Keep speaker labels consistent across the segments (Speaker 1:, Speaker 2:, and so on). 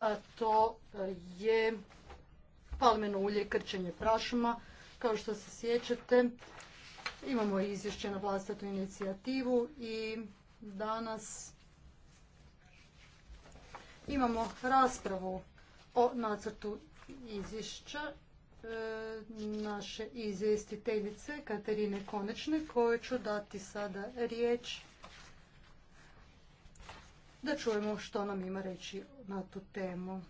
Speaker 1: a to e, je palmeno ulje krčenje prašuma. Kao što se sjećate, imamo izvješće na vlastitu inicijativu i danas imamo raspravu o nacrtu izvješća e, naše izvjestiteljice Katerine Konečne, kojoj ću dati sada riječ da čujemo što nam ima reći na tu temu.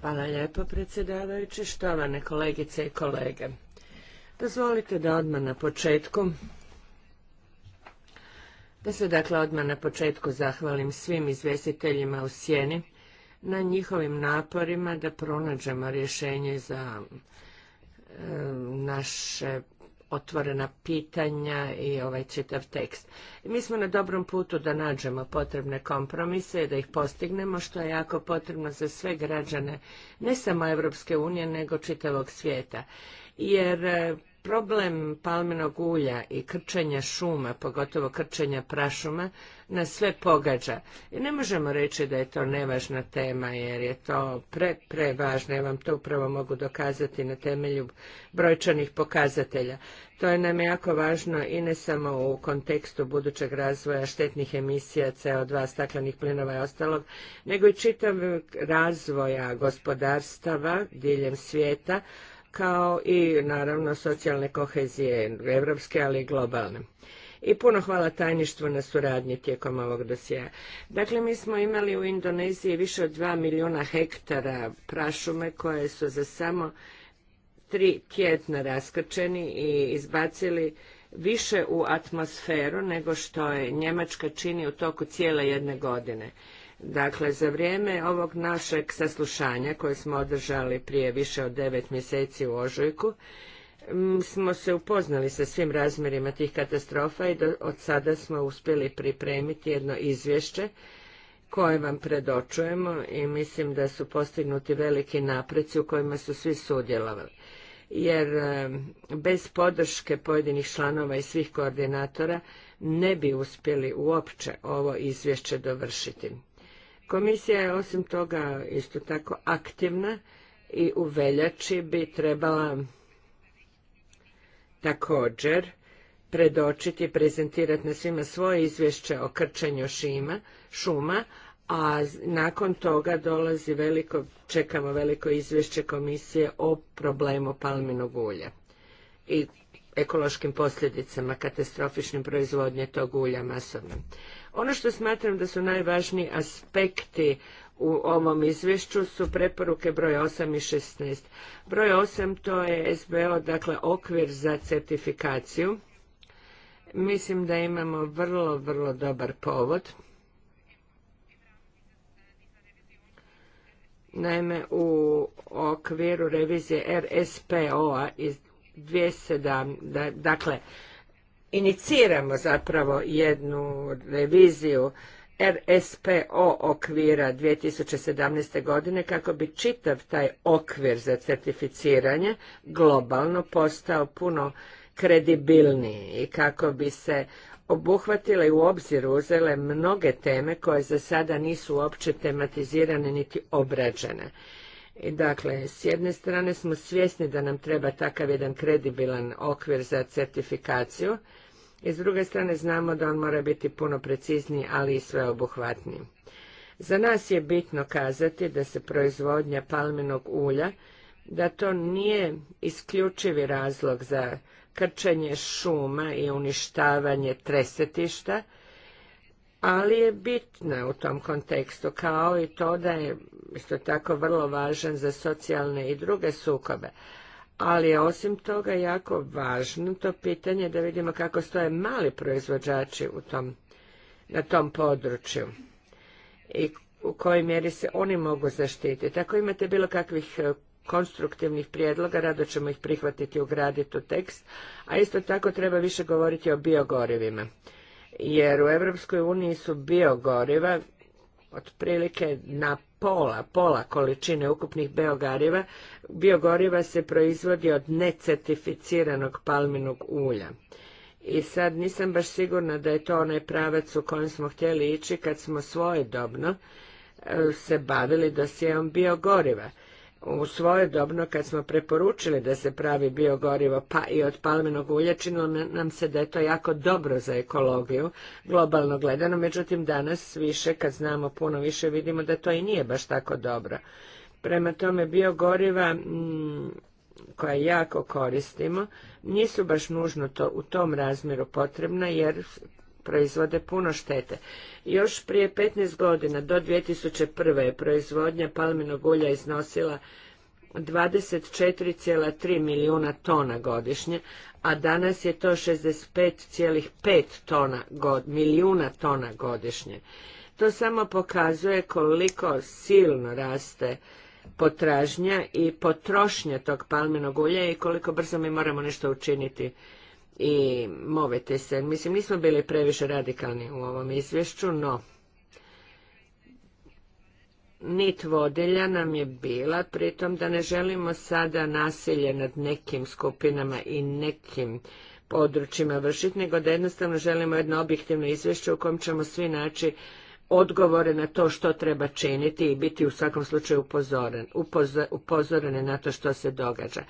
Speaker 2: Hvala lijepo predsjedavajući, štovane kolegice i kolege. Dozvolite da odmah na početku da se dakle odmah na početku zahvalim svim izvjestiteljima u sjeni na njihovim naporima da pronađemo rješenje za e, naše otvorena pitanja i ovaj čitav tekst. Mi smo na dobrom putu da nađemo potrebne kompromise i da ih postignemo, što je jako potrebno za sve građane, ne samo Europske unije, nego čitavog svijeta. Jer Problem palmenog ulja i krčenja šuma, pogotovo krčenja prašuma, nas sve pogađa. I ne možemo reći da je to nevažna tema, jer je to pre, prevažno. Ja vam to upravo mogu dokazati na temelju brojčanih pokazatelja. To je nam jako važno i ne samo u kontekstu budućeg razvoja štetnih emisija CO2, staklenih plinova i ostalog, nego i čitav razvoja gospodarstava diljem svijeta, kao i naravno socijalne kohezije evropske, ali i globalne. I puno hvala tajništvu na suradnji tijekom ovog dosjea. Dakle, mi smo imali u Indoneziji više od dva milijuna hektara prašume koje su za samo tri tjedna raskrčeni i izbacili više u atmosferu nego što je Njemačka čini u toku cijele jedne godine. Dakle, za vrijeme ovog našeg saslušanja koje smo održali prije više od devet mjeseci u Ožujku, smo se upoznali sa svim razmjerima tih katastrofa i od sada smo uspjeli pripremiti jedno izvješće koje vam predočujemo i mislim da su postignuti veliki napreci u kojima su svi sudjelovali. Jer e, bez podrške pojedinih članova i svih koordinatora ne bi uspjeli uopće ovo izvješće dovršiti. Komisija je osim toga isto tako aktivna i u veljači bi trebala također predočiti i prezentirati na svima svoje izvješće o krčenju šima, šuma, a nakon toga dolazi veliko, čekamo veliko izvješće komisije o problemu palminog ulja i ekološkim posljedicama katastrofičnim proizvodnje tog ulja masovno ono što smatram da su najvažniji aspekti u ovom izvješću su preporuke broj 8 i 16. Broj 8 to je SBO, dakle okvir za certifikaciju. Mislim da imamo vrlo, vrlo dobar povod. Naime, u okviru revizije RSPO-a iz 2007, dakle iniciramo zapravo jednu reviziju RSPO okvira 2017. godine kako bi čitav taj okvir za certificiranje globalno postao puno kredibilniji i kako bi se obuhvatile i u obzir uzele mnoge teme koje za sada nisu uopće tematizirane niti obrađene. dakle, s jedne strane smo svjesni da nam treba takav jedan kredibilan okvir za certifikaciju, i s druge strane znamo da on mora biti puno precizniji, ali i sveobuhvatniji. Za nas je bitno kazati da se proizvodnja palminog ulja, da to nije isključivi razlog za krčenje šuma i uništavanje tresetišta, ali je bitna u tom kontekstu, kao i to da je isto tako vrlo važan za socijalne i druge sukobe, ali je osim toga jako važno to pitanje da vidimo kako stoje mali proizvođači u tom, na tom području i u kojoj mjeri se oni mogu zaštiti. Tako imate bilo kakvih e, konstruktivnih prijedloga, rado ćemo ih prihvatiti i ugraditi u tekst, a isto tako treba više govoriti o biogorivima. Jer u Europskoj uniji su biogoriva otprilike na pola, pola količine ukupnih biogoriva, biogoriva se proizvodi od necertificiranog palminog ulja. I sad nisam baš sigurna da je to onaj pravac u kojem smo htjeli ići kad smo svojedobno e, se bavili dosjeom biogoriva u svoje dobno kad smo preporučili da se pravi biogorivo pa i od palmenog ulja činilo nam se da je to jako dobro za ekologiju globalno gledano, međutim danas više kad znamo puno više vidimo da to i nije baš tako dobro. Prema tome biogoriva mm, koja jako koristimo nisu baš nužno to u tom razmjeru potrebna jer proizvode puno štete. Još prije 15 godina, do 2001. je proizvodnja palminog ulja iznosila 24,3 milijuna tona godišnje, a danas je to 65,5 tona, milijuna tona godišnje. To samo pokazuje koliko silno raste potražnja i potrošnja tog palminog ulja i koliko brzo mi moramo nešto učiniti i moviti se. Mislim, nismo bili previše radikalni u ovom izvješću, no nit vodilja nam je bila, pritom da ne želimo sada nasilje nad nekim skupinama i nekim područjima vršiti, nego da jednostavno želimo jedno objektivno izvješće u kojem ćemo svi naći odgovore na to što treba činiti i biti u svakom slučaju upozoren, upozorene na to što se događa.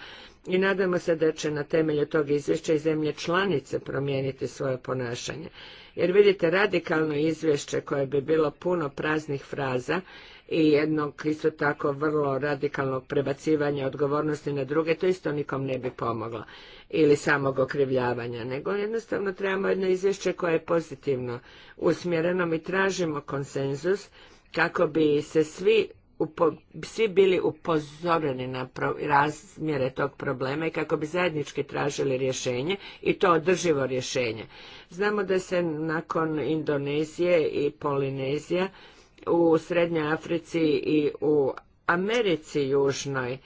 Speaker 2: I nadamo se da će na temelju tog izvješća i zemlje članice promijeniti svoje ponašanje. Jer vidite, radikalno izvješće koje bi bilo puno praznih fraza i jednog isto tako vrlo radikalnog prebacivanja odgovornosti na druge, to isto nikom ne bi pomoglo ili samog okrivljavanja, nego jednostavno trebamo jedno izvješće koje je pozitivno usmjereno. Mi tražimo konsenzus kako bi se svi svi bili upozoreni na razmjere tog problema i kako bi zajednički tražili rješenje i to održivo rješenje. Znamo da se nakon Indonezije i Polinezija u Srednjoj Africi i u Americi južnoj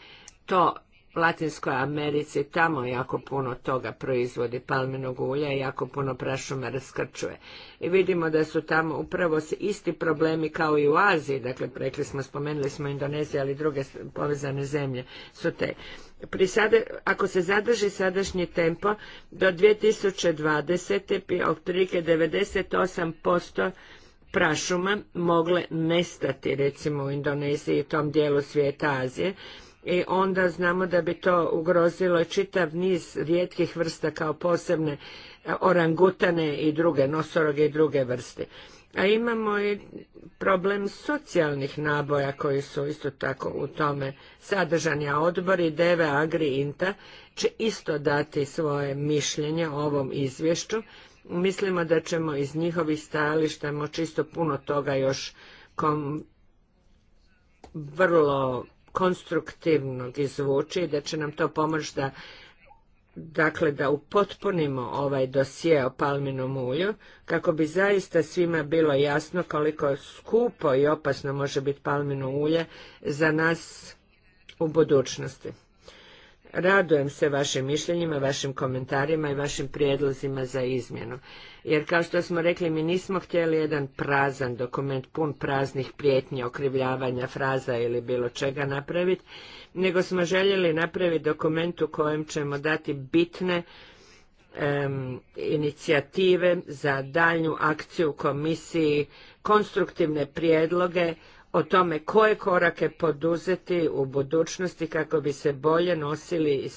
Speaker 2: to Latinskoj Americi, tamo jako puno toga proizvodi palminog ulja i jako puno prašuma raskrčuje. I vidimo da su tamo upravo isti problemi kao i u Aziji, dakle prekli smo, spomenuli smo Indoneziju, ali druge povezane zemlje su te. Pri sada, ako se zadrži sadašnji tempo, do 2020. bi otprilike 98% prašuma mogle nestati recimo u Indoneziji i tom dijelu svijeta Azije i onda znamo da bi to ugrozilo čitav niz rijetkih vrsta kao posebne e, orangutane i druge nosoroge i druge vrste. A imamo i problem socijalnih naboja koji su isto tako u tome sadržani, a odbori DEVE, Agri, INTA će isto dati svoje mišljenje o ovom izvješću. Mislimo da ćemo iz njihovih stajališta moći isto puno toga još kom vrlo konstruktivnog izvući i da će nam to pomoći da dakle da upotpunimo ovaj dosije o palminom ulju kako bi zaista svima bilo jasno koliko skupo i opasno može biti palmino ulje za nas u budućnosti. Radujem se vašim mišljenjima, vašim komentarima i vašim prijedlozima za izmjenu. Jer kao što smo rekli, mi nismo htjeli jedan prazan dokument, pun praznih prijetnji, okrivljavanja, fraza ili bilo čega napraviti, nego smo željeli napraviti dokument u kojem ćemo dati bitne inicijative za daljnju akciju komisiji, konstruktivne prijedloge o tome koje korake poduzeti u budućnosti kako bi se bolje nosili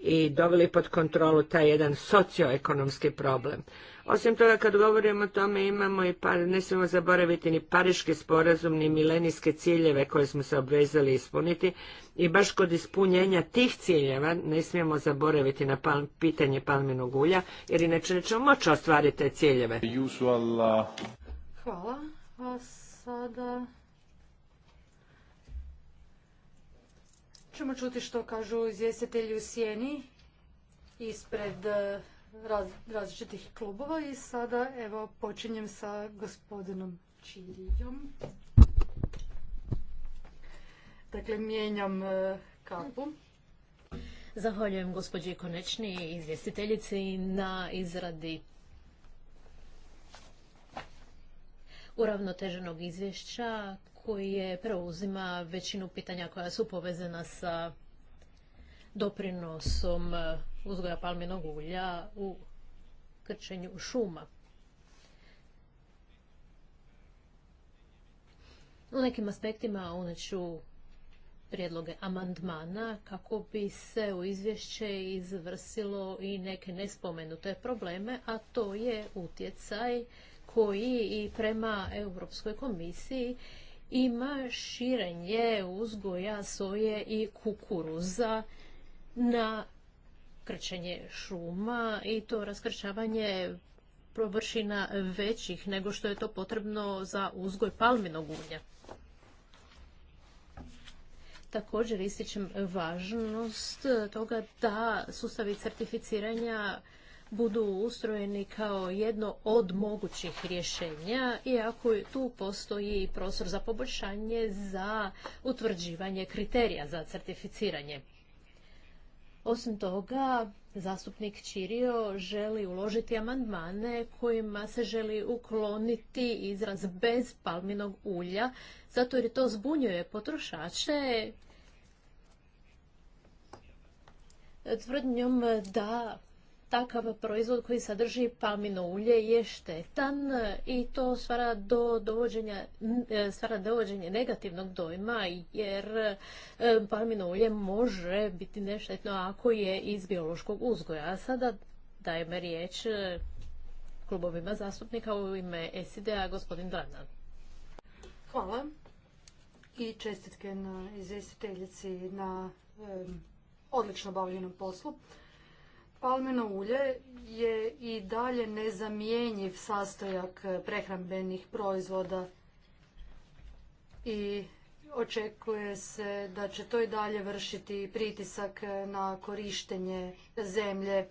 Speaker 2: i, doveli pod kontrolu taj jedan socioekonomski problem. Osim toga, kad govorimo o tome, imamo i par, ne smijemo zaboraviti ni pariški sporazum, ni milenijske ciljeve koje smo se obvezali ispuniti i baš kod ispunjenja tih ciljeva ne smijemo zaboraviti na pal, pitanje palminog ulja, jer inače nećemo moći ostvariti te ciljeve.
Speaker 1: Hvala sada ćemo čuti što kažu izvjestitelji u sjeni ispred eh, različitih klubova i sada evo počinjem sa gospodinom Čirijom. Dakle, mijenjam
Speaker 3: eh, kapu. Zahvaljujem gospođi Konečni i izvjestiteljici na izradi uravnoteženog izvješća je preuzima većinu pitanja koja su povezana sa doprinosom e, uzgoja palminog ulja u krčenju šuma. U nekim aspektima uneću prijedloge amandmana kako bi se u izvješće izvrsilo i neke nespomenute probleme, a to je utjecaj koji i prema Europskoj komisiji ima širenje uzgoja soje i kukuruza na krčenje šuma i to raskrčavanje površina većih nego što je to potrebno za uzgoj palminog ulja. Također ističem važnost toga da sustavi certificiranja budu ustrojeni kao jedno od mogućih rješenja, iako tu postoji prostor za poboljšanje za utvrđivanje kriterija za certificiranje. Osim toga, zastupnik Čirio želi uložiti amandmane kojima se želi ukloniti izraz bez palminog ulja, zato jer to zbunjuje potrošače tvrdnjom da takav proizvod koji sadrži palmino ulje je štetan i to stvara dovođenja, e, stvara dovođenje negativnog dojma jer e, palmino ulje može biti neštetno ako je iz biološkog uzgoja. A sada dajem riječ e, klubovima zastupnika u ime SID-a gospodin Dranan.
Speaker 1: Hvala i čestitke na izvjestiteljici na odlično obavljenom poslu. Palmino ulje je i dalje nezamjenjiv sastojak prehrambenih proizvoda i očekuje se da će to i dalje vršiti pritisak na korištenje zemlje.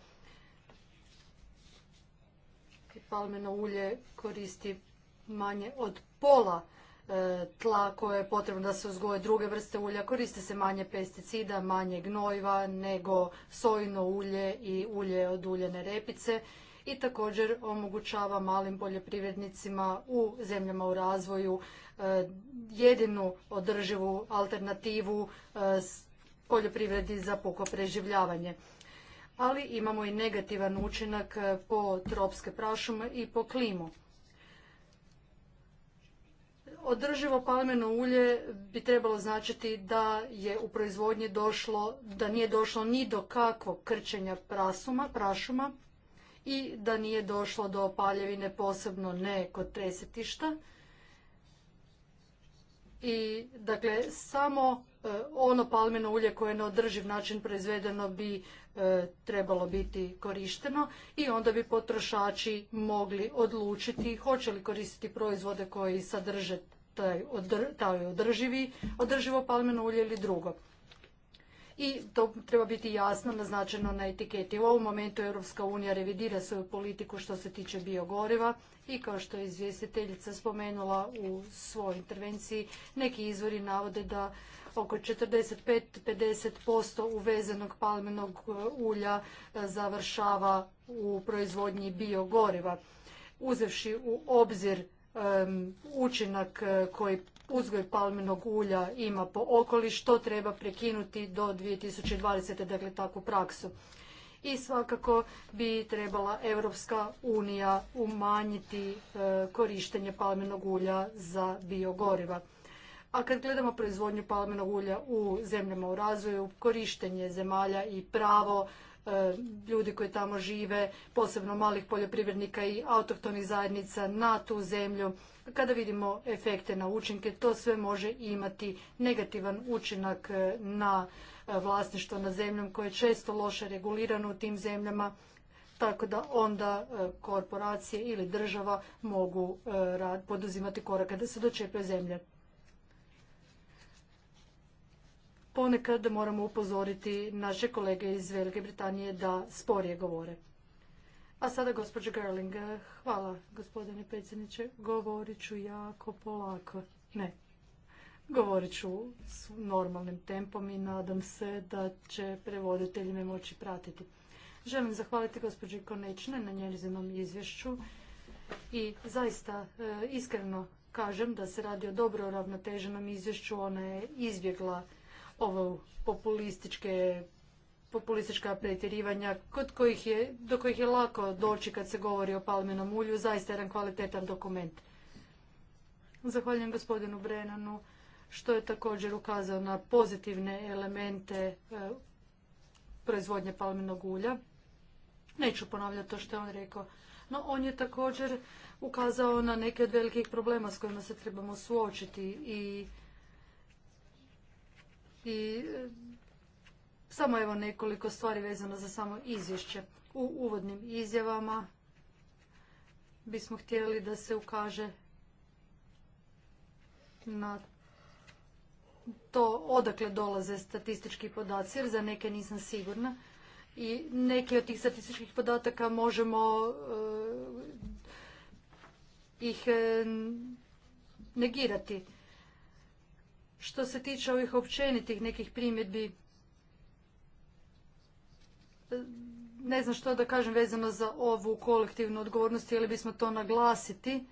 Speaker 1: Palmino ulje koristi manje od pola E, tla koje je potrebno da se uzgoje druge vrste ulja, koriste se manje pesticida, manje gnojiva nego sojino ulje i ulje od uljene repice i također omogućava malim poljoprivrednicima u zemljama u razvoju e, jedinu održivu alternativu e, poljoprivredi za puko preživljavanje. Ali imamo i negativan učinak po tropske prašume i po klimu održivo palmeno ulje bi trebalo značiti da je u proizvodnji došlo, da nije došlo ni do kakvog krčenja prasuma, prašuma i da nije došlo do paljevine, posebno ne kod tresetišta. I dakle, samo E, ono palmino ulje koje na održiv način proizvedeno bi e, trebalo biti korišteno i onda bi potrošači mogli odlučiti hoće li koristiti proizvode koji sadrže taj, održivi, održivo palmino ulje ili drugo. I to treba biti jasno naznačeno na etiketi. U ovom momentu Europska unija revidira svoju politiku što se tiče biogoriva i kao što je izvjestiteljica spomenula u svojoj intervenciji, neki izvori navode da oko 45-50% uvezenog palmenog e, ulja e, završava u proizvodnji biogoriva. Uzevši u obzir učinak e, koji uzgoj palmenog ulja ima po okoli, to treba prekinuti do 2020. dakle takvu praksu. I svakako bi trebala Europska unija umanjiti korištenje palmenog ulja za biogoriva. A kad gledamo proizvodnju palmenog ulja u zemljama u razvoju, korištenje zemalja i pravo e, ljudi koji tamo žive, posebno malih poljoprivrednika i autohtonih zajednica na tu zemlju. Kada vidimo efekte na učinke, to sve može imati negativan učinak e, na e, vlasništvo na zemljom koje je često loše regulirano u tim zemljama, tako da onda korporacije ili država mogu poduzimati korake da se dočepe zemlje. ponekad moramo upozoriti naše kolege iz Velike Britanije da sporije govore. A sada gospođa Gerling, hvala gospodine predsjedniče, govorit ću jako polako. Ne, govorit ću s normalnim tempom i nadam se da će prevoditelji me moći pratiti. Želim zahvaliti gospođi Konečne na njezinom izvješću i zaista e, iskreno kažem da se radi o dobro ravnoteženom izvješću. Ona je izbjegla ovo populističke populistička pretjerivanja kod kojih je, do kojih je lako doći kad se govori o palmenom ulju, zaista jedan kvalitetan dokument. Zahvaljujem gospodinu Brenanu što je također ukazao na pozitivne elemente e, proizvodnje palmenog ulja. Neću ponavljati to što je on rekao, no on je također ukazao na neke od velikih problema s kojima se trebamo suočiti i i e, samo evo nekoliko stvari vezano za samo izvješće. U uvodnim izjavama bismo htjeli da se ukaže na to odakle dolaze statistički podaci, jer za neke nisam sigurna. I neke od tih statističkih podataka možemo e, ih e, negirati. Što se tiče ovih općenitih nekih primjedbi, ne znam što da kažem vezano za ovu kolektivnu odgovornost, htjeli bismo to naglasiti,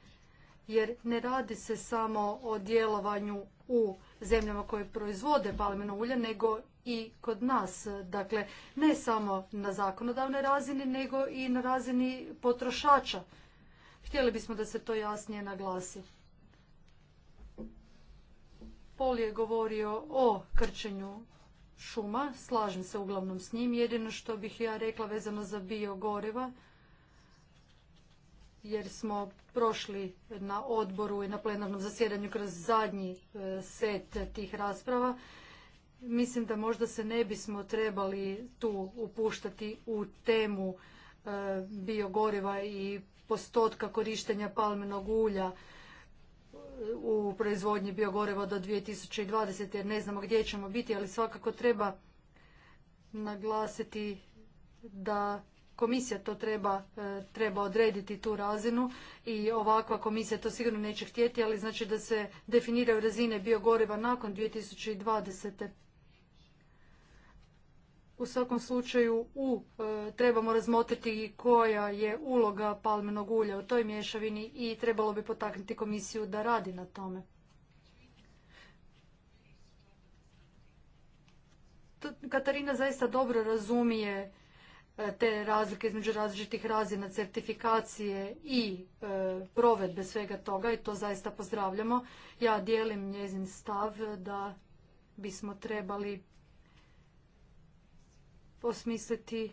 Speaker 1: jer ne radi se samo o djelovanju u zemljama koje proizvode palmino ulje, nego i kod nas. Dakle, ne samo na zakonodavnoj razini, nego i na razini potrošača. Htjeli bismo da se to jasnije naglasi. Pol je govorio o krčenju šuma, slažem se uglavnom s njim. Jedino što bih ja rekla vezano za biogoriva, jer smo prošli na odboru i na plenarnom zasjedanju kroz zadnji e, set tih rasprava. Mislim da možda se ne bismo trebali tu upuštati u temu e, biogoriva i postotka korištenja palmenog ulja u proizvodnji biogoriva do 2020. jer ne znamo gdje ćemo biti, ali svakako treba naglasiti da komisija to treba, e, treba odrediti tu razinu i ovakva komisija to sigurno neće htjeti, ali znači da se definiraju razine biogoriva nakon 2020 u svakom slučaju u, e, trebamo razmotriti koja je uloga palmenog ulja u toj mješavini i trebalo bi potaknuti komisiju da radi na tome. Katarina zaista dobro razumije e, te razlike između različitih razina certifikacije i e, provedbe svega toga i to zaista pozdravljamo. Ja dijelim njezin stav da bismo trebali osmisliti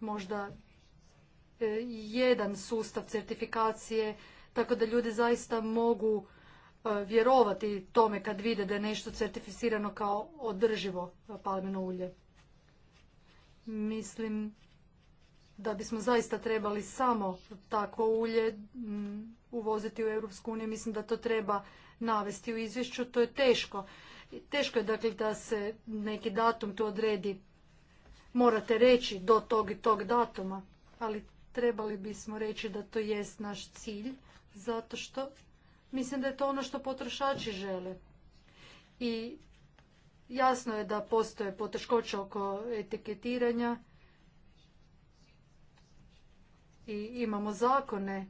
Speaker 1: možda e, jedan sustav certifikacije, tako da ljudi zaista mogu e, vjerovati tome kad vide da je nešto certificirano kao održivo palmino ulje. Mislim da bismo zaista trebali samo takvo ulje uvoziti u Europsku uniju. Mislim da to treba navesti u izvješću. To je teško. Teško je dakle da se neki datum tu odredi morate reći do tog i tog datuma, ali trebali bismo reći da to jest naš cilj, zato što mislim da je to ono što potrošači žele. I jasno je da postoje poteškoće oko etiketiranja i imamo zakone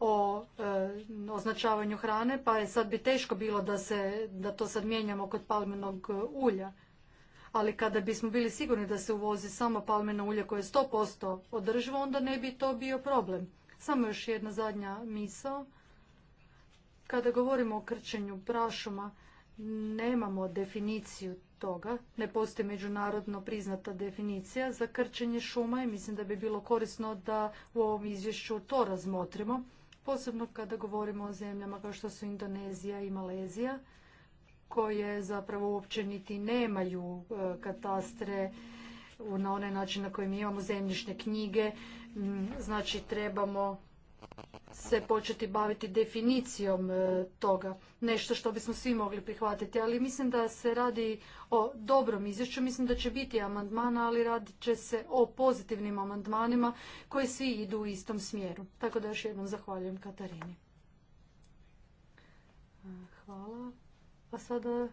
Speaker 1: o e, označavanju hrane, pa je sad bi teško bilo da, se, da to sad mijenjamo kod palmenog ulja ali kada bismo bili sigurni da se uvozi samo palmino ulje koje je 100% održivo, onda ne bi to bio problem. Samo još jedna zadnja misao. Kada govorimo o krčenju prašuma, nemamo definiciju toga, ne postoji međunarodno priznata definicija za krčenje šuma i mislim da bi bilo korisno da u ovom izvješću to razmotrimo, posebno kada govorimo o zemljama kao što su Indonezija i Malezija koje zapravo uopće niti nemaju e, katastre na onaj način na koji mi imamo zemljišne knjige. Mm, znači trebamo se početi baviti definicijom e, toga. Nešto što bismo svi mogli prihvatiti, ali mislim da se radi o dobrom izvješću. Mislim da će biti amandmana, ali radit će se o pozitivnim amandmanima koji svi idu u istom smjeru. Tako da još jednom zahvaljujem Katarini. Hvala. A sada e,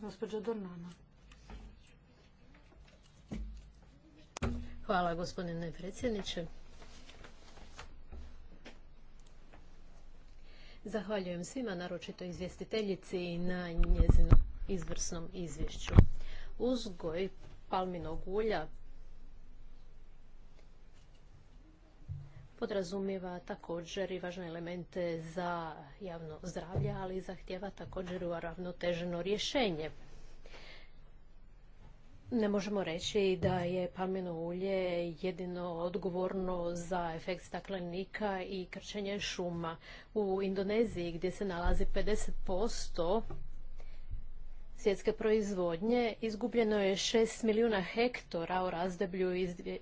Speaker 1: gospođa Dornana.
Speaker 3: Hvala gospodine predsjedniče. Zahvaljujem svima, naročito izvjestiteljici na njezinom izvrsnom izvješću. Uzgoj palminog ulja podrazumijeva također i važne elemente za javno zdravlje, ali zahtjeva također uravnoteženo rješenje. Ne možemo reći da je palmino ulje jedino odgovorno za efekt staklenika i krčenje šuma. U Indoneziji gdje se nalazi 50% svjetske proizvodnje izgubljeno je 6 milijuna hektara u razdoblju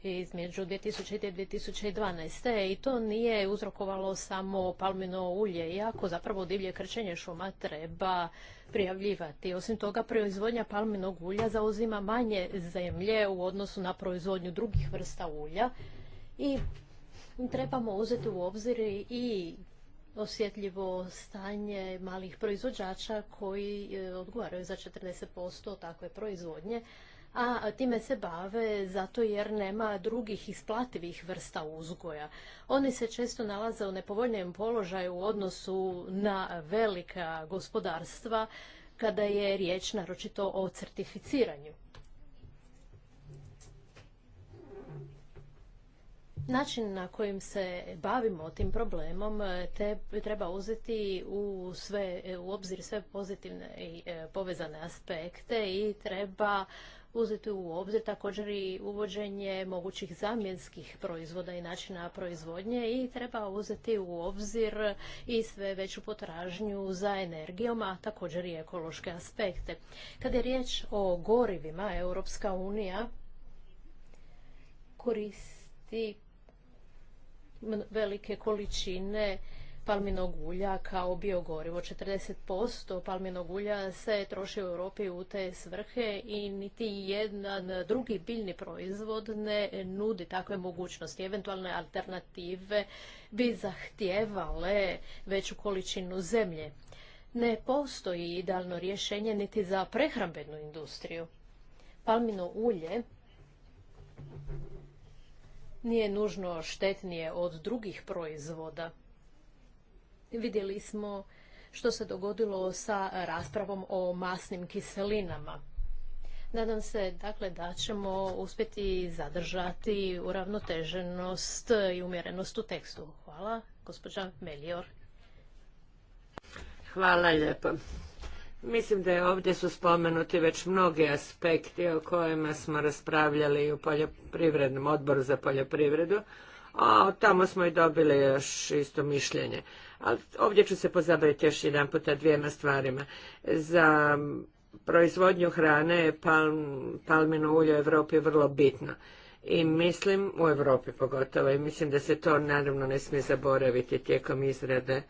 Speaker 3: između 2000. i 2012. i to nije uzrokovalo samo palmino ulje, iako zapravo divlje krčenje šuma treba prijavljivati. Osim toga, proizvodnja palminog ulja zauzima manje zemlje u odnosu na proizvodnju drugih vrsta ulja i trebamo uzeti u obzir i osjetljivo stanje malih proizvođača koji e, odgovaraju za 40% takve proizvodnje, a time se bave zato jer nema drugih isplativih vrsta uzgoja. Oni se često nalaze u nepovoljnijem položaju u odnosu na velika gospodarstva kada je riječ naročito o certificiranju. Način na kojim se bavimo tim problemom e, te treba uzeti u, sve, e, u obzir sve pozitivne i e, povezane aspekte i treba uzeti u obzir također i uvođenje mogućih zamjenskih proizvoda i načina proizvodnje i treba uzeti u obzir i sve veću potražnju za energijom, a također i ekološke aspekte. Kada je riječ o gorivima, Europska unija koristi velike količine palminog ulja kao biogorivo. 40% palminog ulja se troši u Europi u te svrhe i niti jedan drugi biljni proizvod ne nudi takve mogućnosti. Eventualne alternative bi zahtjevale veću količinu zemlje. Ne postoji idealno rješenje niti za prehrambenu industriju. Palmino ulje nije nužno štetnije od drugih proizvoda. Vidjeli smo što se dogodilo sa raspravom o masnim kiselinama. Nadam se dakle da ćemo uspjeti zadržati uravnoteženost i umjerenost u tekstu. Hvala, gospođa Melior.
Speaker 2: Hvala lijepo. Mislim da je ovdje su spomenuti već mnogi aspekti o kojima smo raspravljali u poljoprivrednom odboru za poljoprivredu, a tamo smo i dobili još isto mišljenje. Ali ovdje ću se pozabaviti još jedan puta dvijema stvarima. Za proizvodnju hrane je palmino ulje u Europi vrlo bitno. I mislim, u Europi pogotovo, i mislim da se to naravno ne smije zaboraviti tijekom izrade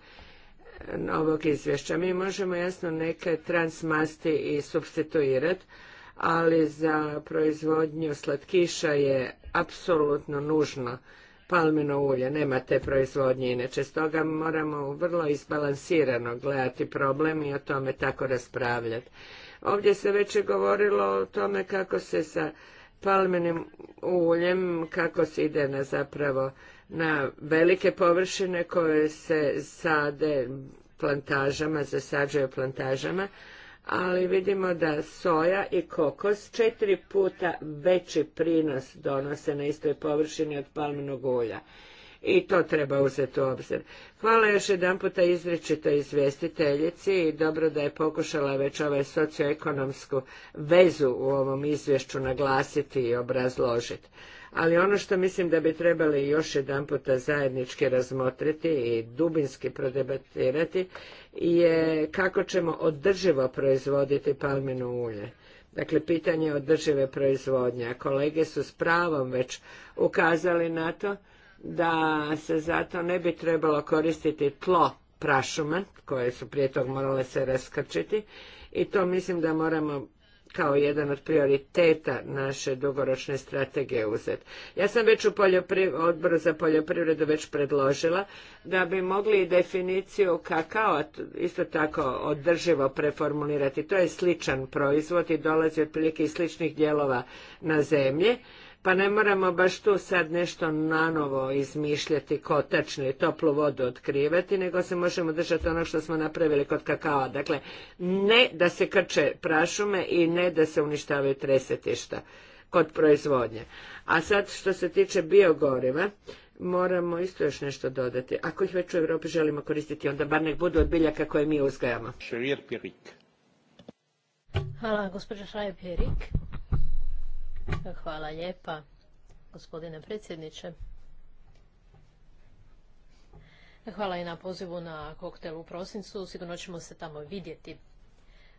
Speaker 2: ovog izvješća. Mi možemo jasno neke transmasti i substituirati, ali za proizvodnju slatkiša je apsolutno nužno palmino ulje, nema te proizvodnje inače. Stoga moramo vrlo izbalansirano gledati problem i o tome tako raspravljati. Ovdje se već je govorilo o tome kako se sa palmenim uljem, kako se ide na zapravo na velike površine koje se sade plantažama, zasađuje plantažama, ali vidimo da soja i kokos četiri puta veći prinos donose na istoj površini od palminog ulja. I to treba uzeti u obzir. Hvala još jedan puta izričito izvjestiteljici i dobro da je pokušala već ovaj socioekonomsku vezu u ovom izvješću naglasiti i obrazložiti ali ono što mislim da bi trebali još jedan puta zajednički razmotriti i dubinski prodebatirati je kako ćemo održivo proizvoditi palmino ulje. Dakle, pitanje održive proizvodnje. kolege su s pravom već ukazali na to da se zato ne bi trebalo koristiti tlo prašume, koje su prije tog morale se raskrčiti, i to mislim da moramo kao jedan od prioriteta naše dugoročne strategije uzet. Ja sam već u odboru za poljoprivredu već predložila da bi mogli i definiciju kakao isto tako održivo preformulirati. To je sličan proizvod i dolazi otprilike iz sličnih dijelova na zemlje pa ne moramo baš tu sad nešto nanovo izmišljati kotačno i toplu vodu otkrivati, nego se možemo držati ono što smo napravili kod kakao. Dakle, ne da se krče prašume i ne da se uništavaju tresetišta kod proizvodnje. A sad što se tiče biogoriva, moramo isto još nešto dodati. Ako ih već u Europi želimo koristiti, onda bar nek budu od biljaka koje mi uzgajamo.
Speaker 3: Hvala, gospođa Hvala lijepa, gospodine predsjedniče. Hvala i na pozivu na koktel u prosincu, sigurno ćemo se tamo vidjeti.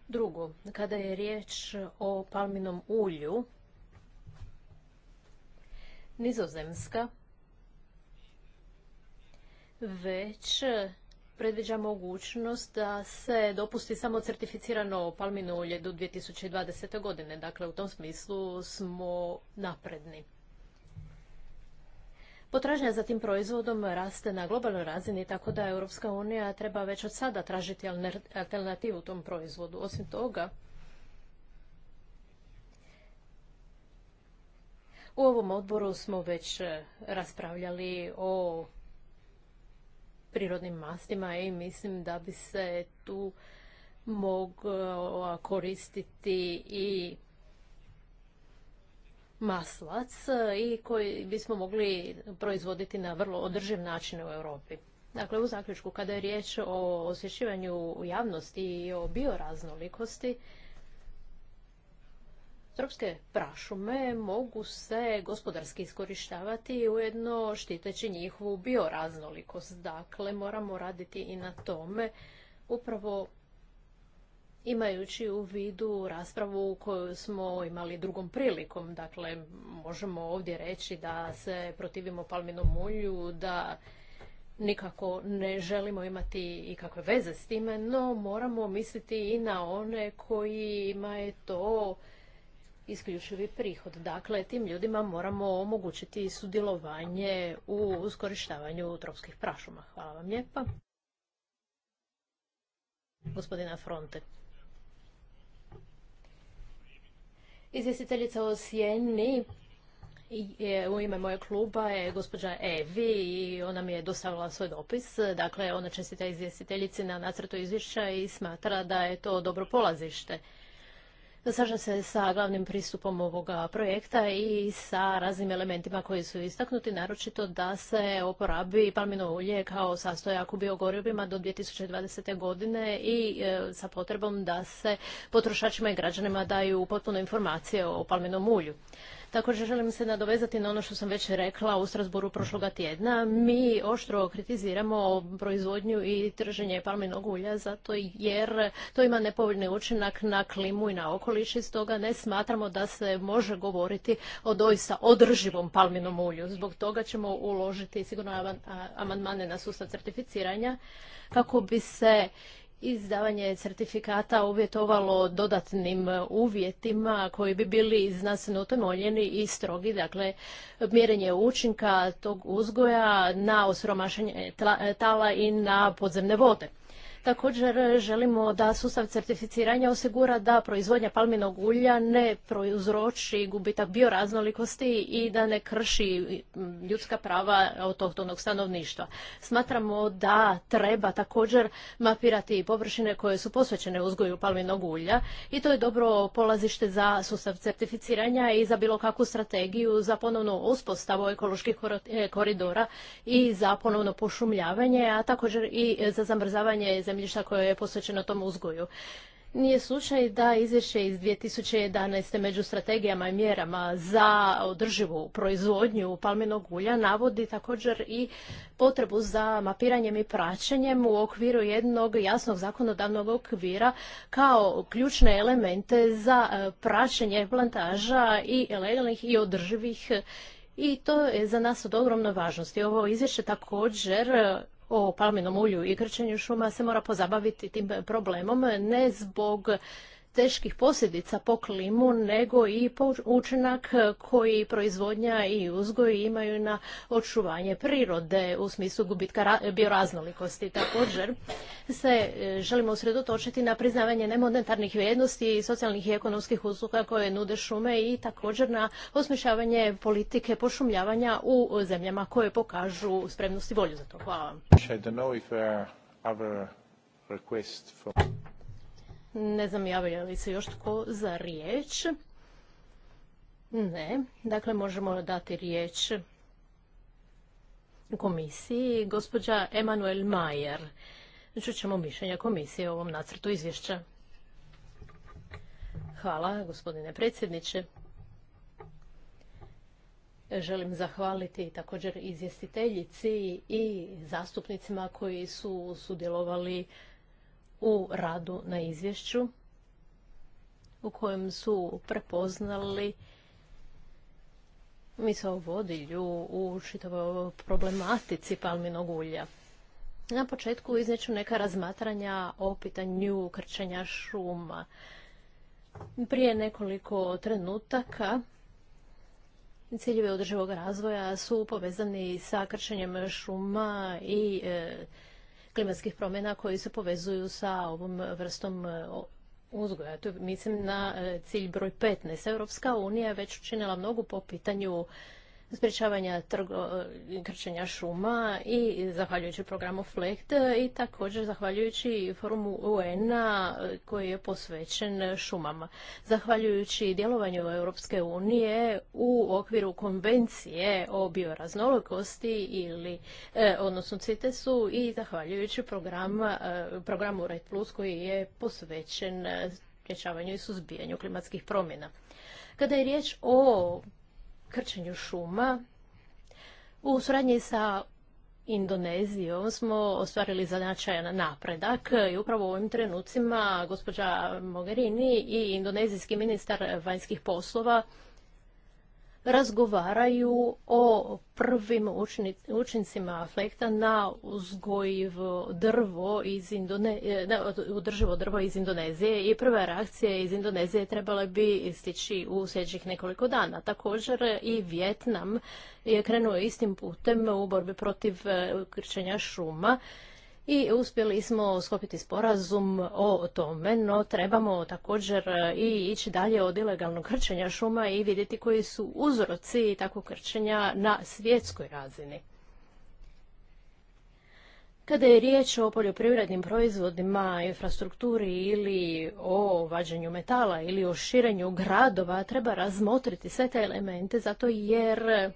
Speaker 3: Drugo, kada je riječ o palminom ulju, Nizozemska već predviđa mogućnost da se dopusti samo certificirano palmino ulje do 2020. godine. Dakle, u tom smislu smo napredni. Potražnja za tim proizvodom raste na globalnoj razini, tako da Europska unija treba već od sada tražiti alternativu tom proizvodu. Osim toga, u ovom odboru smo već raspravljali o prirodnim mastima i mislim da bi se tu mogla koristiti i maslac i koji bismo mogli proizvoditi na vrlo održiv način u Europi. Dakle, u zaključku, kada je riječ o osvješćivanju javnosti i o bioraznolikosti, Tropske prašume mogu se gospodarski iskorištavati ujedno štiteći njihovu bioraznolikost. Dakle, moramo raditi i na tome, upravo imajući u vidu raspravu koju smo imali drugom prilikom. Dakle, možemo ovdje reći da se protivimo palminom ulju, da nikako ne želimo imati ikakve veze s time, no moramo misliti i na one koji je to isključivi prihod. Dakle, tim ljudima moramo omogućiti sudjelovanje u uskorištavanju tropskih prašuma. Hvala vam lijepa. Gospodina Fronte. Izvjestiteljica o Sjeni u ime moje kluba je gospođa Evi i ona mi je dostavila svoj dopis. Dakle, ona čestita izvjestiteljici na nacrtu izvješća i smatra da je to dobro polazište. Slažem se sa glavnim pristupom ovoga projekta i sa raznim elementima koji su istaknuti, naročito da se oporabi palmino ulje kao sastojak u biogorivima do 2020. godine i e, sa potrebom da se potrošačima i građanima daju potpuno informacije o palminom ulju. Također želim se nadovezati na ono što sam već rekla u Strasboru prošloga tjedna. Mi oštro kritiziramo proizvodnju i trženje palminog ulja zato jer to ima nepovoljni učinak na klimu i na okoliš i stoga ne smatramo da se može govoriti o doista održivom palminom ulju. Zbog toga ćemo uložiti sigurno amandmane na sustav certificiranja kako bi se izdavanje certifikata uvjetovalo dodatnim e, uvjetima koji bi bili znanstveno utemoljeni i strogi, dakle mjerenje učinka tog uzgoja na osromašenje e, tala i na podzemne vode. Također e, želimo da sustav certificiranja osigura da proizvodnja palminog ulja ne prouzroči gubitak bioraznolikosti i da ne krši ljudska prava autohtonog stanovništva. Smatramo da treba također mapirati površine koje su posvećene uzgoju palminog ulja i to je dobro polazište za sustav certificiranja i za bilo kakvu strategiju za ponovnu uspostavu ekoloških e, koridora i za ponovno pošumljavanje, a također i za zamrzavanje zemlje zemljišta koje je posvećeno tom uzgoju. Nije slučaj da izvješće iz 2011. među strategijama i mjerama za održivu proizvodnju palminog ulja navodi također i potrebu za mapiranjem i praćenjem u okviru jednog jasnog zakonodavnog okvira kao ključne elemente za e, praćenje plantaža i legalnih i održivih i to je za nas od ogromne važnosti. Ovo izvješće također o palminom ulju i krčenju šuma se mora pozabaviti tim problemom, ne zbog teških posljedica po klimu, nego i po učinak koji proizvodnja i uzgoj imaju na očuvanje prirode u smislu gubitka bioraznolikosti. Također se e, želimo usredotočiti na priznavanje nemonetarnih vrijednosti i socijalnih i ekonomskih usluga koje nude šume i također na osmišljavanje politike pošumljavanja u zemljama koje pokažu spremnost i volju za to. Hvala vam. Ne znam javlja li se još tko za riječ. Ne. Dakle, možemo dati riječ komisiji. Gospođa Emanuel Majer. Čućemo mišljenja komisije o ovom nacrtu izvješća. Hvala, gospodine predsjedniče. Želim zahvaliti također izvjestiteljici i zastupnicima koji su sudjelovali u radu na izvješću u kojem su prepoznali misao vodilju u čitavoj problematici palminog ulja. Na početku izneću neka razmatranja o pitanju krčenja šuma. Prije nekoliko trenutaka ciljevi održivog razvoja su povezani sa krčenjem šuma i e, klimatskih promjena koji se povezuju sa ovom vrstom e, uzgoja. Tu mislim na e, cilj broj 15. Europska unija je već učinila mnogo po pitanju sprječavanja eh, krčenja šuma i zahvaljujući programu FLECT eh, i također zahvaljujući forumu UN-a eh, koji je posvećen šumama. Zahvaljujući djelovanju Europske unije u okviru konvencije o bioraznolikosti ili odnosno CITES-u i zahvaljujući programu Red Plus koji je posvećen sprječavanju i suzbijanju klimatskih promjena. Kada je riječ o krčenju šuma. U suradnji sa Indonezijom smo ostvarili značajan napredak i upravo u ovim trenucima gospođa Mogherini i indonezijski ministar vanjskih poslova razgovaraju o prvim učincima afekta na uzgojivo drvo iz e, drvo iz Indonezije i prva reakcija iz Indonezije trebale bi stići u sljedećih nekoliko dana. Također i Vjetnam je krenuo istim putem u borbi protiv e, krčenja šuma i uspjeli smo sklopiti sporazum o tome, no trebamo također e, i ići dalje od ilegalnog krčenja šuma i vidjeti koji su uzroci takvog krčenja na svjetskoj razini. Kada je riječ o poljoprivrednim proizvodima, infrastrukturi ili o vađenju metala ili o širenju gradova, treba razmotriti sve te elemente zato jer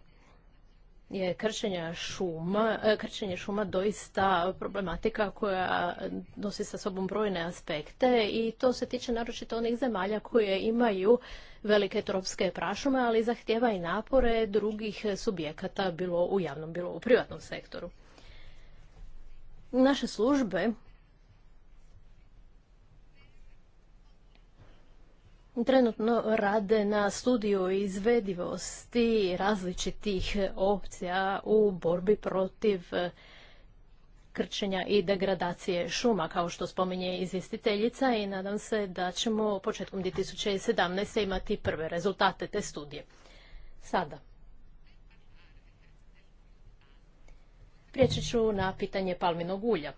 Speaker 3: je krčenja šuma, e, krčenje šuma doista problematika koja nosi sa sobom brojne aspekte i to se tiče naročito onih zemalja koje imaju velike tropske prašume, ali zahtjeva i napore drugih subjekata, bilo u javnom, bilo u privatnom sektoru. Naše službe trenutno rade na studiju izvedivosti različitih opcija u borbi protiv e, krčenja i degradacije šuma, kao što spominje izvjestiteljica i nadam se da ćemo početkom 2017. imati prve rezultate te studije. Sada. Prijeći ću na pitanje palminog ulja.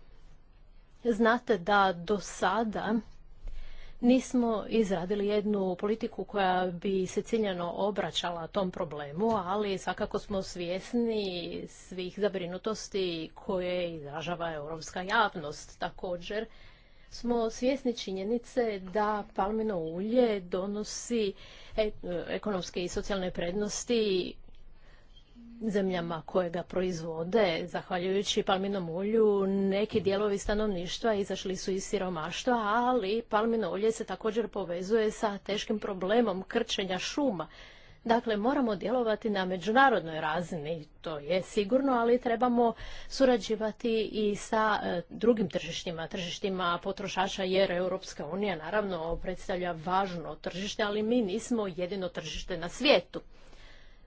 Speaker 3: Znate da do sada nismo izradili jednu politiku koja bi se ciljano obraćala tom problemu, ali svakako smo svjesni svih zabrinutosti koje izražava europska javnost. Također smo svjesni činjenice da palmino ulje donosi e- ekonomske i socijalne prednosti zemljama koje ga proizvode, zahvaljujući palminom ulju, neki dijelovi stanovništva izašli su iz siromaštva, ali palmino ulje se također povezuje sa teškim problemom krčenja šuma. Dakle, moramo djelovati na međunarodnoj razini, to je sigurno, ali trebamo surađivati i sa e, drugim tržištima, tržištima potrošača, jer Europska unija naravno predstavlja važno tržište, ali mi nismo jedino tržište na svijetu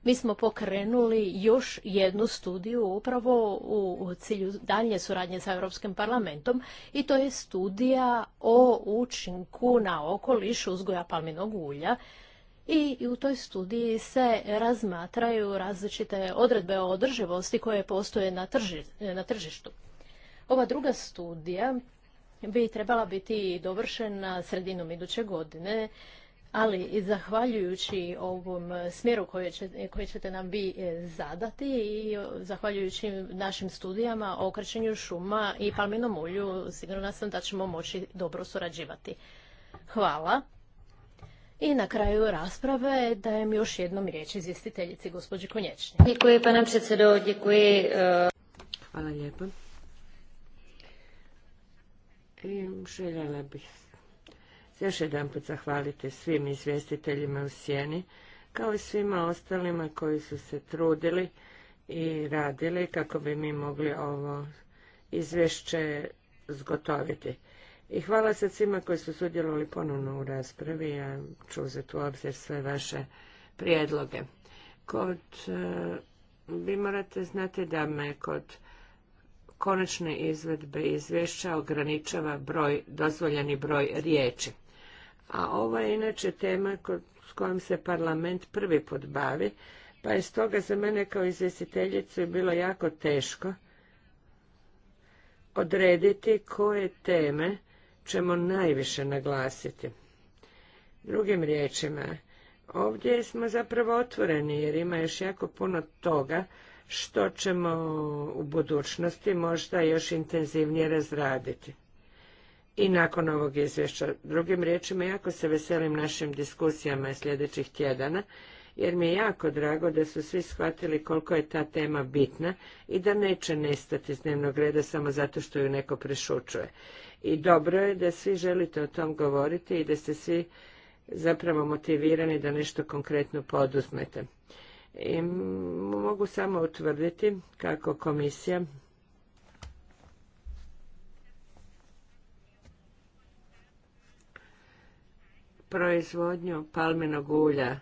Speaker 3: mi smo pokrenuli još jednu studiju upravo u cilju dalje suradnje sa Europskim parlamentom i to je studija o učinku na okoliš uzgoja palminog ulja. I u toj studiji se razmatraju različite odredbe o održivosti koje postoje na, na tržištu. Ova druga studija bi trebala biti dovršena sredinom iduće godine ali i zahvaljujući ovom smjeru koje, ćete nam vi e, zadati i zahvaljujući našim studijama o krčenju šuma i palminom ulju, sigurna sam da ćemo moći dobro surađivati. Hvala. I na kraju rasprave dajem još jednom riječ izvjestiteljici gospođi Konječni. Děkuji, pana predsjedo,
Speaker 2: děkuji. E. Hvala lijepo. željela bih još jedan put zahvaliti svim izvjestiteljima u sjeni, kao i svima ostalima koji su se trudili i radili kako bi mi mogli ovo izvješće zgotoviti. I hvala sad svima koji su sudjelovali ponovno u raspravi, ja ću uzeti u obzir sve vaše prijedloge. Kod, e, vi morate znati da me kod konačne izvedbe izvješća ograničava broj, dozvoljeni broj riječi a ova je inače tema s kojom se parlament prvi put bavi, pa je stoga za mene kao izvjestiteljicu bilo jako teško odrediti koje teme ćemo najviše naglasiti. Drugim riječima, ovdje smo zapravo otvoreni jer ima još jako puno toga što ćemo u budućnosti možda još intenzivnije razraditi i nakon ovog izvješća. Drugim riječima, jako se veselim našim diskusijama sljedećih tjedana, jer mi je jako drago da su svi shvatili koliko je ta tema bitna i da neće nestati s dnevnog reda samo zato što ju neko prešučuje. I dobro je da svi želite o tom govoriti i da ste svi zapravo motivirani da nešto konkretno poduzmete. mogu samo utvrditi kako komisija proizvodnju palminog ulja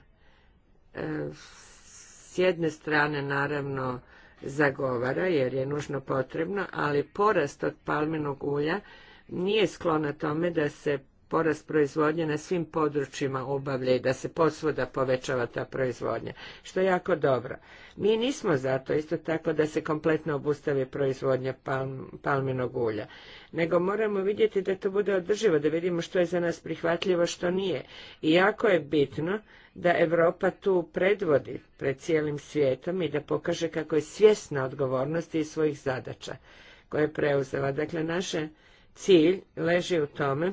Speaker 2: e, s jedne strane naravno zagovara jer je nužno potrebno, ali porast od palminog ulja nije sklona tome da se porast proizvodnje na svim područjima obavlja i da se posvuda povećava ta proizvodnja, što je jako dobro. Mi nismo zato isto tako da se kompletno obustavi proizvodnja palminog ulja, nego moramo vidjeti da to bude održivo, da vidimo što je za nas prihvatljivo, što nije. I jako je bitno da Europa tu predvodi pred cijelim svijetom i da pokaže kako je svjesna odgovornosti i svojih zadaća koje je preuzela. Dakle, naš cilj leži u tome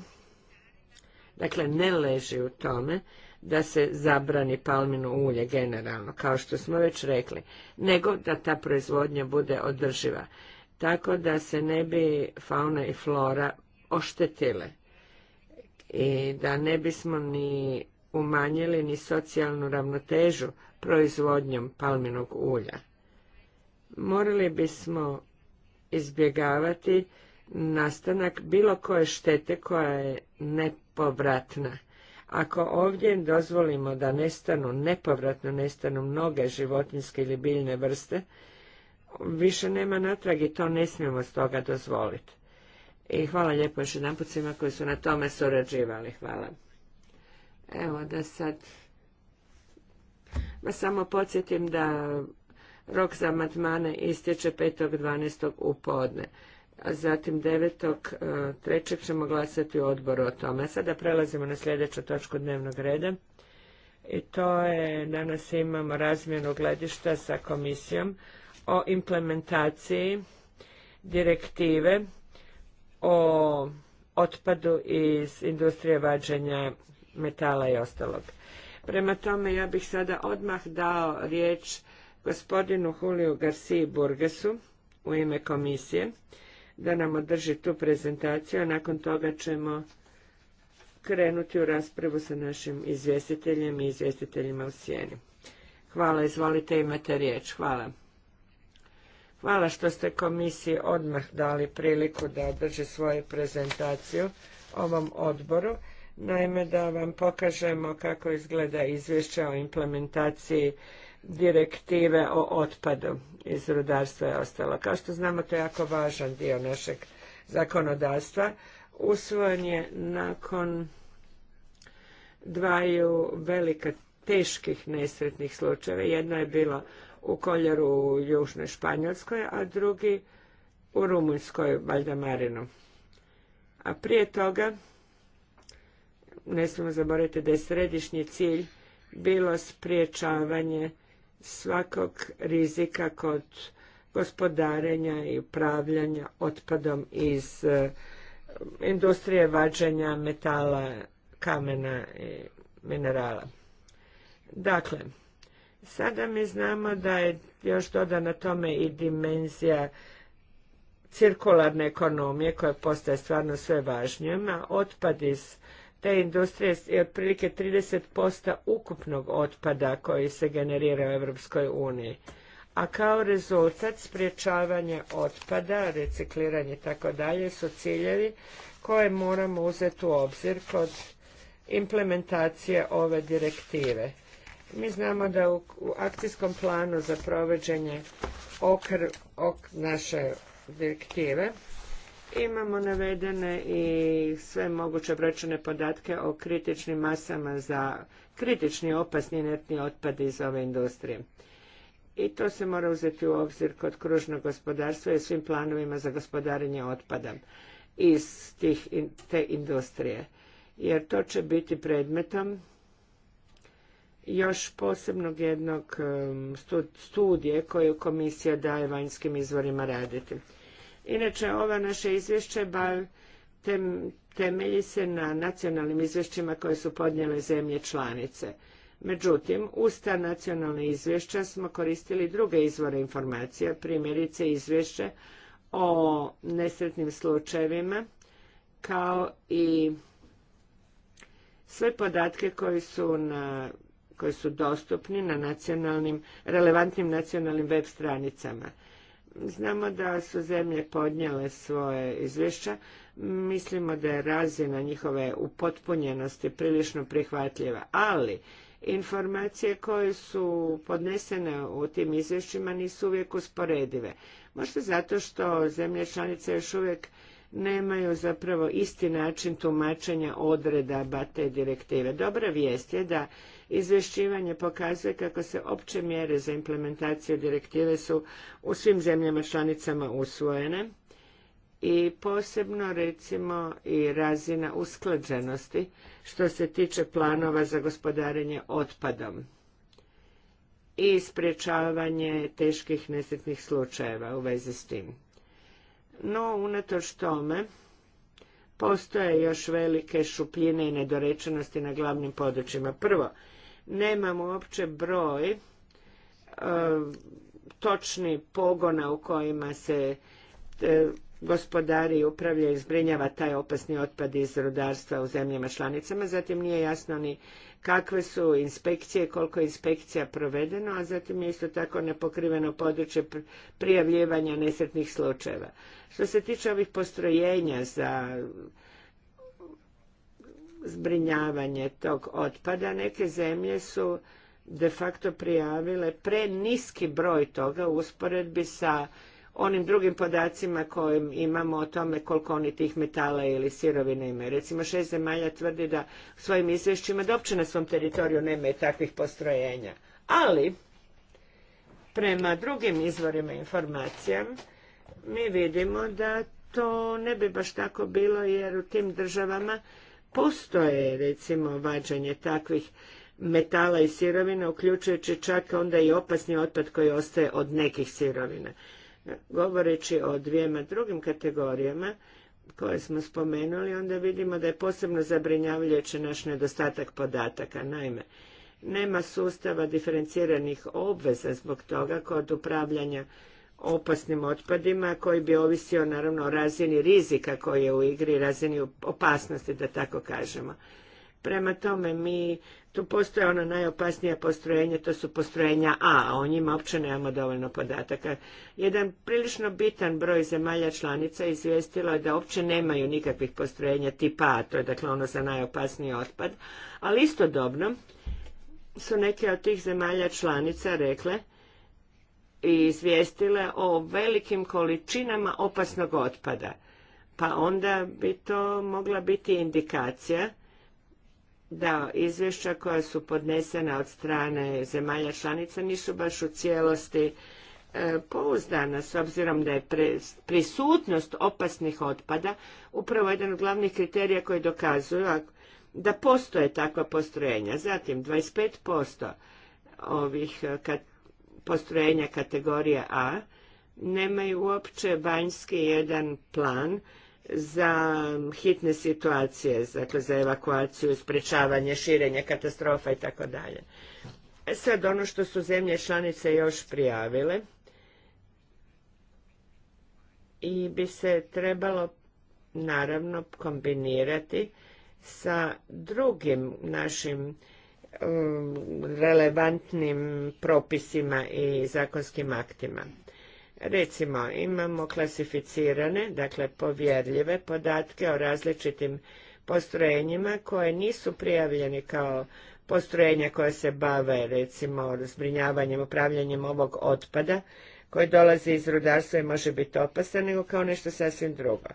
Speaker 2: Dakle, ne leži u tome da se zabrani palmino ulje generalno, kao što smo već rekli, nego da ta proizvodnja bude održiva, tako da se ne bi fauna i flora oštetile i da ne bismo ni umanjili ni socijalnu ravnotežu proizvodnjom palminog ulja. Morali bismo izbjegavati nastanak bilo koje štete koja je ne nepovratna. Ako ovdje dozvolimo da nestanu, nepovratno nestanu mnoge životinske ili biljne vrste, više nema natrag i to ne smijemo stoga dozvoliti. I hvala lijepo još jedan svima koji su na tome surađivali. Hvala. Evo da sad Ma samo podsjetim da rok za matmane istječe 5.12. u podne a zatim 9.3. E, ćemo glasati u odboru o tome. sada prelazimo na sljedeću točku dnevnog reda i to je, danas imamo razmjenu gledišta sa komisijom o implementaciji direktive o otpadu iz industrije vađenja metala i ostalog. Prema tome ja bih sada odmah dao riječ gospodinu Juliju Garciji Burgesu u ime komisije da nam održi tu prezentaciju, a nakon toga ćemo krenuti u raspravu sa našim izvjestiteljem i izvjestiteljima u sjeni. Hvala, izvolite, imate riječ. Hvala. Hvala što ste komisiji odmah dali priliku da održi svoju prezentaciju ovom odboru. Naime, da vam pokažemo kako izgleda izvješća o implementaciji direktive o otpadu iz rudarstva je ostalo. Kao što znamo, to je jako važan dio našeg zakonodavstva. Usvojen je nakon dvaju velika teških nesretnih slučajeva. Jedno je bilo u koljeru u Južnoj Španjolskoj, a drugi u Rumunjskoj, valjda A prije toga, ne smijemo zaboraviti da je središnji cilj bilo spriječavanje svakog rizika kod gospodarenja i upravljanja otpadom iz e, industrije vađenja metala, kamena i minerala. Dakle, sada mi znamo da je još dodana tome i dimenzija cirkularne ekonomije koja postaje stvarno sve važnijom, otpad iz te industrije je otprilike 30% ukupnog otpada koji se generira u Europskoj uniji. A kao rezultat sprječavanje otpada, recikliranje i tako dalje su ciljevi koje moramo uzeti u obzir kod implementacije ove direktive. Mi znamo da u, akcijskom planu za provođenje okr, ok, naše direktive Imamo navedene i sve moguće brojčane podatke o kritičnim masama za kritični opasni netni otpad iz ove industrije. I to se mora uzeti u obzir kod kružnog gospodarstva i svim planovima za gospodarenje otpada iz tih, te industrije. Jer to će biti predmetom još posebnog jednog um, studije koju komisija daje vanjskim izvorima raditi. Inače, ovo naše izvješće bar temelji se na nacionalnim izvješćima koje su podnijele zemlje članice. Međutim, uz ta nacionalna izvješća smo koristili druge izvore informacija, primjerice izvješće o nesretnim slučajevima, kao i sve podatke koji su, na, koji su dostupni na nacionalnim, relevantnim nacionalnim web stranicama. Znamo da su zemlje podnijele svoje izvješća. Mislimo da je razina njihove upotpunjenosti prilično prihvatljiva, ali informacije koje su podnesene u tim izvješćima nisu uvijek usporedive. Možda zato što zemlje članice još uvijek nemaju zapravo isti način tumačenja odredaba te direktive. Dobra vijest je da Izvješćivanje pokazuje kako se opće mjere za implementaciju direktive su u svim zemljama članicama usvojene i posebno recimo i razina usklađenosti što se tiče planova za gospodarenje otpadom i sprječavanje teških nesretnih slučajeva u vezi s tim. No, unatoč tome, postoje još velike šupljine i nedorečenosti na glavnim područjima. Prvo, nemamo uopće broj točnih e, točni pogona u kojima se e, gospodari upravlja i zbrinjava taj opasni otpad iz rudarstva u zemljama članicama. Zatim nije jasno ni kakve su inspekcije, koliko je inspekcija provedeno, a zatim je isto tako nepokriveno područje prijavljivanja nesretnih slučajeva. Što se tiče ovih postrojenja za zbrinjavanje tog otpada. Neke zemlje su de facto prijavile pre niski broj toga u usporedbi sa onim drugim podacima kojim imamo o tome koliko oni tih metala ili sirovine imaju. Recimo šest zemalja tvrdi da u svojim izvješćima da uopće na svom teritoriju nemaju takvih postrojenja. Ali, prema drugim izvorima informacija, mi vidimo da to ne bi baš tako bilo jer u tim državama postoje recimo vađanje takvih metala i sirovina, uključujući čak onda i opasni otpad koji ostaje od nekih sirovina. Govoreći o dvijema drugim kategorijama koje smo spomenuli, onda vidimo da je posebno zabrinjavajući naš nedostatak podataka. Naime, nema sustava diferenciranih obveza zbog toga kod upravljanja opasnim otpadima koji bi ovisio naravno o razini rizika koji je u igri, razini opasnosti da tako kažemo. Prema tome mi, tu postoje ono najopasnije postrojenje, to su postrojenja A, a o njima uopće nemamo dovoljno podataka. Jedan prilično bitan broj zemalja članica izvijestilo je da uopće nemaju nikakvih postrojenja tipa A, to je dakle ono za najopasniji otpad, ali istodobno su neke od tih zemalja članica rekle i izvijestile o velikim količinama opasnog otpada. Pa onda bi to mogla biti indikacija da izvješća koja su podnesena od strane zemalja članica nisu baš u cijelosti e, pouzdana s obzirom da je prisutnost opasnih otpada upravo jedan od glavnih kriterija koji dokazuju da postoje takva postrojenja. Zatim 25% ovih e, kad postrojenja kategorije A nemaju uopće vanjski jedan plan za hitne situacije, dakle za evakuaciju, sprečavanje, širenje katastrofa i tako dalje. E, sad ono što su zemlje članice još prijavile i bi se trebalo naravno kombinirati sa drugim našim Um, relevantnim propisima i zakonskim aktima. Recimo, imamo klasificirane, dakle povjerljive podatke o različitim postrojenjima koje nisu prijavljeni kao postrojenja koja se bave recimo zbrinjavanjem, upravljanjem ovog otpada koji dolazi iz rudarstva i može biti opasan, nego kao nešto sasvim drugo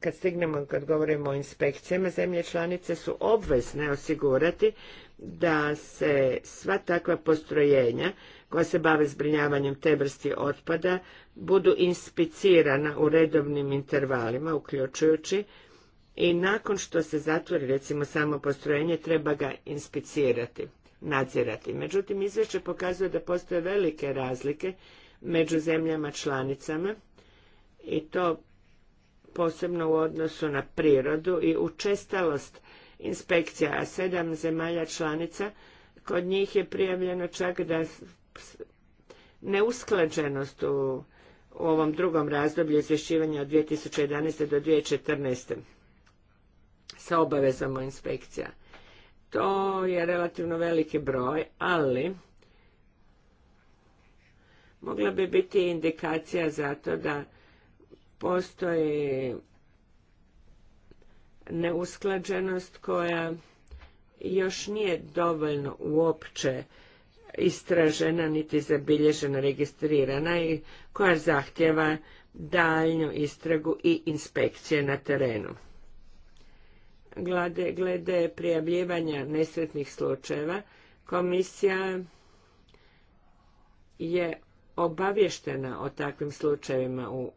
Speaker 2: kad stignemo, kad govorimo o inspekcijama, zemlje članice su obvezne osigurati da se sva takva postrojenja koja se bave zbrinjavanjem te vrsti otpada budu inspicirana u redovnim intervalima, uključujući i nakon što se zatvori recimo samo postrojenje treba ga inspicirati, nadzirati. Međutim, izvješće pokazuje da postoje velike razlike među zemljama članicama i to posebno u odnosu na prirodu i učestalost inspekcija, a sedam zemalja članica, kod njih je prijavljeno čak da neusklađenost u, ovom drugom razdoblju izvješćivanja od 2011. do 2014. sa obavezama inspekcija. To je relativno veliki broj, ali mogla bi biti indikacija za to da postoji neusklađenost koja još nije dovoljno uopće istražena, niti zabilježena, registrirana i koja zahtjeva daljnju istragu i inspekcije na terenu. Glede, glede prijavljivanja nesretnih slučajeva, komisija je obavještena o takvim slučajevima u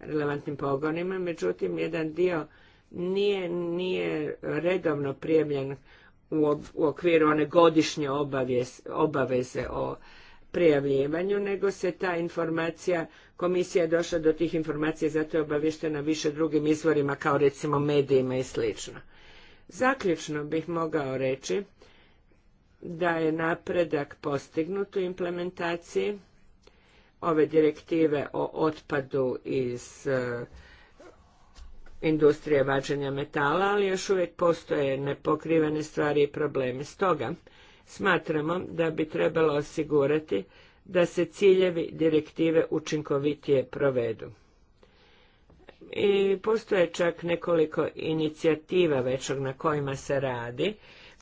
Speaker 2: relevantnim pogonima, međutim jedan dio nije, nije redovno prijavljen u, u okviru one godišnje obaveze o prijavljivanju, nego se ta informacija, komisija je došla do tih informacija, zato je obavještena više drugim izvorima kao recimo medijima i slično. Zaključno bih mogao reći da je napredak postignut u implementaciji ove direktive o otpadu iz e, industrije vađenja metala, ali još uvijek postoje nepokrivene stvari i problemi. Stoga smatramo da bi trebalo osigurati da se ciljevi direktive učinkovitije provedu. I postoje čak nekoliko inicijativa većog na kojima se radi,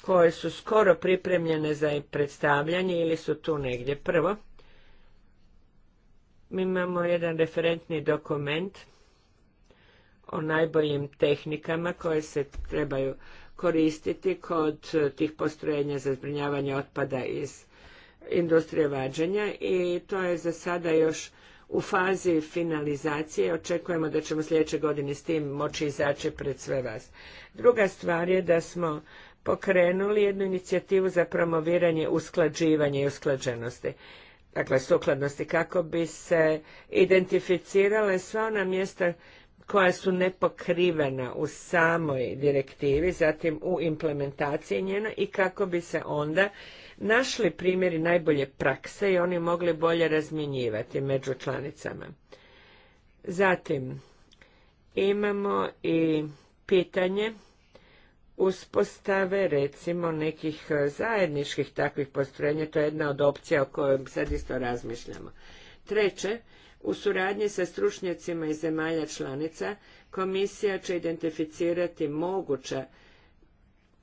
Speaker 2: koje su skoro pripremljene za predstavljanje ili su tu negdje. Prvo, mi imamo jedan referentni dokument o najboljim tehnikama koje se trebaju koristiti kod eh, tih postrojenja za zbrinjavanje otpada iz industrije vađenja i to je za sada još u fazi finalizacije. Očekujemo da ćemo sljedeće godine s tim moći izaći pred sve vas. Druga stvar je da smo pokrenuli jednu inicijativu za promoviranje usklađivanja i usklađenosti dakle sukladnosti, kako bi se identificirale sva ona mjesta koja su nepokrivena u samoj direktivi, zatim u implementaciji njena i kako bi se onda našli primjeri najbolje prakse i oni mogli bolje razmjenjivati među članicama. Zatim, imamo i pitanje uspostave recimo nekih e, zajedničkih takvih postrojenja, to je jedna od opcija o kojoj sad isto razmišljamo. Treće, u suradnji sa stručnjacima iz zemalja članica komisija će identificirati moguća,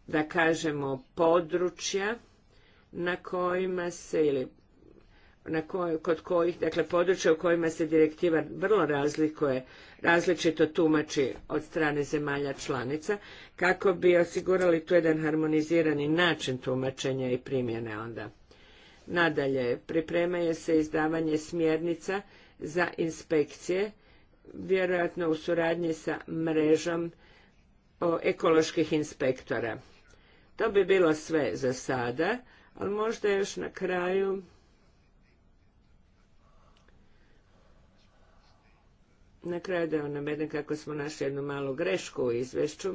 Speaker 2: da kažemo, područja na kojima se ili na kod kojih, dakle područja u kojima se direktiva vrlo razlikuje različito tumači od strane zemalja članica kako bi osigurali tu jedan harmonizirani način tumačenja i primjene onda. Nadalje, pripremaje se izdavanje smjernica za inspekcije, vjerojatno u suradnji sa mrežom ekoloških inspektora. To bi bilo sve za sada, ali možda još na kraju na kraju da vam navedem kako smo našli jednu malu grešku u izvješću.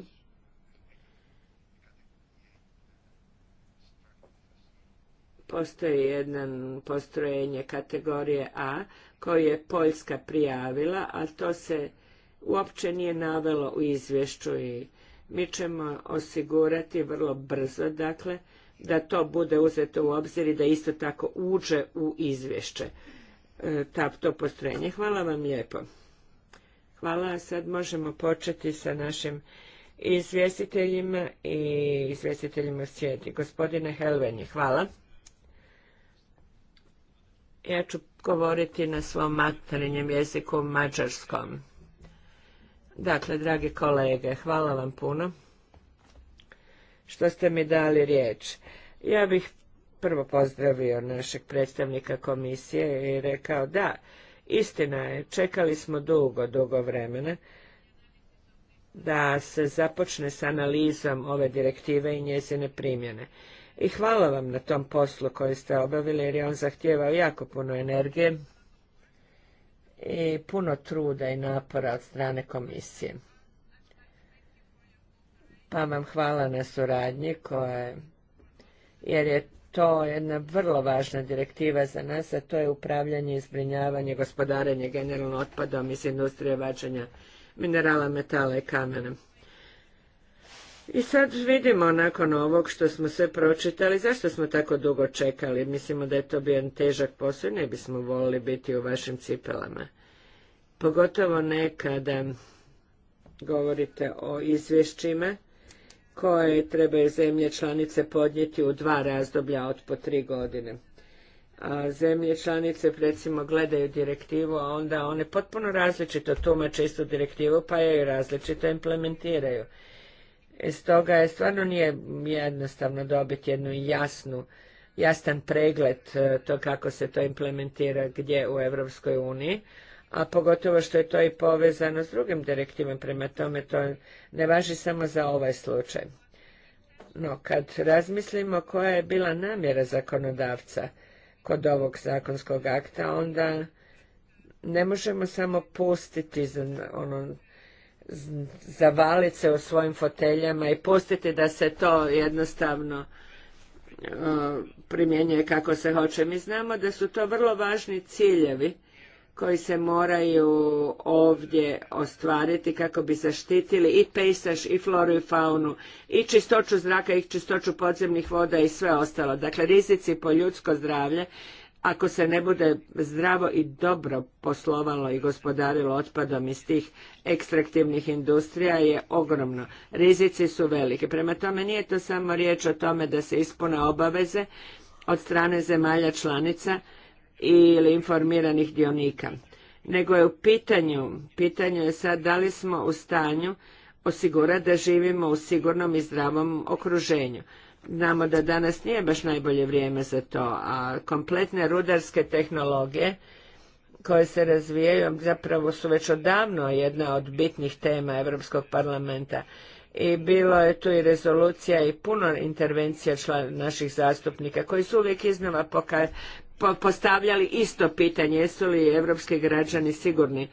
Speaker 2: Postoji jedno postrojenje kategorije A koje je Poljska prijavila, a to se uopće nije navelo u izvješću i mi ćemo osigurati vrlo brzo, dakle, da to bude uzeto u obzir i da isto tako uđe u izvješće e, to postrojenje. Hvala vam lijepo. Hvala, sad možemo početi sa našim izvjestiteljima i izvjestiteljima svijeti. Gospodine Helveni, hvala. Ja ću govoriti na svom materinjem jeziku mađarskom. Dakle, dragi kolege, hvala vam puno što ste mi dali riječ. Ja bih prvo pozdravio našeg predstavnika komisije i rekao da, Istina je, čekali smo dugo, dugo vremena da se započne s analizom ove direktive i njezine primjene. I hvala vam na tom poslu koji ste obavili jer je on zahtijevao jako puno energije i puno truda i napora od strane komisije. Pa vam hvala na suradnji koje, jer je to jedna vrlo važna direktiva za nas, a to je upravljanje i zbrinjavanje, gospodarenje generalno otpadom iz industrije vađenja minerala, metala i kamena. I sad vidimo nakon ovog što smo sve pročitali, zašto smo tako dugo čekali? Mislimo da je to bio težak posao i ne bismo volili biti u vašim cipelama. Pogotovo nekada govorite o izvješćima koje trebaju zemlje članice podnijeti u dva razdoblja od po tri godine. A zemlje članice recimo gledaju direktivu, a onda one potpuno različito tumače istu direktivu pa je različito implementiraju. E, stoga je stvarno nije jednostavno dobiti jednu jasnu, jasan pregled e, to kako se to implementira gdje u Europskoj uniji, a pogotovo što je to i povezano s drugim direktivom, prema tome to ne važi samo za ovaj slučaj. No, kad razmislimo koja je bila namjera zakonodavca kod ovog zakonskog akta, onda ne možemo samo pustiti ono, zavaliti se u svojim foteljama i pustiti da se to jednostavno e, primjenjuje kako se hoće. Mi znamo da su to vrlo važni ciljevi koji se moraju ovdje ostvariti kako bi zaštitili i pejsaž i floru i faunu i čistoću zraka i čistoću podzemnih voda i sve ostalo. Dakle, rizici po ljudsko zdravlje ako se ne bude zdravo i dobro poslovalo i gospodarilo otpadom iz tih ekstraktivnih industrija je ogromno. Rizici su veliki. Prema tome nije to samo riječ o tome da se ispune obaveze od strane zemalja članica, ili informiranih dionika. Nego je u pitanju, pitanju je sad da li smo u stanju osigurati da živimo u sigurnom i zdravom okruženju. Znamo da danas nije baš najbolje vrijeme za to, a kompletne rudarske tehnologije koje se razvijaju zapravo su već odavno jedna od bitnih tema Europskog parlamenta. I bilo je tu i rezolucija i puno intervencija naših zastupnika koji su uvijek iznova postavljali isto pitanje, jesu li europski građani sigurni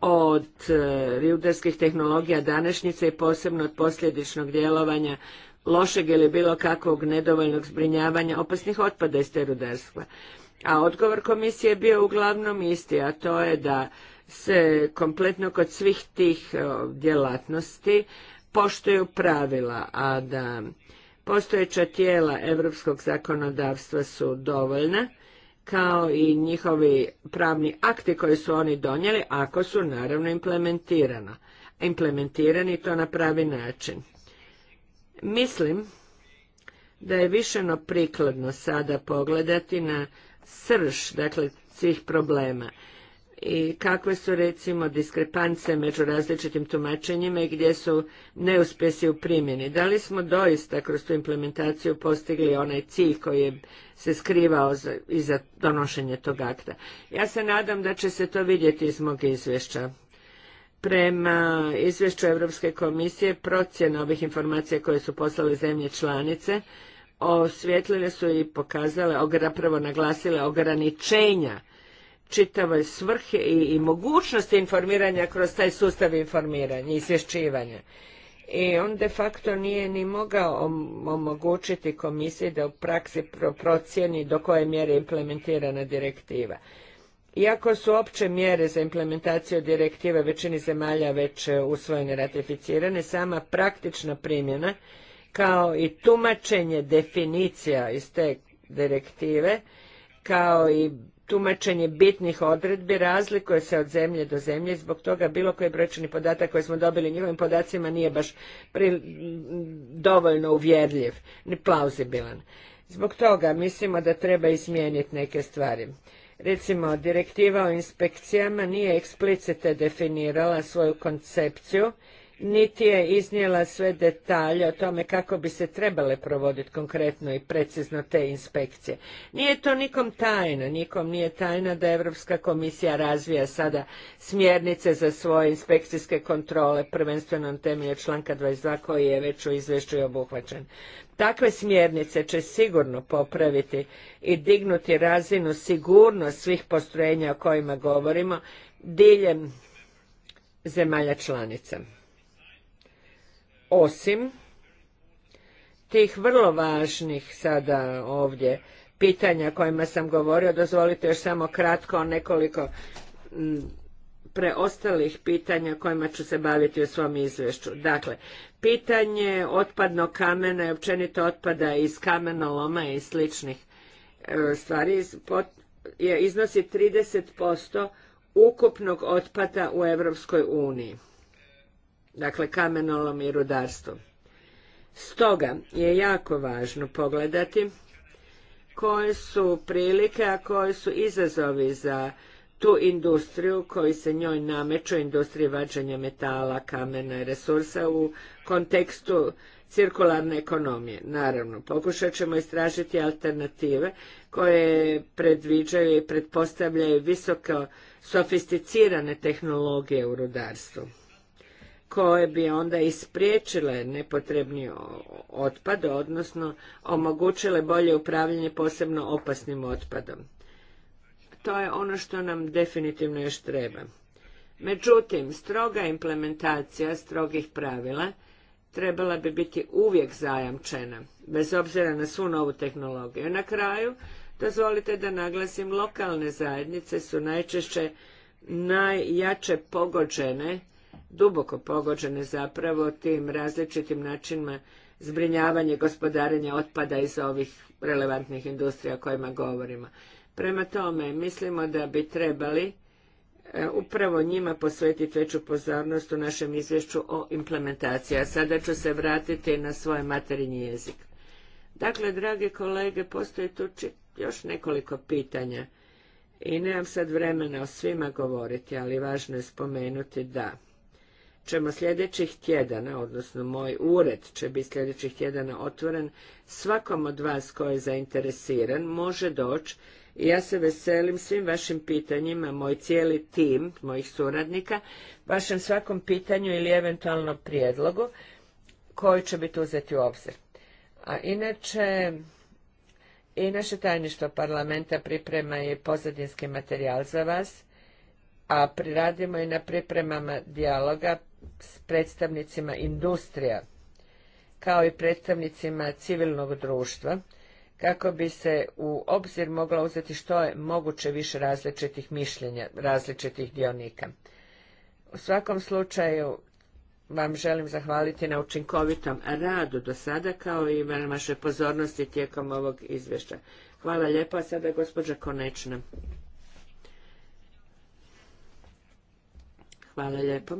Speaker 2: od e, rudarskih tehnologija današnjice i posebno od posljedičnog djelovanja lošeg ili bilo kakvog nedovoljnog zbrinjavanja opasnih otpada iz te rudarstva. A odgovor komisije je bio uglavnom isti, a to je da se kompletno kod svih tih e, djelatnosti poštuju pravila, a da postojeća tijela europskog zakonodavstva su dovoljna kao i njihovi pravni akti koji su oni donijeli, ako su naravno implementirano. implementirani to na pravi način. Mislim da je više no prikladno sada pogledati na srž, dakle, svih problema i kakve su recimo diskrepance među različitim tumačenjima i gdje su neuspjesi u primjeni. Da li smo doista kroz tu implementaciju postigli onaj cilj koji je se skrivao za, iza donošenja tog akta. Ja se nadam da će se to vidjeti iz mog izvješća. Prema izvješću Europske komisije procjena ovih informacija koje su poslale zemlje članice osvjetlile su i pokazale, zapravo naglasile ograničenja čitavoj svrhe i, mogućnosti informiranja kroz taj sustav informiranja i izvješćivanja. I on de facto nije ni mogao omogućiti komisiji da u praksi procijeni do koje mjere je implementirana direktiva. Iako su opće mjere za implementaciju direktive većini zemalja već e, usvojene ratificirane, sama praktična primjena kao i tumačenje definicija iz te direktive, kao i tumačenje bitnih odredbi razlikuje se od zemlje do zemlje, zbog toga bilo koji brojčani podatak koji smo dobili njihovim podacima nije baš pri, dovoljno uvjerljiv, ni plauzibilan. Zbog toga mislimo da treba izmijeniti neke stvari. Recimo, direktiva o inspekcijama nije eksplicite definirala svoju koncepciju niti je iznijela sve detalje o tome kako bi se trebale provoditi konkretno i precizno te inspekcije. Nije to nikom tajna, nikom nije tajna da Europska komisija razvija sada smjernice za svoje inspekcijske kontrole, prvenstveno na temelju članka 22 koji je već u izvješću i obuhvaćen. Takve smjernice će sigurno popraviti i dignuti razinu sigurnost svih postrojenja o kojima govorimo diljem zemalja članica osim tih vrlo važnih sada ovdje pitanja kojima sam govorio, dozvolite još samo kratko o nekoliko preostalih pitanja kojima ću se baviti u svom izvješću. Dakle, pitanje otpadnog kamena i općenito otpada iz kamenoloma i sličnih e, stvari je iznosi 30% ukupnog otpada u eu uniji dakle kamenolom i rudarstvom. Stoga je jako važno pogledati koje su prilike, a koje su izazovi za tu industriju koji se njoj nameću, industriji vađenja metala, kamena i resursa u kontekstu cirkularne ekonomije. Naravno, pokušat ćemo istražiti alternative koje predviđaju i pretpostavljaju visoko sofisticirane tehnologije u rudarstvu koje bi onda ispriječile nepotrebni otpad, odnosno omogućile bolje upravljanje posebno opasnim otpadom. To je ono što nam definitivno još treba. Međutim, stroga implementacija strogih pravila trebala bi biti uvijek zajamčena, bez obzira na svu novu tehnologiju. Na kraju, dozvolite da naglasim, lokalne zajednice su najčešće najjače pogođene duboko pogođene zapravo tim različitim načinima zbrinjavanja gospodarenja otpada iz ovih relevantnih industrija o kojima govorimo. Prema tome, mislimo da bi trebali e, upravo njima posvetiti veću pozornost u našem izvješću o implementaciji. A sada ću se vratiti na svoj materinji jezik. Dakle, dragi kolege, postoji tu još nekoliko pitanja i nemam sad vremena o svima govoriti, ali važno je spomenuti da ćemo sljedećih tjedana, odnosno moj ured će biti sljedećih tjedana otvoren, svakom od vas koji je zainteresiran može doći i ja se veselim svim vašim pitanjima, moj cijeli tim, mojih suradnika, vašem svakom pitanju ili eventualno prijedlogu koji će biti uzeti u obzir. A inače, i naše tajništvo parlamenta priprema je pozadinski materijal za vas, a priradimo i na pripremama dijaloga s predstavnicima industrija kao i predstavnicima civilnog društva kako bi se u obzir mogla uzeti što je moguće više različitih mišljenja, različitih dionika. U svakom slučaju vam želim zahvaliti na učinkovitom radu do sada kao i na vašoj pozornosti tijekom ovog izvješća. Hvala lijepo, a sada gospođa Konečna. Hvala lijepo.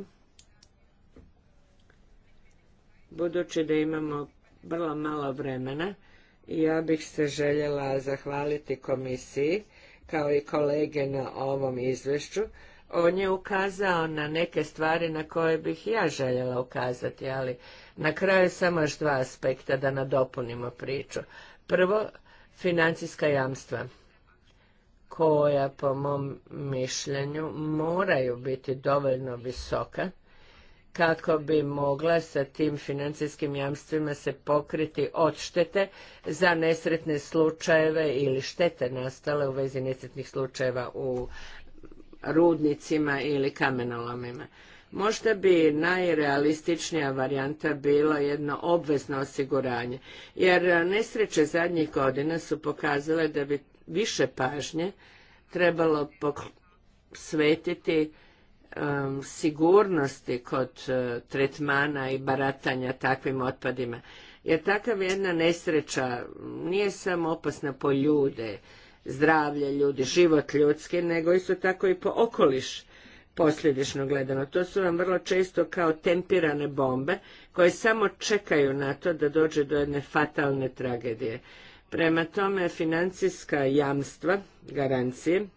Speaker 2: Budući da imamo vrlo malo vremena, ja bih se željela zahvaliti komisiji kao i kolege na ovom izvješću. On je ukazao na neke stvari na koje bih ja željela ukazati, ali na kraju samo još dva aspekta da nadopunimo priču. Prvo, financijska jamstva koja po mom mišljenju moraju biti dovoljno visoka kako bi mogla sa tim financijskim jamstvima se pokriti odštete za nesretne slučajeve ili štete nastale u vezi nesretnih slučajeva u rudnicima ili kamenolomima. Možda bi najrealističnija varijanta bila jedno obvezno osiguranje, jer nesreće zadnjih godina su pokazale da bi više pažnje trebalo svetiti sigurnosti kod e, tretmana i baratanja takvim otpadima. Jer takav jedna nesreća nije samo opasna po ljude, zdravlje ljudi, život ljudski, nego isto tako i po okoliš posljedično gledano. To su vam vrlo često kao tempirane bombe koje samo čekaju na to da dođe do jedne fatalne tragedije. Prema tome, financijska jamstva, garancije,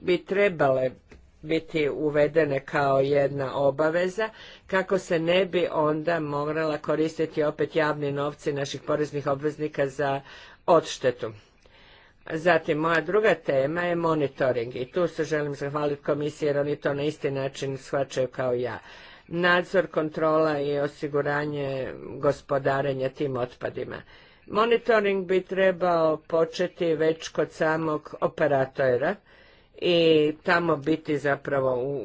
Speaker 2: bi trebale biti uvedene kao jedna obaveza kako se ne bi onda morala koristiti opet javni novci naših poreznih obveznika za odštetu. Zatim, moja druga tema je monitoring i tu se želim zahvaliti komisiji jer oni to na isti način shvaćaju kao ja. Nadzor, kontrola i osiguranje gospodarenja tim otpadima. Monitoring bi trebao početi već kod samog operatora, i tamo biti zapravo u,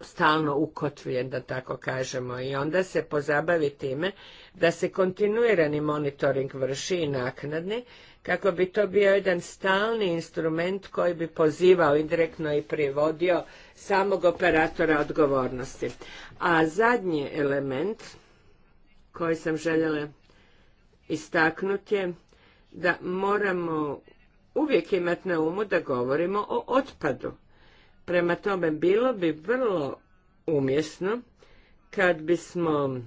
Speaker 2: stalno ukotvljen, da tako kažemo, i onda se pozabavi time da se kontinuirani monitoring vrši i naknadni, kako bi to bio jedan stalni instrument koji bi pozivao indirektno i privodio samog operatora odgovornosti. A zadnji element koji sam željela istaknuti je da moramo uvijek imati na umu da govorimo o otpadu. Prema tome, bilo bi vrlo umjesno kad bismo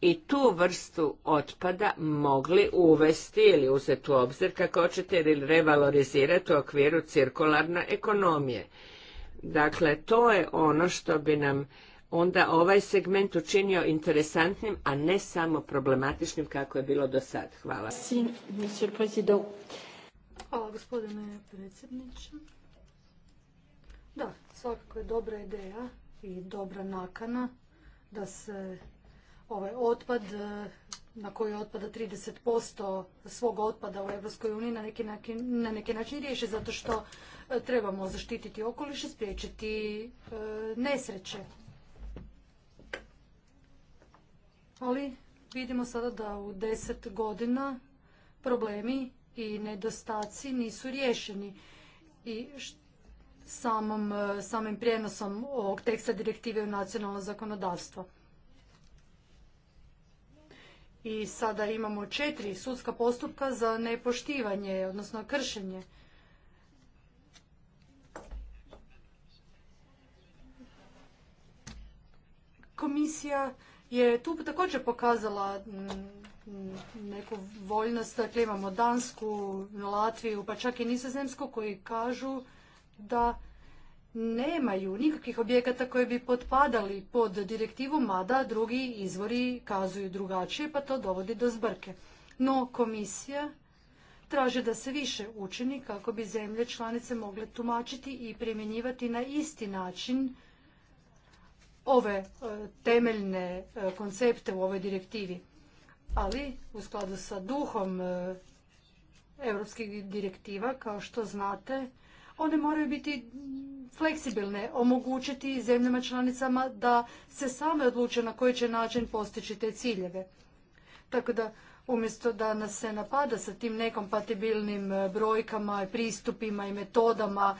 Speaker 2: i tu vrstu otpada mogli uvesti ili uzeti u obzir kako hoćete ili revalorizirati u okviru cirkularne ekonomije. Dakle, to je ono što bi nam onda ovaj segment učinio interesantnim, a ne samo problematičnim kako je bilo do sad. Hvala.
Speaker 1: Hvala gospodine predsjedniče. Da, svakako je dobra ideja i dobra nakana da se ovaj otpad na koji otpada 30% svog otpada u EU na neki, način, na neki riješi zato što e, trebamo zaštititi okoliš i spriječiti e, nesreće Ali vidimo sada da u deset godina problemi i nedostaci nisu riješeni. I e, samim prijenosom ovog teksta direktive u nacionalno zakonodavstvo. I sada imamo četiri sudska postupka za nepoštivanje, odnosno kršenje. Komisija je tu također pokazala mm, neku voljnost. Dakle, imamo Dansku, Latviju, pa čak i Nizozemsku koji kažu da nemaju nikakvih objekata koji bi potpadali pod direktivu, mada drugi izvori kazuju drugačije, pa to dovodi do zbrke. No, komisija traže da se više učini kako bi zemlje članice mogle tumačiti i primjenjivati na isti način ove e, temeljne e, koncepte u ovoj direktivi. Ali u skladu sa duhom europskih direktiva, kao što znate, one moraju biti fleksibilne, omogućiti zemljama članicama da se same odluče na koji će način postići te ciljeve. Tako da umjesto da nas se napada sa tim nekompatibilnim e, brojkama, pristupima i metodama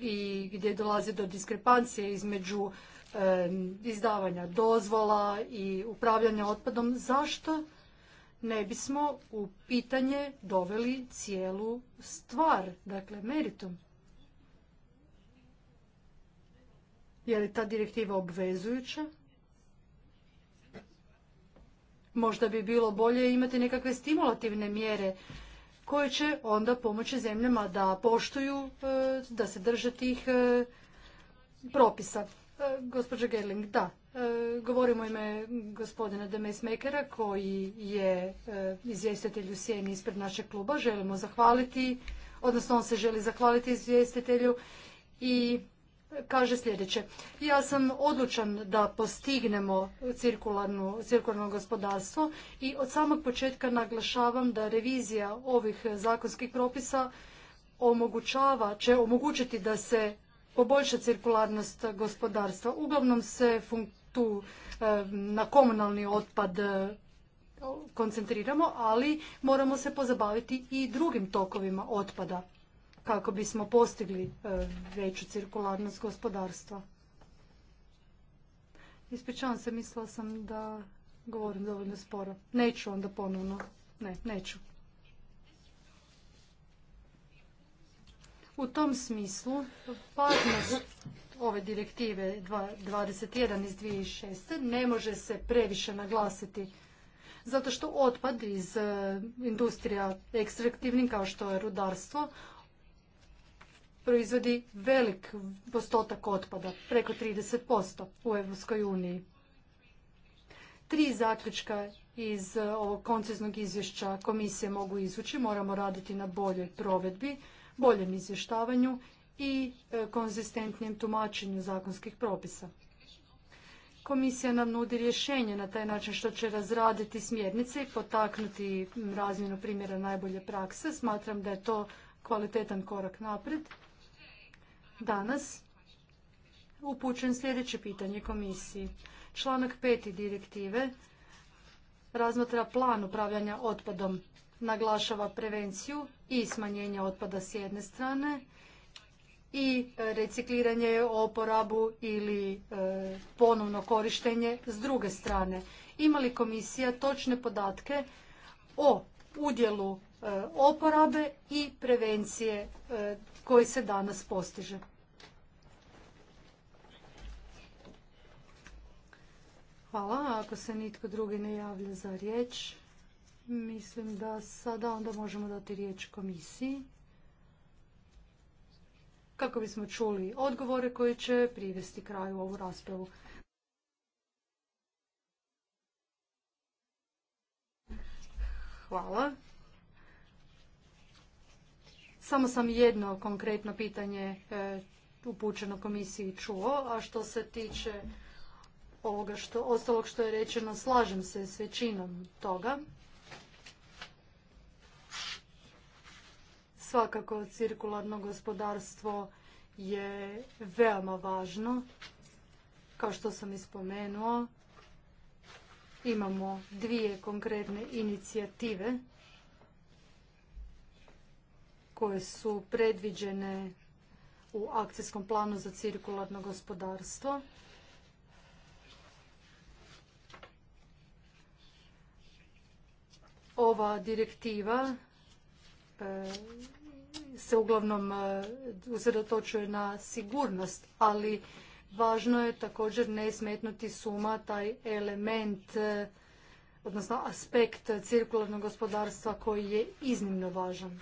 Speaker 1: i gdje dolazi do diskrepancije između izdavanja dozvola i upravljanja otpadom, zašto ne bismo u pitanje doveli cijelu stvar, dakle meritum? Je li ta direktiva obvezujuća? Možda bi bilo bolje imati nekakve stimulativne mjere koje će onda pomoći zemljama da poštuju, eh, da se drže tih eh, propisa. E, Gospođo Gerling, da. E, Govorimo ime gospodina Mekera koji je e, izvjestitelj u sjeni ispred našeg kluba. Želimo zahvaliti, odnosno on se želi zahvaliti izvjestitelju i kaže sljedeće. Ja sam odlučan da postignemo cirkularno, cirkularno gospodarstvo i od samog početka naglašavam da revizija ovih zakonskih propisa omogućava, će omogućiti da se poboljša cirkularnost gospodarstva. Uglavnom se tu eh, na komunalni otpad eh, koncentriramo, ali moramo se pozabaviti i drugim tokovima otpada kako bismo postigli eh, veću cirkularnost gospodarstva. Ispričavam se, mislila sam da govorim dovoljno sporo. Neću onda ponovno. Ne, neću. U tom smislu, partner ove direktive 21 iz 2006. ne može se previše naglasiti zato što otpad iz e, industrija ekstraktivnih kao što je rudarstvo proizvodi velik postotak otpada, preko 30% u Europskoj uniji. Tri zaključka iz e, ovog konciznog izvješća komisije mogu izvući. Moramo raditi na boljoj provedbi boljem izvještavanju i e, konzistentnijem tumačenju zakonskih propisa. Komisija nam nudi rješenje na taj način što će razraditi smjernice i potaknuti razmjenu primjera najbolje prakse. Smatram da je to kvalitetan korak napred. Danas upućujem sljedeće pitanje komisiji. Članak 5. direktive razmatra plan upravljanja otpadom naglašava prevenciju i smanjenje otpada s jedne strane i e, recikliranje, oporabu ili e, ponovno korištenje s druge strane. Ima li komisija točne podatke o udjelu e, oporabe i prevencije koji se danas postiže? Hvala. Ako se nitko drugi ne javlja za riječ, Mislim da sada onda možemo dati riječ komisiji kako bismo čuli odgovore koji će privesti kraju ovu raspravu. Hvala. Samo sam jedno konkretno pitanje e, upućeno komisiji čuo, a što se tiče ovoga što, ostalog što je rečeno, slažem se s većinom toga. Svakako cirkularno gospodarstvo je veoma važno. Kao što sam ispomenuo, imamo dvije konkretne inicijative koje su predviđene u akcijskom planu za cirkularno gospodarstvo. Ova direktiva e, se uglavnom e, usredotočuje na sigurnost, ali važno je također ne smetnuti suma taj element, e, odnosno aspekt cirkularnog gospodarstva koji je iznimno važan.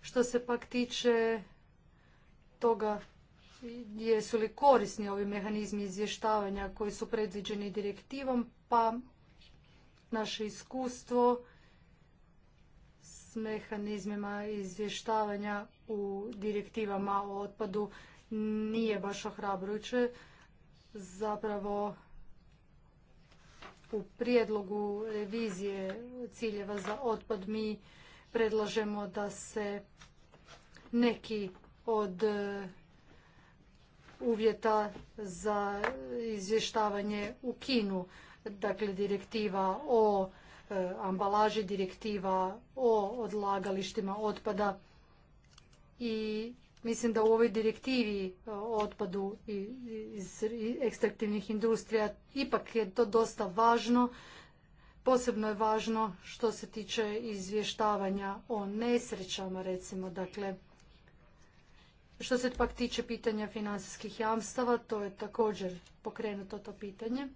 Speaker 1: Što se pak tiče toga jesu li korisni ovi mehanizmi izvještavanja koji su predviđeni direktivom, pa naše iskustvo mehanizmima izvještavanja u direktivama o otpadu nije baš ohrabrujuće. Zapravo u prijedlogu revizije ciljeva za otpad mi predlažemo da se neki od e, uvjeta za izvještavanje ukinu. Dakle, direktiva o E, ambalaži, direktiva o odlagalištima otpada i mislim da u ovoj direktivi e, o otpadu iz ekstraktivnih industrija ipak je to dosta važno. Posebno je važno što se tiče izvještavanja o nesrećama, recimo, dakle, što se pak tiče pitanja financijskih jamstava, to je također pokrenuto to pitanje.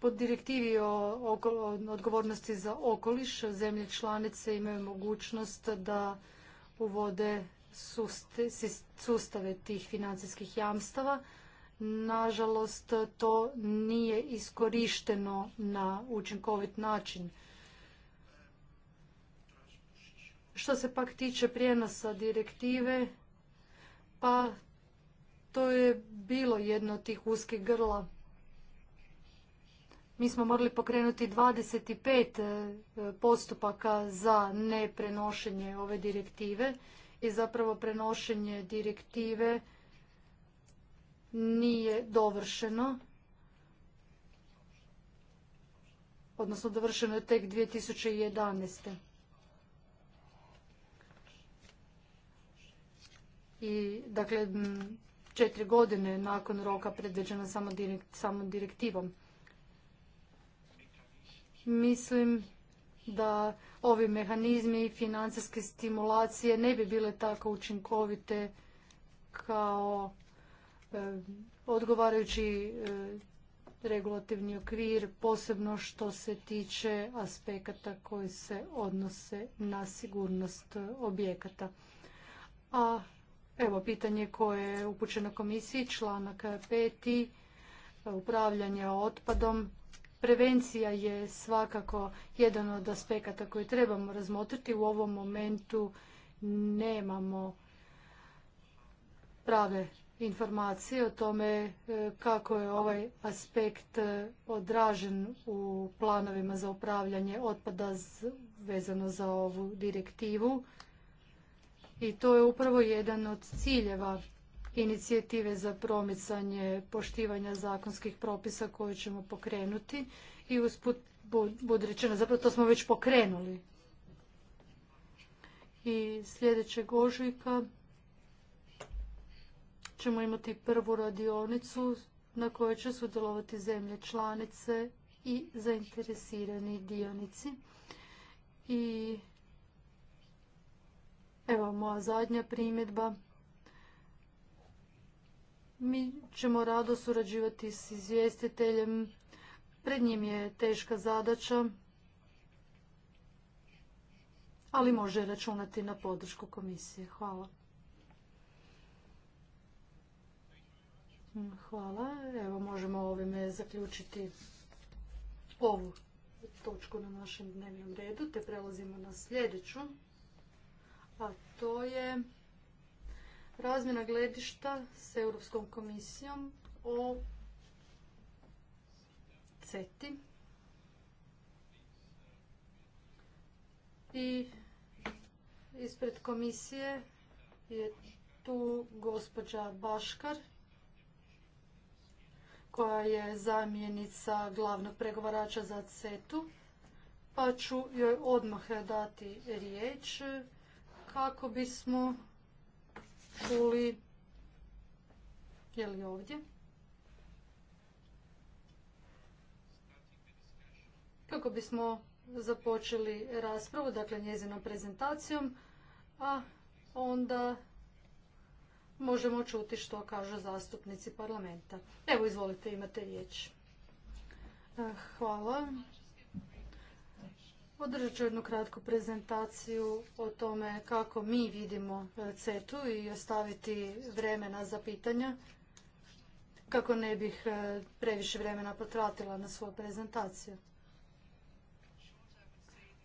Speaker 1: Po direktivi o odgovornosti za okoliš zemlje članice imaju mogućnost da uvode sustave tih financijskih jamstava. Nažalost, to nije iskorišteno na učinkovit način. Što se pak tiče prijenosa direktive, pa to je bilo jedno od tih uskih grla mi smo morali pokrenuti 25 e, postupaka za neprenošenje ove direktive i zapravo prenošenje direktive nije dovršeno. Odnosno dovršeno je tek 2011. I dakle četiri godine nakon roka predviđena samo direktivom. Mislim da ovi mehanizmi i financijske stimulacije ne bi bile tako učinkovite kao e, odgovarajući e, regulativni okvir, posebno što se tiče aspekata koji se odnose na sigurnost objekata. A evo pitanje koje je upućeno komisiji, članak 5. upravljanje otpadom. Prevencija je svakako jedan od aspekata koji trebamo razmotriti. U ovom momentu nemamo prave informacije o tome e, kako je ovaj aspekt e, odražen u planovima za upravljanje otpada vezano za ovu direktivu. I to je upravo jedan od ciljeva inicijative za promicanje poštivanja zakonskih propisa koje ćemo pokrenuti i usput budu rečeno, zapravo to smo već pokrenuli. I sljedećeg ožujka ćemo imati prvu radionicu na kojoj će sudjelovati zemlje članice i zainteresirani dionici. I evo moja zadnja primjedba. Mi ćemo rado surađivati s izvjestiteljem. Pred njim je teška zadaća, ali može računati na podršku komisije. Hvala. Hvala. Evo možemo ovime zaključiti ovu točku na našem dnevnom redu, te prelazimo na sljedeću, a to je razmjena gledišta s Europskom komisijom o CETI i ispred komisije je tu gospođa Baškar koja je zamjenica glavnog pregovarača za CETU pa ću joj odmah dati riječ kako bismo čuli. Je li ovdje? Kako bismo započeli raspravu, dakle njezinom prezentacijom, a onda možemo čuti što kažu zastupnici parlamenta. Evo, izvolite, imate riječ. Hvala. Održat ću jednu kratku prezentaciju o tome kako mi vidimo e, CETU i ostaviti vremena za pitanja kako ne bih e, previše vremena potratila na svoju prezentaciju.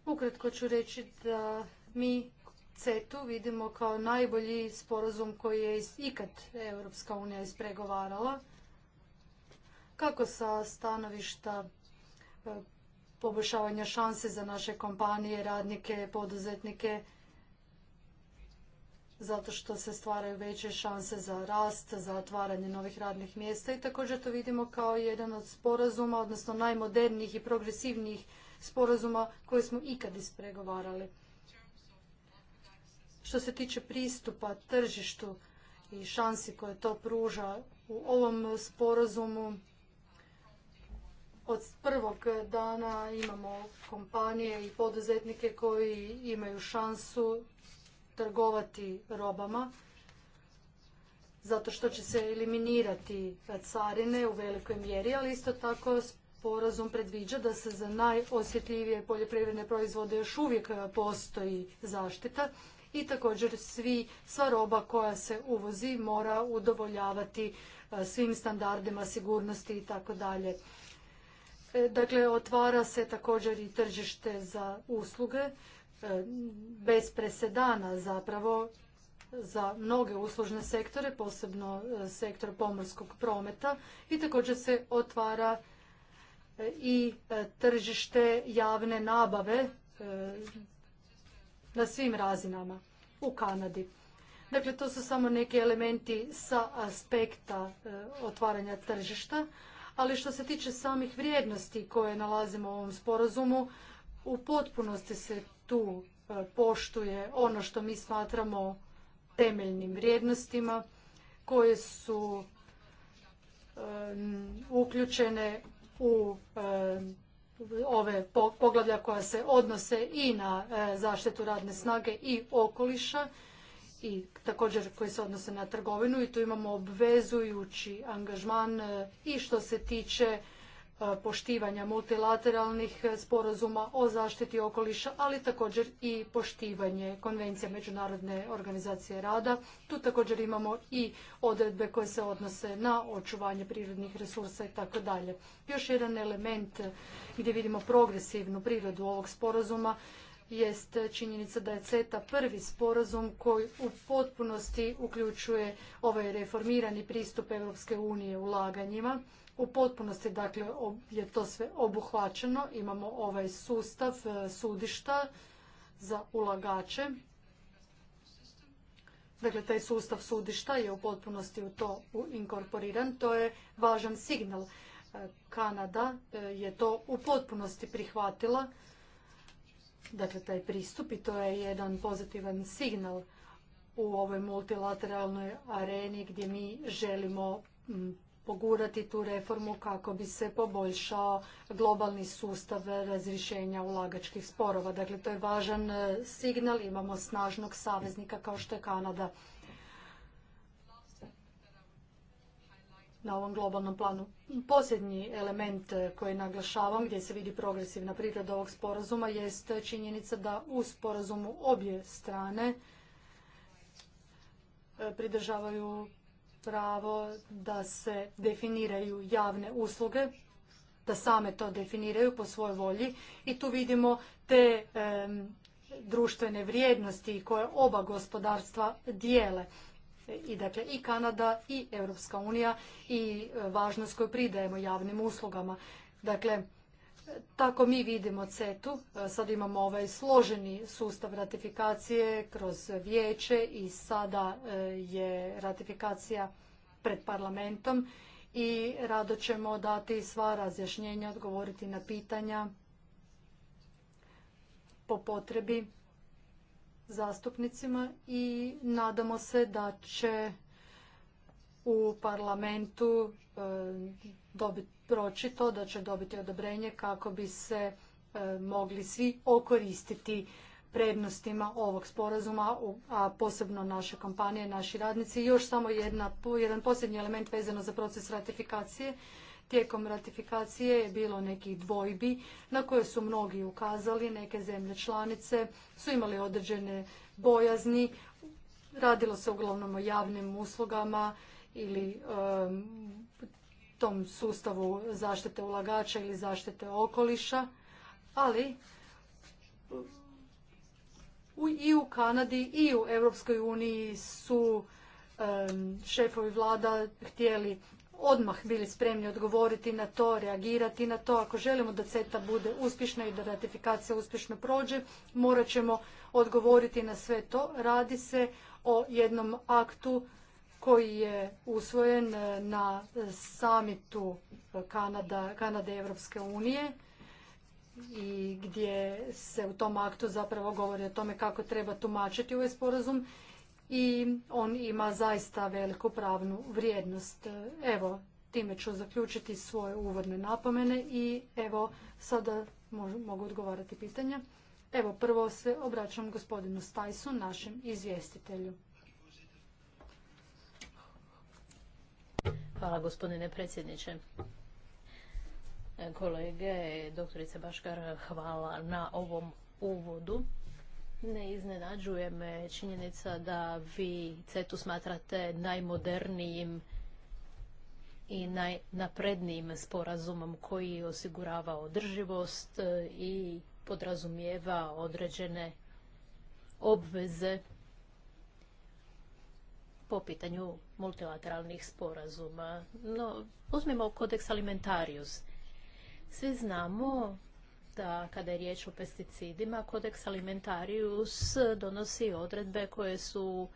Speaker 1: Ukratko ću reći da mi CETU vidimo kao najbolji sporazum koji je ikad Europska unija ispregovarala, kako sa stanovišta e, poboljšavanja šanse za naše kompanije, radnike, poduzetnike, zato što se stvaraju veće šanse za rast, za otvaranje novih radnih mjesta i također to vidimo kao jedan od sporazuma, odnosno najmodernijih i progresivnijih sporazuma koje smo ikad ispregovarali. Što se tiče pristupa tržištu i šansi koje to pruža u ovom sporazumu, od prvog dana imamo kompanije i poduzetnike koji imaju šansu trgovati robama zato što će se eliminirati carine u velikoj mjeri, ali isto tako sporazum predviđa da se za najosjetljivije poljoprivredne proizvode još uvijek postoji zaštita i također svi, sva roba koja se uvozi mora udovoljavati e, svim standardima sigurnosti i tako dalje. E, dakle, otvara se također i tržište za usluge, e, bez presedana zapravo za mnoge uslužne sektore, posebno e, sektor pomorskog prometa i također se otvara i tržište javne nabave na svim razinama u Kanadi. Dakle, to su samo neki elementi sa aspekta otvaranja tržišta, ali što se tiče samih vrijednosti koje nalazimo u ovom sporazumu, u potpunosti se tu e, poštuje ono što mi smatramo temeljnim vrijednostima koje su e, uključene u e, ove poglavlja koja se odnose i na zaštitu radne snage i okoliša i također koji se odnose na trgovinu i tu imamo obvezujući angažman e, i što se tiče e, poštivanja multilateralnih sporazuma o zaštiti okoliša, ali također i poštivanje konvencija Međunarodne organizacije rada. Tu također imamo i odredbe koje se odnose na očuvanje prirodnih resursa i tako dalje. Još jedan element gdje vidimo progresivnu prirodu ovog sporazuma jest činjenica da je CETA prvi sporazum koji u potpunosti uključuje ovaj reformirani pristup Europske unije ulaganjima. U potpunosti dakle je to sve obuhvaćeno. Imamo ovaj sustav e, sudišta za ulagače. Dakle, taj sustav sudišta je u potpunosti u to inkorporiran. To je važan signal. E, Kanada e, je to u potpunosti prihvatila dakle taj pristup i to je jedan pozitivan signal u ovoj multilateralnoj areni gdje mi želimo pogurati tu reformu kako bi se poboljšao globalni sustav razrješenja ulagačkih sporova. Dakle, to je važan e, signal, imamo snažnog saveznika kao što je Kanada. na ovom globalnom planu. Posljednji element koji naglašavam gdje se vidi progresivna priroda ovog sporazuma jest činjenica da u sporazumu obje strane e, pridržavaju pravo da se definiraju javne usluge, da same to definiraju po svojoj volji i tu vidimo te društvene vrijednosti koje oba gospodarstva dijele i dakle i Kanada i Europska unija i e, važnost koju pridajemo javnim uslugama. Dakle, tako mi vidimo CETU. E, sad imamo ovaj složeni sustav ratifikacije kroz vijeće i sada e, je ratifikacija pred parlamentom i rado ćemo dati sva razjašnjenja, odgovoriti na pitanja po potrebi zastupnicima i nadamo se da će u parlamentu e, dobiti to, da će dobiti odobrenje kako bi se e, mogli svi okoristiti prednostima ovog sporazuma, a posebno naše kompanije, naši radnici. I još samo jedan posljednji element vezano za proces ratifikacije. Tijekom ratifikacije je bilo nekih dvojbi na koje su mnogi ukazali, neke zemlje članice su imali određene bojazni, radilo se uglavnom o javnim uslugama ili um, tom sustavu zaštite ulagača ili zaštite okoliša, ali i u Kanadi i u Europskoj uniji su um, šefovi vlada htjeli odmah bili spremni odgovoriti na to, reagirati na to. Ako želimo da CETA bude uspješna i da ratifikacija uspješno prođe, morat ćemo odgovoriti na sve to. Radi se o jednom aktu koji je usvojen na samitu Kanada, Kanade i unije i gdje se u tom aktu zapravo govori o tome kako treba tumačiti ovaj sporazum i on ima zaista veliku pravnu vrijednost. Evo, time ću zaključiti svoje uvodne napomene i evo, sada mogu odgovarati pitanja. Evo, prvo se obraćam gospodinu Stajsu, našem izvjestitelju.
Speaker 3: Hvala gospodine predsjedniče. Kolege, doktorice Baškar, hvala na ovom uvodu. Ne iznenađuje me činjenica da vi CETU smatrate najmodernijim i najnaprednijim sporazumom koji osigurava održivost e, i podrazumijeva određene obveze po pitanju multilateralnih sporazuma. No, uzmimo kodeks alimentarius. Svi znamo da kada je riječ o pesticidima, kodeks alimentarius donosi odredbe koje su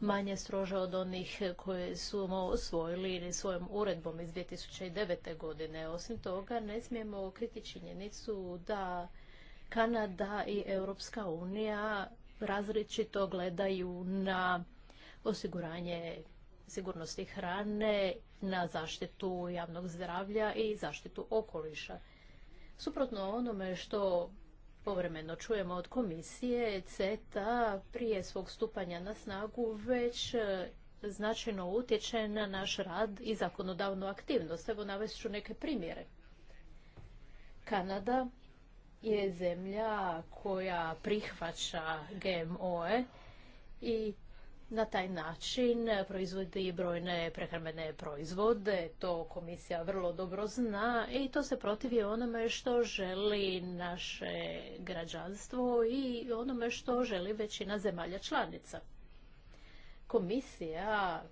Speaker 3: manje strože od onih koje su osvojili ili svojom uredbom iz 2009. godine. Osim toga, ne smijemo kriti činjenicu da Kanada i Europska unija različito gledaju na osiguranje sigurnosti hrane, na zaštitu javnog zdravlja i zaštitu okoliša. Suprotno onome što povremeno čujemo od komisije, CETA prije svog stupanja na snagu već e, značajno utječe na naš rad i zakonodavnu aktivnost. Evo navest ću neke primjere. Kanada je zemlja koja prihvaća GMO-e i na taj način proizvodi brojne prehrambene proizvode, to komisija vrlo dobro zna i to se protivi onome što želi naše građanstvo i onome što želi većina zemalja članica. Komisija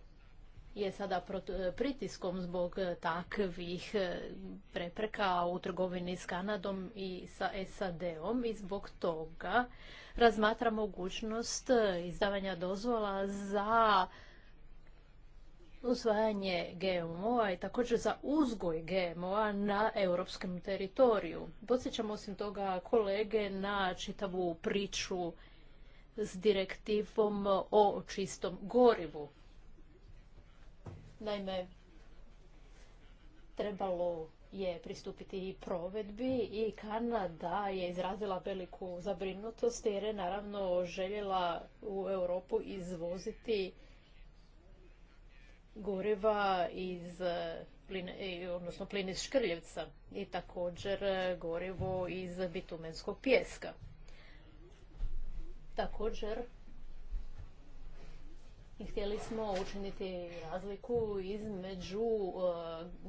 Speaker 3: je sada pritiskom zbog takvih prepreka u trgovini s Kanadom i sa SAD-om i zbog toga razmatra mogućnost e, izdavanja dozvola za uzvajanje GMO-a i također za uzgoj GMO-a na europskom teritoriju. Podsjećam osim toga kolege na čitavu priču s direktivom o čistom gorivu. Naime, trebalo je pristupiti i provedbi i Kanada je izrazila veliku zabrinutost jer je naravno željela u Europu izvoziti goriva iz e, e, odnosno plin iz škrljevca i također e, gorivo iz bitumenskog pjeska. Također i htjeli smo učiniti razliku između uh,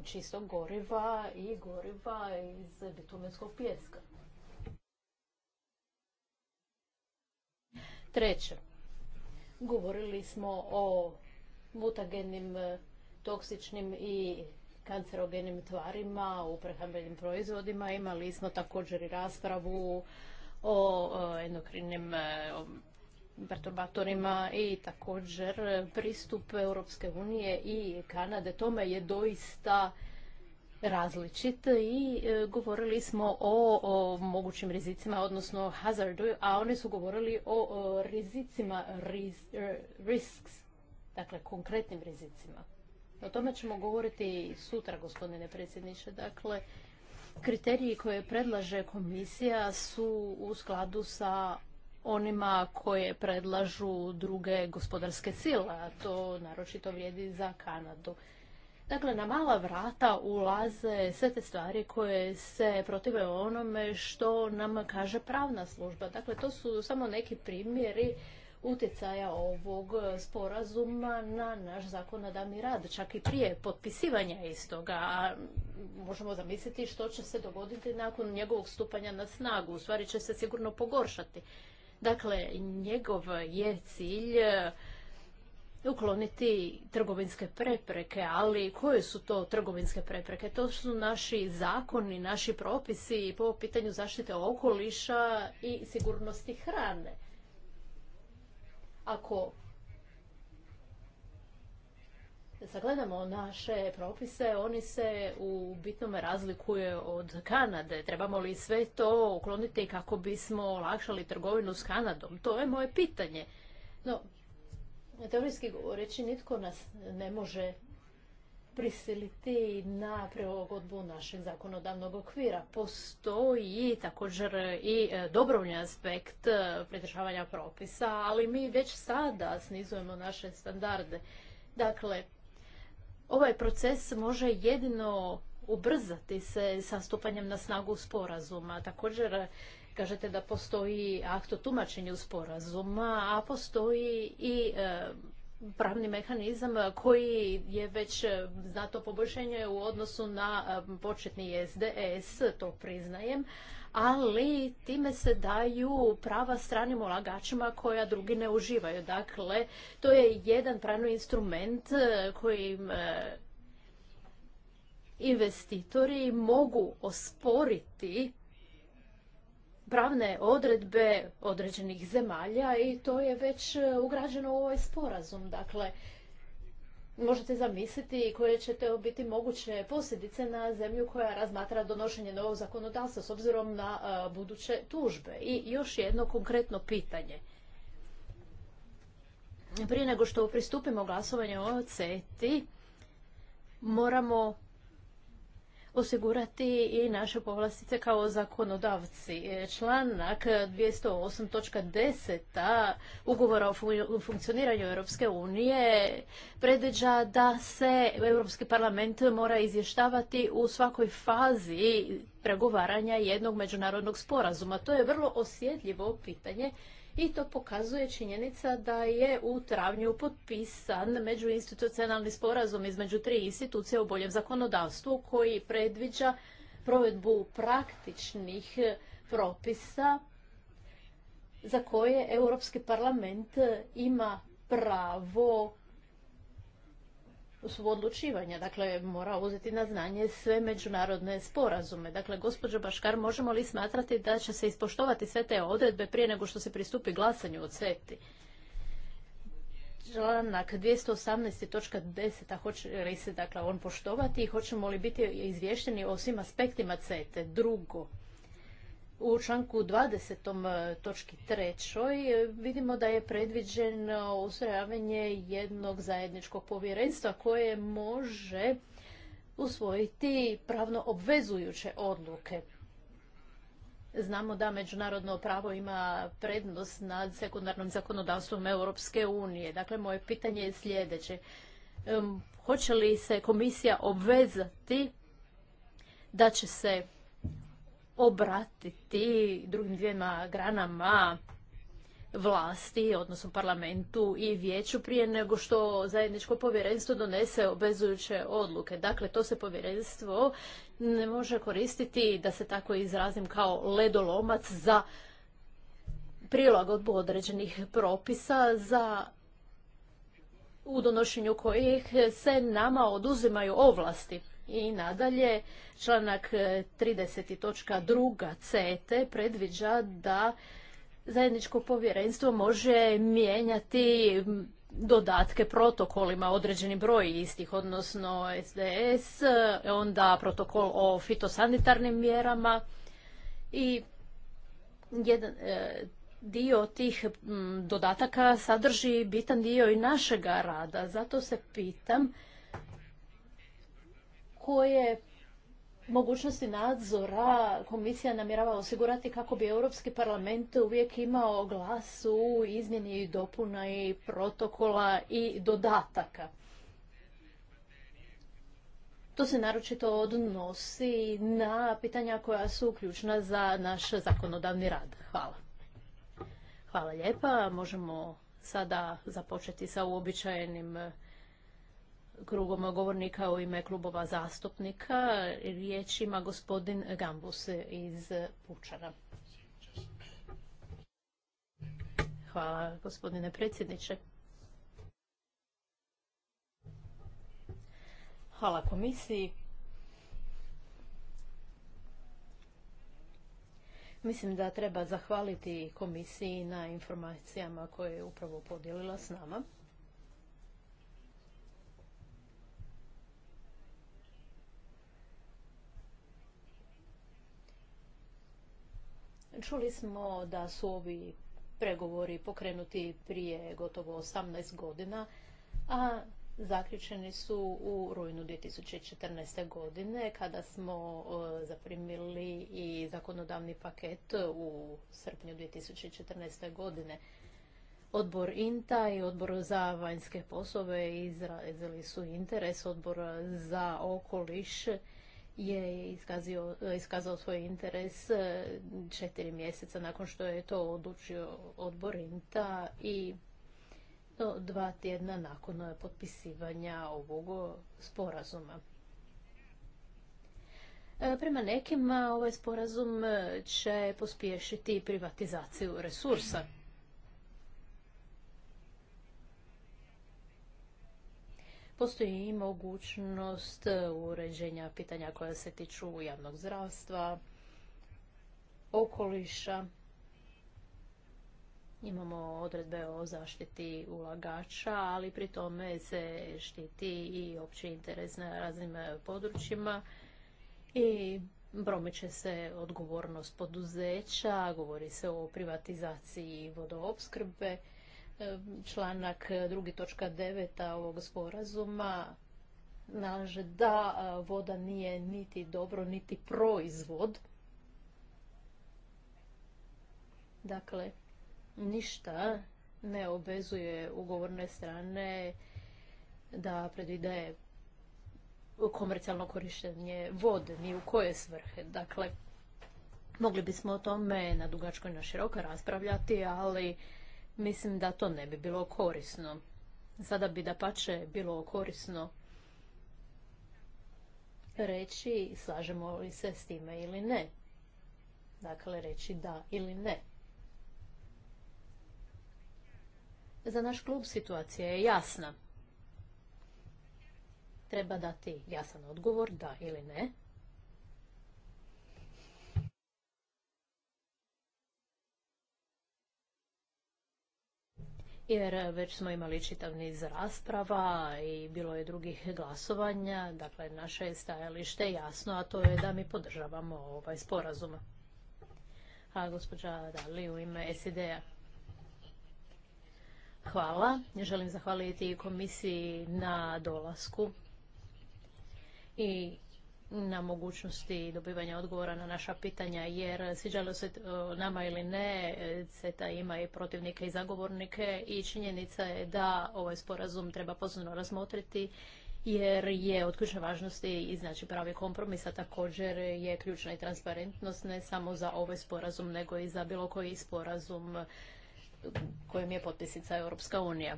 Speaker 3: čistog goriva i goriva iz bitumenskog pjeska. Treće, govorili smo o mutagenim, uh, toksičnim i kancerogenim tvarima u prehrambenim proizvodima. Imali smo također i raspravu o uh, endokrinim perturbatorima i također pristup Europske unije i Kanade tome je doista različit i e, govorili smo o, mogućim rizicima, odnosno hazardu, a oni su govorili o, rizicima, e, risks, dakle konkretnim rizicima. O tome ćemo govoriti sutra, gospodine predsjedniče. Dakle, kriteriji koje predlaže komisija su u skladu sa onima koje predlažu druge gospodarske sile, a to naročito vrijedi za Kanadu. Dakle, na mala vrata ulaze sve te stvari koje se protive onome što nam kaže pravna služba. Dakle, to su samo neki primjeri utjecaja ovog sporazuma na naš zakonodavni rad, čak i prije potpisivanja istoga. A možemo zamisliti što će se dogoditi nakon njegovog stupanja na snagu. U stvari će se sigurno pogoršati. Dakle, njegov je cilj e, ukloniti trgovinske prepreke, ali koje su to trgovinske prepreke? To su naši zakoni, naši propisi po pitanju zaštite okoliša i sigurnosti hrane. Ako sagledamo naše propise, oni se u bitnome razlikuje od Kanade. Trebamo li sve to ukloniti kako bismo olakšali trgovinu s Kanadom? To je moje pitanje. No, teorijski govoreći, nitko nas ne može prisiliti na prilagodbu našeg zakonodavnog okvira. Postoji također i e, dobrovni aspekt e, pridržavanja propisa, ali mi već sada snizujemo naše standarde. Dakle, Ovaj proces može jedino ubrzati se sa stupanjem na snagu sporazuma. Također, kažete da postoji akt o tumačenju sporazuma, a postoji i e, pravni mehanizam koji je već znato poboljšanje u odnosu na e, početni SDS, e to priznajem, ali time se daju prava stranim ulagačima koja drugi ne uživaju. Dakle, to je jedan pravni instrument eh, kojim eh, investitori mogu osporiti pravne odredbe određenih zemalja i to je već eh, ugrađeno u ovaj sporazum. Dakle, možete zamisliti koje će to biti moguće posljedice na zemlju koja razmatra donošenje novog zakonodavstva s obzirom na e, buduće tužbe. I još jedno konkretno pitanje. Prije nego što pristupimo glasovanju o CETI, moramo osigurati i naše povlastice kao zakonodavci. Članak 208.10 ugovora o funkcioniranju Europske unije predviđa da se Europski parlament mora izvještavati u svakoj fazi pregovaranja jednog međunarodnog sporazuma. To je vrlo osjetljivo pitanje i to pokazuje činjenica da je u travnju potpisan međuinstitucionalni sporazum između tri institucije u boljem zakonodavstvu koji predviđa provedbu praktičnih propisa za koje Europski parlament ima pravo suodlučivanja. Dakle, mora uzeti na znanje sve međunarodne sporazume. Dakle, gospođo Baškar, možemo li smatrati da će se ispoštovati sve te odredbe prije nego što se pristupi glasanju o CETI? Članak 218.10. točka Hoće li se dakle, on poštovati i hoćemo li biti izvješteni o svim aspektima CETE? Drugo, u članku 20. E, točki 3. E, vidimo da je predviđeno ustrojavanje jednog zajedničkog povjerenstva koje može usvojiti pravno obvezujuće odluke. Znamo da međunarodno pravo ima prednost nad sekundarnom zakonodavstvom Europske unije. Dakle, moje pitanje je sljedeće. Hoće li se komisija obvezati da će se obratiti drugim dvijema granama vlasti, odnosno parlamentu i vijeću prije nego što zajedničko povjerenstvo donese obvezujuće odluke. Dakle, to se povjerenstvo ne može koristiti, da se tako izrazim, kao ledolomac za prilagodbu određenih propisa za u donošenju kojih se nama oduzimaju ovlasti. I nadalje, članak 30.2. E, točka predviđa da zajedničko povjerenstvo može mijenjati dodatke protokolima određeni broj istih, odnosno SDS, e, onda protokol o fitosanitarnim mjerama i jedan e, dio tih dodataka sadrži bitan dio i našega rada. Zato se pitam koje mogućnosti nadzora komisija namjerava osigurati kako bi Europski parlament uvijek imao glas u izmjeni i dopuna i protokola i dodataka. To se naročito odnosi na pitanja koja su ključna za naš zakonodavni rad. Hvala. Hvala lijepa. Možemo sada započeti sa uobičajenim krugom govornika u ime klubova zastupnika. Riječ ima gospodin Gambus iz Pučana. Hvala gospodine predsjedniče. Hvala komisiji. Mislim da treba zahvaliti komisiji na informacijama koje je upravo podijelila s nama. Čuli smo da su ovi pregovori pokrenuti prije gotovo 18 godina, a zaključeni su u rujnu 2014. godine kada smo e, zaprimili i zakonodavni paket u srpnju 2014. godine. Odbor INTA i odbor za vanjske poslove izrazili su interes odbora za okoliš je iskazio, e, iskazao svoj interes e, četiri mjeseca nakon što je to odlučio odbor INTA i no, dva tjedna nakon e, potpisivanja ovog sporazuma. Prema nekima ovaj sporazum će pospješiti privatizaciju resursa. Postoji i mogućnost e, uređenja pitanja koja se tiču javnog zdravstva, okoliša. Imamo odredbe o zaštiti ulagača, ali pri tome se štiti i opći interes na raznim e, područjima i promiče se odgovornost poduzeća, govori se o privatizaciji vodoopskrbe članak 2.9 e, ovog sporazuma nalaže da e, voda nije niti dobro, niti proizvod. Dakle, ništa ne obezuje ugovorne strane da predvide komercijalno korištenje vode, ni u koje svrhe. Dakle, mogli bismo o tome na dugačkoj na široko raspravljati, ali mislim da to ne bi bilo korisno. Sada bi da pače bilo korisno reći slažemo li se s time ili ne. Dakle, reći da ili ne. Za naš klub situacija je jasna. Treba dati jasan odgovor, da ili ne. jer e, već smo imali čitav niz rasprava i bilo je drugih glasovanja. Dakle, naše stajalište jasno, a to je da mi podržavamo ovaj sporazum. A gospođa Dali u ime SID-a. Hvala. Želim zahvaliti komisiji na dolasku i na mogućnosti dobivanja odgovora na naša pitanja, jer sviđalo se e, nama ili ne, CETA ima i protivnike i zagovornike i činjenica je da ovaj sporazum treba pozorno razmotriti jer je od ključne važnosti i znači pravi kompromis, a također je ključna i transparentnost ne samo za ovaj sporazum, nego i za bilo koji sporazum kojem je potpisnica Europska unija.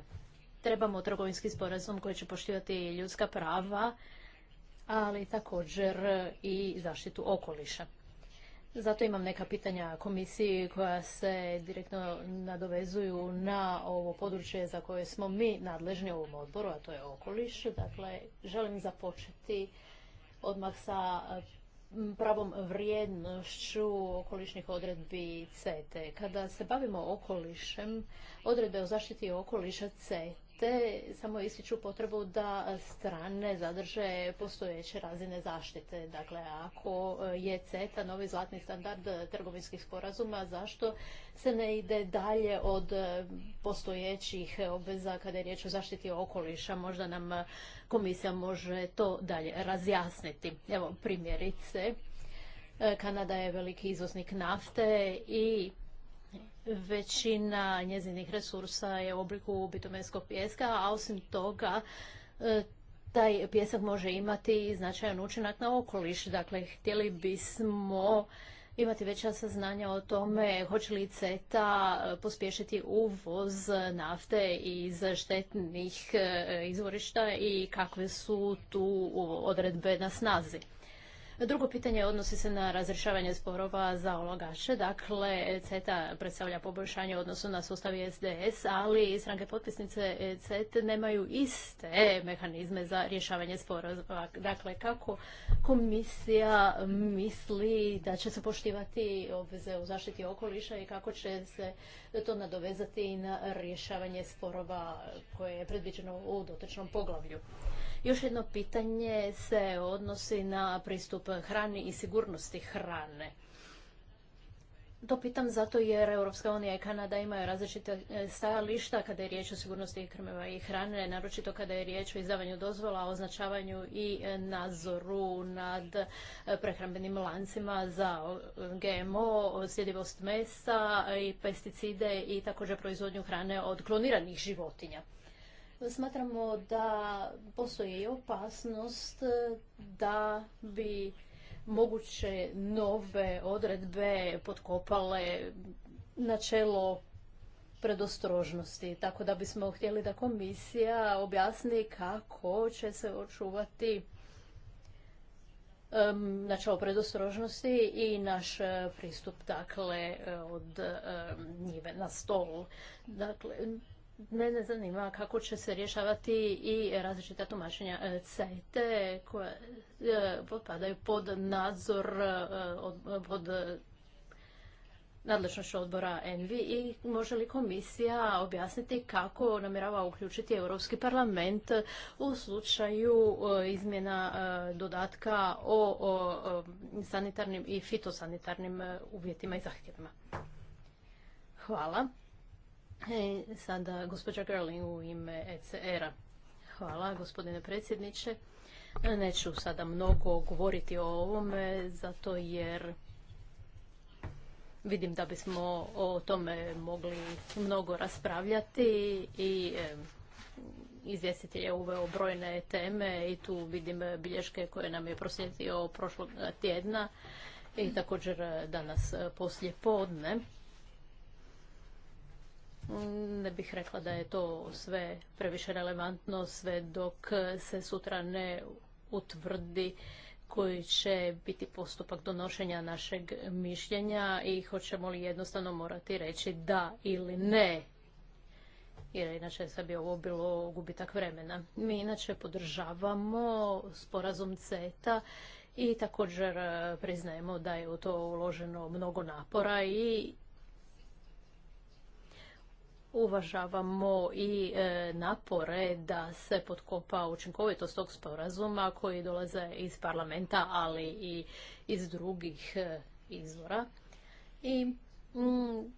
Speaker 3: Trebamo trgovinski sporazum koji će poštivati ljudska prava, ali također i zaštitu okoliša. Zato imam neka pitanja komisiji koja se direktno nadovezuju na ovo područje za koje smo mi nadležni u ovom odboru, a to je okoliš. Dakle, želim započeti odmah sa pravom vrijednošću okolišnih odredbi CETE. Kada se bavimo okolišem, odredbe o zaštiti okoliša CETE te samo ističu potrebu da strane zadrže postojeće razine zaštite. Dakle, ako e, je CETA novi zlatni standard trgovinskih sporazuma, zašto se ne ide dalje od e, postojećih obveza kada je riječ o zaštiti okoliša? Možda nam e, komisija može to dalje razjasniti. Evo, primjerice, Kanada je veliki izvoznik nafte i većina njezinih resursa je u obliku bitumenskog pjeska, a osim toga e, taj pjesak može imati značajan učinak na okoliš. Dakle, htjeli bismo imati veća saznanja o tome hoće li CETA pospješiti uvoz nafte iz štetnih e, izvorišta i kakve su tu odredbe na snazi. Drugo pitanje odnosi se na razrješavanje sporova za ulagače. Dakle, CETA predstavlja poboljšanje odnosu na sustav SDS, ali stranke potpisnice CETA nemaju iste mehanizme za rješavanje sporova. Dakle, kako komisija misli da će se poštivati obveze u zaštiti okoliša i kako će se to nadovezati na rješavanje sporova koje je predviđeno u dotičnom poglavlju. Još jedno pitanje se odnosi na pristup hrani i sigurnosti hrane. To pitam zato jer Europska unija i Kanada imaju različite e, stajališta kada je riječ o sigurnosti krmeva i hrane, naročito kada je riječ o izdavanju dozvola, označavanju i e, nadzoru nad e, prehrambenim lancima za GMO, sljedivost mesa i pesticide i također proizvodnju hrane od kloniranih životinja smatramo da postoji opasnost da bi moguće nove odredbe potkopale načelo predostrožnosti. Tako da bismo htjeli da komisija objasni kako će se očuvati načelo predostrožnosti i naš pristup dakle od njive na stol. Dakle, Mene zanima kako će se rješavati i različita tumačenja CETE koja e, potpadaju pod nadzor, e, pod nadležnošću odbora ENVI i može li komisija objasniti kako namjerava uključiti Europski parlament u slučaju e, izmjena dodatka o sanitarnim i fitosanitarnim uvjetima i zahtjevima? Hvala sada gospođa Gerling u ime ECR-a. Hvala gospodine predsjedniče. Neću sada mnogo govoriti o ovome, zato jer vidim da bismo o tome mogli mnogo raspravljati i izvjestiti je uveo brojne teme i tu vidim bilješke koje nam je proslijedio prošlog tjedna i također danas poslije podne. Ne bih rekla da je to sve previše relevantno, sve dok se sutra ne utvrdi koji će biti postupak donošenja našeg mišljenja i hoćemo li jednostavno morati reći da ili ne. Jer inače sad bi ovo bilo gubitak vremena. Mi inače podržavamo sporazum CETA i također priznajemo da je u to uloženo mnogo napora i uvažavamo i e, napore da se potkopa učinkovitost tog sporazuma koji dolaze iz parlamenta, ali i iz drugih e, izvora. I mm,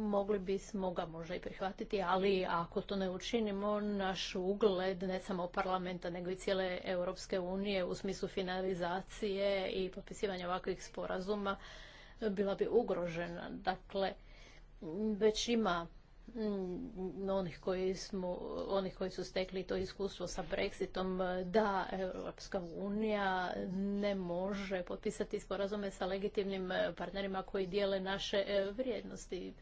Speaker 3: mogli bismo ga možda i prihvatiti, ali ako to ne učinimo, naš ugled ne samo parlamenta, nego i cijele Europske unije u smislu finalizacije i potpisivanja ovakvih sporazuma bila bi ugrožena. Dakle, već ima mm, onih koji, smo, onih koji su stekli to iskustvo sa Brexitom da Europska unija ne može potpisati sporazume sa legitimnim partnerima koji dijele naše e, vrijednosti.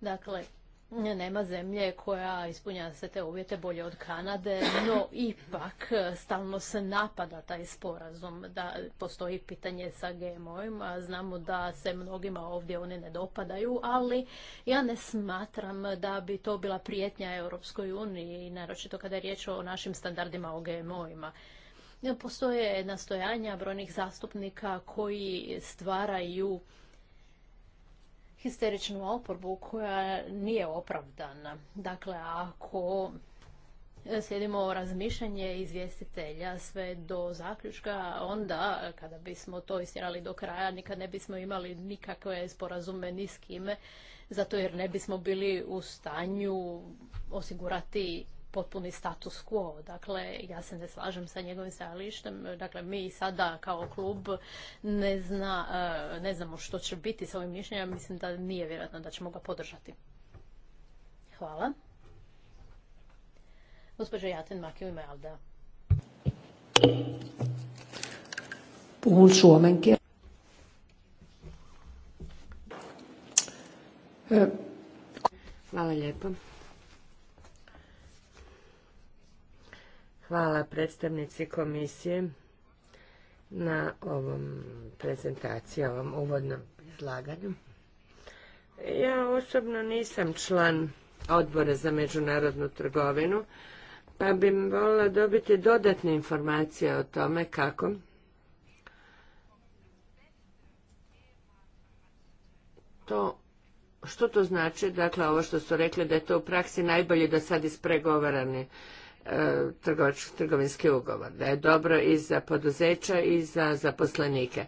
Speaker 3: Dakle, nema zemlje koja ispunja se te uvjete bolje od Kanade, no ipak e, stalno se napada taj sporazum da postoji pitanje sa GMO-ima. Znamo da se mnogima ovdje one ne dopadaju, ali ja ne smatram da bi to bila prijetnja Europskoj uniji, naročito kada je riječ o našim standardima o GMO-ima. E, postoje nastojanja brojnih zastupnika koji stvaraju histeričnu oporbu koja nije opravdana. Dakle, ako slijedimo razmišljanje izvjestitelja sve do zaključka, onda kada bismo to istjerali do kraja, nikad ne bismo imali nikakve sporazume ni s kime, zato jer ne bismo bili u stanju osigurati potpuni status quo. Dakle, ja se ne slažem sa njegovim stajalištem. Dakle, mi sada kao klub ne, zna, eh, ne znamo što će biti sa ovim mišljenjem. Mislim da nije vjerojatno da ćemo ga podržati. Hvala. Gospodin Jaten Maki u ime
Speaker 2: Hvala lijepo. Hvala predstavnici komisije na ovom prezentaciji, ovom uvodnom izlaganju. Ja osobno nisam član odbora za međunarodnu trgovinu, pa bi volila dobiti dodatne informacije o tome kako to što to znači, dakle ovo što su rekli da je to u praksi najbolje do sad ispregovarane E, trgovinski ugovor, da je dobro i za poduzeća i za zaposlenike.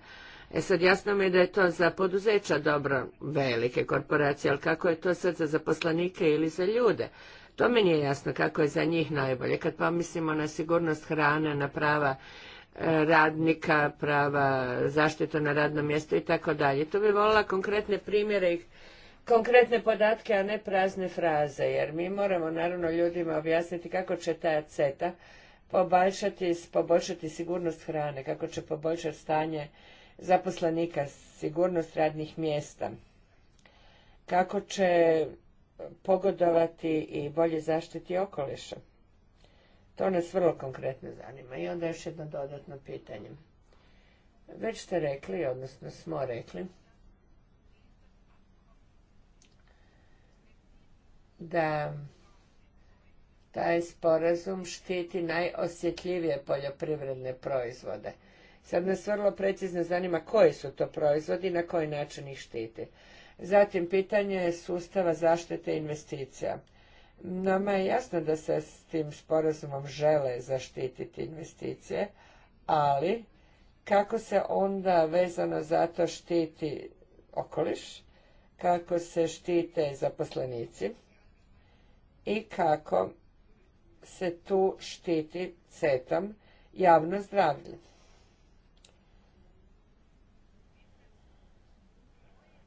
Speaker 2: E sad jasno mi je da je to za poduzeća dobro velike korporacije, ali kako je to sad za zaposlenike ili za ljude? To mi nije jasno kako je za njih najbolje. Kad pomislimo na sigurnost hrane, na prava e, radnika, prava zaštitu na radnom mjestu i tako dalje. Tu bi volila konkretne primjere i konkretne podatke, a ne prazne fraze, jer mi moramo naravno ljudima objasniti kako će ta CETA poboljšati, poboljšati sigurnost hrane, kako će poboljšati stanje zaposlenika, sigurnost radnih mjesta, kako će pogodovati i bolje zaštiti okoliša. To nas vrlo konkretno zanima. I onda još jedno dodatno pitanje. Već ste rekli, odnosno smo rekli, da taj sporazum štiti najosjetljivije poljoprivredne proizvode. Sad nas vrlo precizno zanima koji su to proizvodi i na koji način ih štiti. Zatim pitanje je sustava zaštite investicija. Nama je jasno da se s tim sporazumom žele zaštititi investicije, ali kako se onda vezano za to štiti okoliš, kako se štite zaposlenici, i kako se tu štiti CETom javno zdravlje.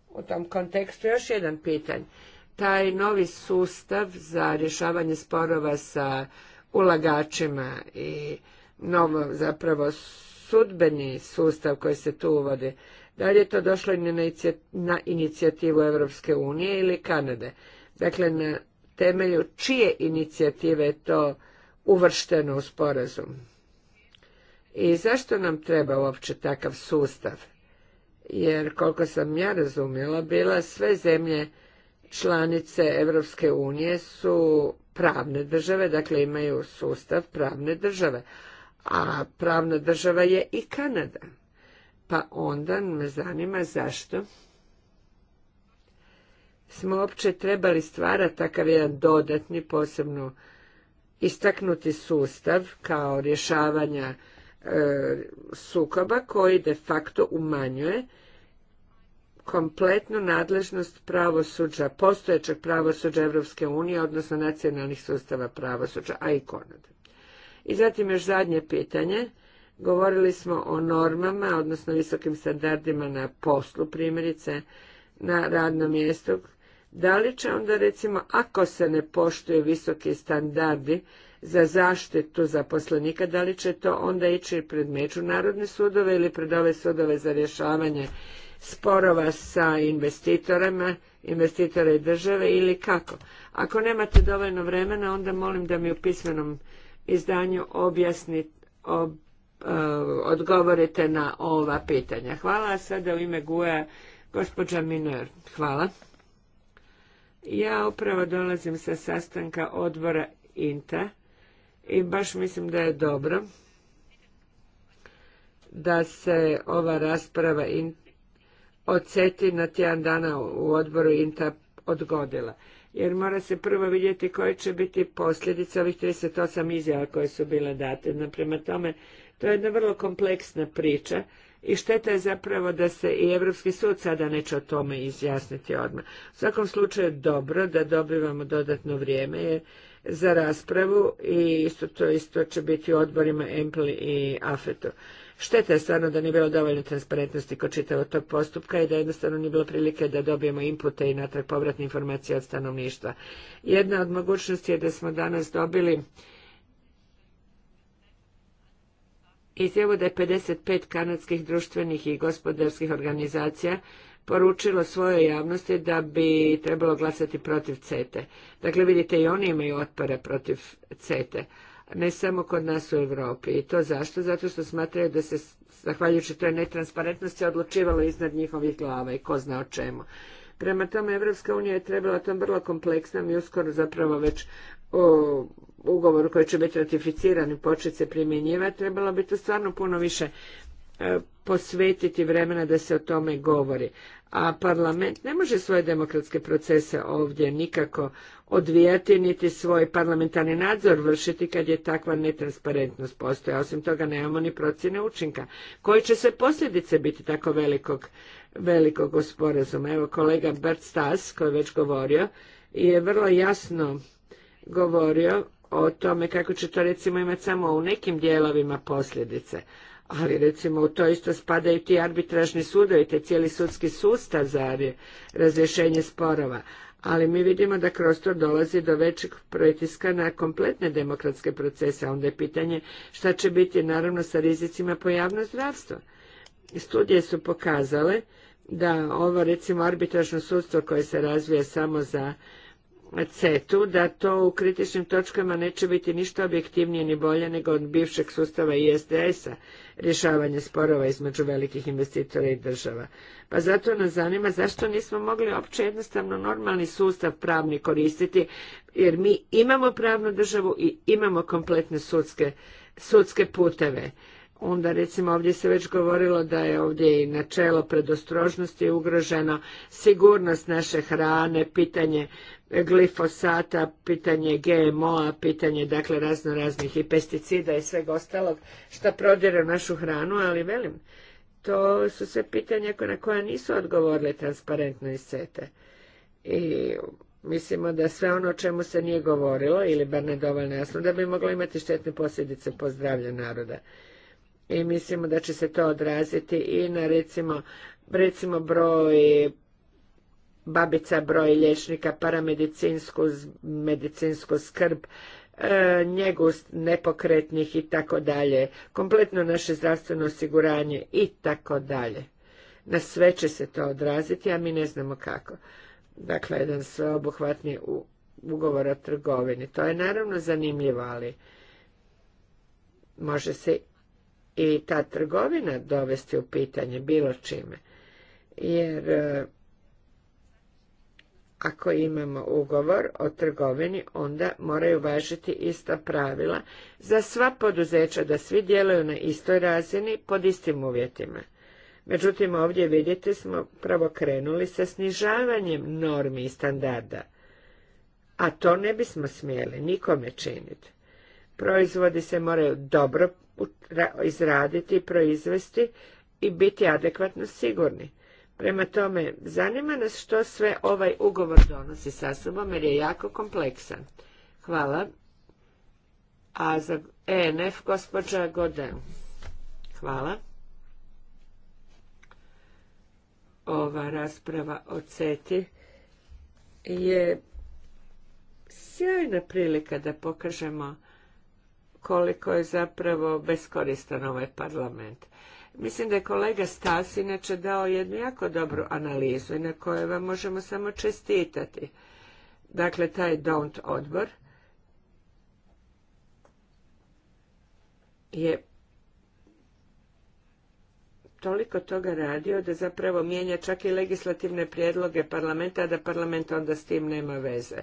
Speaker 2: U tom kontekstu još jedan pitanje. Taj novi sustav za rješavanje sporova sa ulagačima i novo zapravo sudbeni sustav koji se tu uvodi, da li je to došlo na inicijativu Europske unije ili Kanade? Dakle, na temelju čije inicijative je to uvršteno u sporazum. I zašto nam treba uopće takav sustav? Jer koliko sam ja razumjela, bila sve zemlje članice Europske unije su pravne države, dakle imaju sustav pravne države, a pravna država je i Kanada. Pa onda me zanima zašto smo uopće trebali stvarati takav jedan dodatni, posebno istaknuti sustav kao rješavanja e, sukoba koji de facto umanjuje kompletnu nadležnost pravosuđa, postojećeg pravosuđa Europske unije, odnosno nacionalnih sustava pravosuđa, a i Konada. I zatim još zadnje pitanje. Govorili smo o normama, odnosno visokim standardima na poslu, primjerice na radnom mjestu, da li će onda recimo ako se ne poštuju visoki standardi za zaštitu zaposlenika, da li će to onda ići pred međunarodne sudove ili pred ove sudove za rješavanje sporova sa investitorama, investitora i države ili kako. Ako nemate dovoljno vremena, onda molim da mi u pismenom izdanju objasnite, eh, odgovorite na ova pitanja. Hvala, a sada u ime Guja gospođa Minor. Hvala. Ja upravo dolazim sa sastanka odbora INTA i baš mislim da je dobro da se ova rasprava oceti odseti na tjedan dana u odboru INTA odgodila. Jer mora se prvo vidjeti koje će biti posljedice ovih 38 izjava koje su bile date. Prema tome, to je jedna vrlo kompleksna priča i šteta je zapravo da se i Europski sud sada neće o tome izjasniti odmah. U svakom slučaju je dobro da dobivamo dodatno vrijeme za raspravu i isto to isto će biti u odborima Empli i Afetu. Šteta je stvarno da nije bilo dovoljno transparentnosti kod čitavog tog postupka i da jednostavno nije bilo prilike da dobijemo inpute i natrag povratne informacije od stanovništva. Jedna od mogućnosti je da smo danas dobili izjavu da je 55 kanadskih društvenih i gospodarskih organizacija poručilo svojoj javnosti da bi trebalo glasati protiv CETE. Dakle, vidite, i oni imaju otpore protiv CETE, ne samo kod nas u Europi. I to zašto? Zato što smatraju da se, zahvaljujući toj netransparentnosti, odlučivalo iznad njihovih glava i ko zna o čemu. Prema tome, Evropska unija je trebala tom vrlo kompleksnom i uskoro zapravo već ugovoru koji će biti ratificiran i početi se primjenjivati, trebalo bi to stvarno puno više e, posvetiti vremena da se o tome govori. A parlament ne može svoje demokratske procese ovdje nikako odvijati, niti svoj parlamentarni nadzor vršiti kad je takva netransparentnost postoja. Osim toga nemamo ni procjene učinka. Koji će se posljedice biti tako velikog, velikog sporazuma? Evo kolega Bert Stas, koji je već govorio, je vrlo jasno govorio o tome kako će to recimo imati samo u nekim dijelovima posljedice. Ali recimo u to isto spadaju ti arbitražni sudovi, te cijeli sudski sustav za razrješenje sporova. Ali mi vidimo da kroz to dolazi do većeg pritiska na kompletne demokratske procese, a onda je pitanje šta će biti naravno sa rizicima po javno zdravstvo. Studije su pokazale da ovo recimo arbitražno sudstvo koje se razvija samo za CETU, da to u kritičnim točkama neće biti ništa objektivnije ni bolje nego od bivšeg sustava ISDS-a, rješavanje sporova između velikih investitora i država. Pa zato nas zanima zašto nismo mogli opće jednostavno normalni sustav pravni koristiti, jer mi imamo pravnu državu i imamo kompletne sudske, sudske puteve onda recimo ovdje se već govorilo da je ovdje i načelo predostrožnosti ugroženo, sigurnost naše hrane, pitanje glifosata, pitanje GMO-a, pitanje dakle razno raznih i pesticida i svega ostalog što prodire našu hranu, ali velim, to su sve pitanja na koja nisu odgovorili transparentno iz CETA. I mislimo da sve ono o čemu se nije govorilo, ili bar ne dovoljno jasno, da bi moglo imati štetne posljedice po zdravlje naroda. I mislimo da će se to odraziti i na recimo, recimo broj babica broj liječnika, paramedicinsku medicinsku skrb, e, njegu nepokretnih i tako dalje, kompletno naše zdravstveno osiguranje i tako dalje. Na sve će se to odraziti, a mi ne znamo kako. Dakle, jedan sveobuhvatni ugovor o trgovini. To je naravno zanimljivo, ali može se i ta trgovina dovesti u pitanje bilo čime. Jer e, ako imamo ugovor o trgovini, onda moraju važiti ista pravila za sva poduzeća, da svi djeluju na istoj razini pod istim uvjetima. Međutim, ovdje vidite smo pravo krenuli sa snižavanjem normi i standarda, a to ne bismo smjeli nikome činiti. Proizvodi se moraju dobro izraditi i proizvesti i biti adekvatno sigurni. Prema tome, zanima nas što sve ovaj ugovor donosi sa sobom jer je jako kompleksan. Hvala. A za ENF gospođa Godel. Hvala. Ova rasprava o CETI je sjajna prilika da pokažemo koliko je zapravo beskoristan ovaj parlament. Mislim da je kolega Stas inače dao jednu jako dobru analizu i na kojoj vam možemo samo čestitati. Dakle, taj don't odbor je toliko toga radio da zapravo mijenja čak i legislativne prijedloge parlamenta, a da parlament onda s tim nema veze.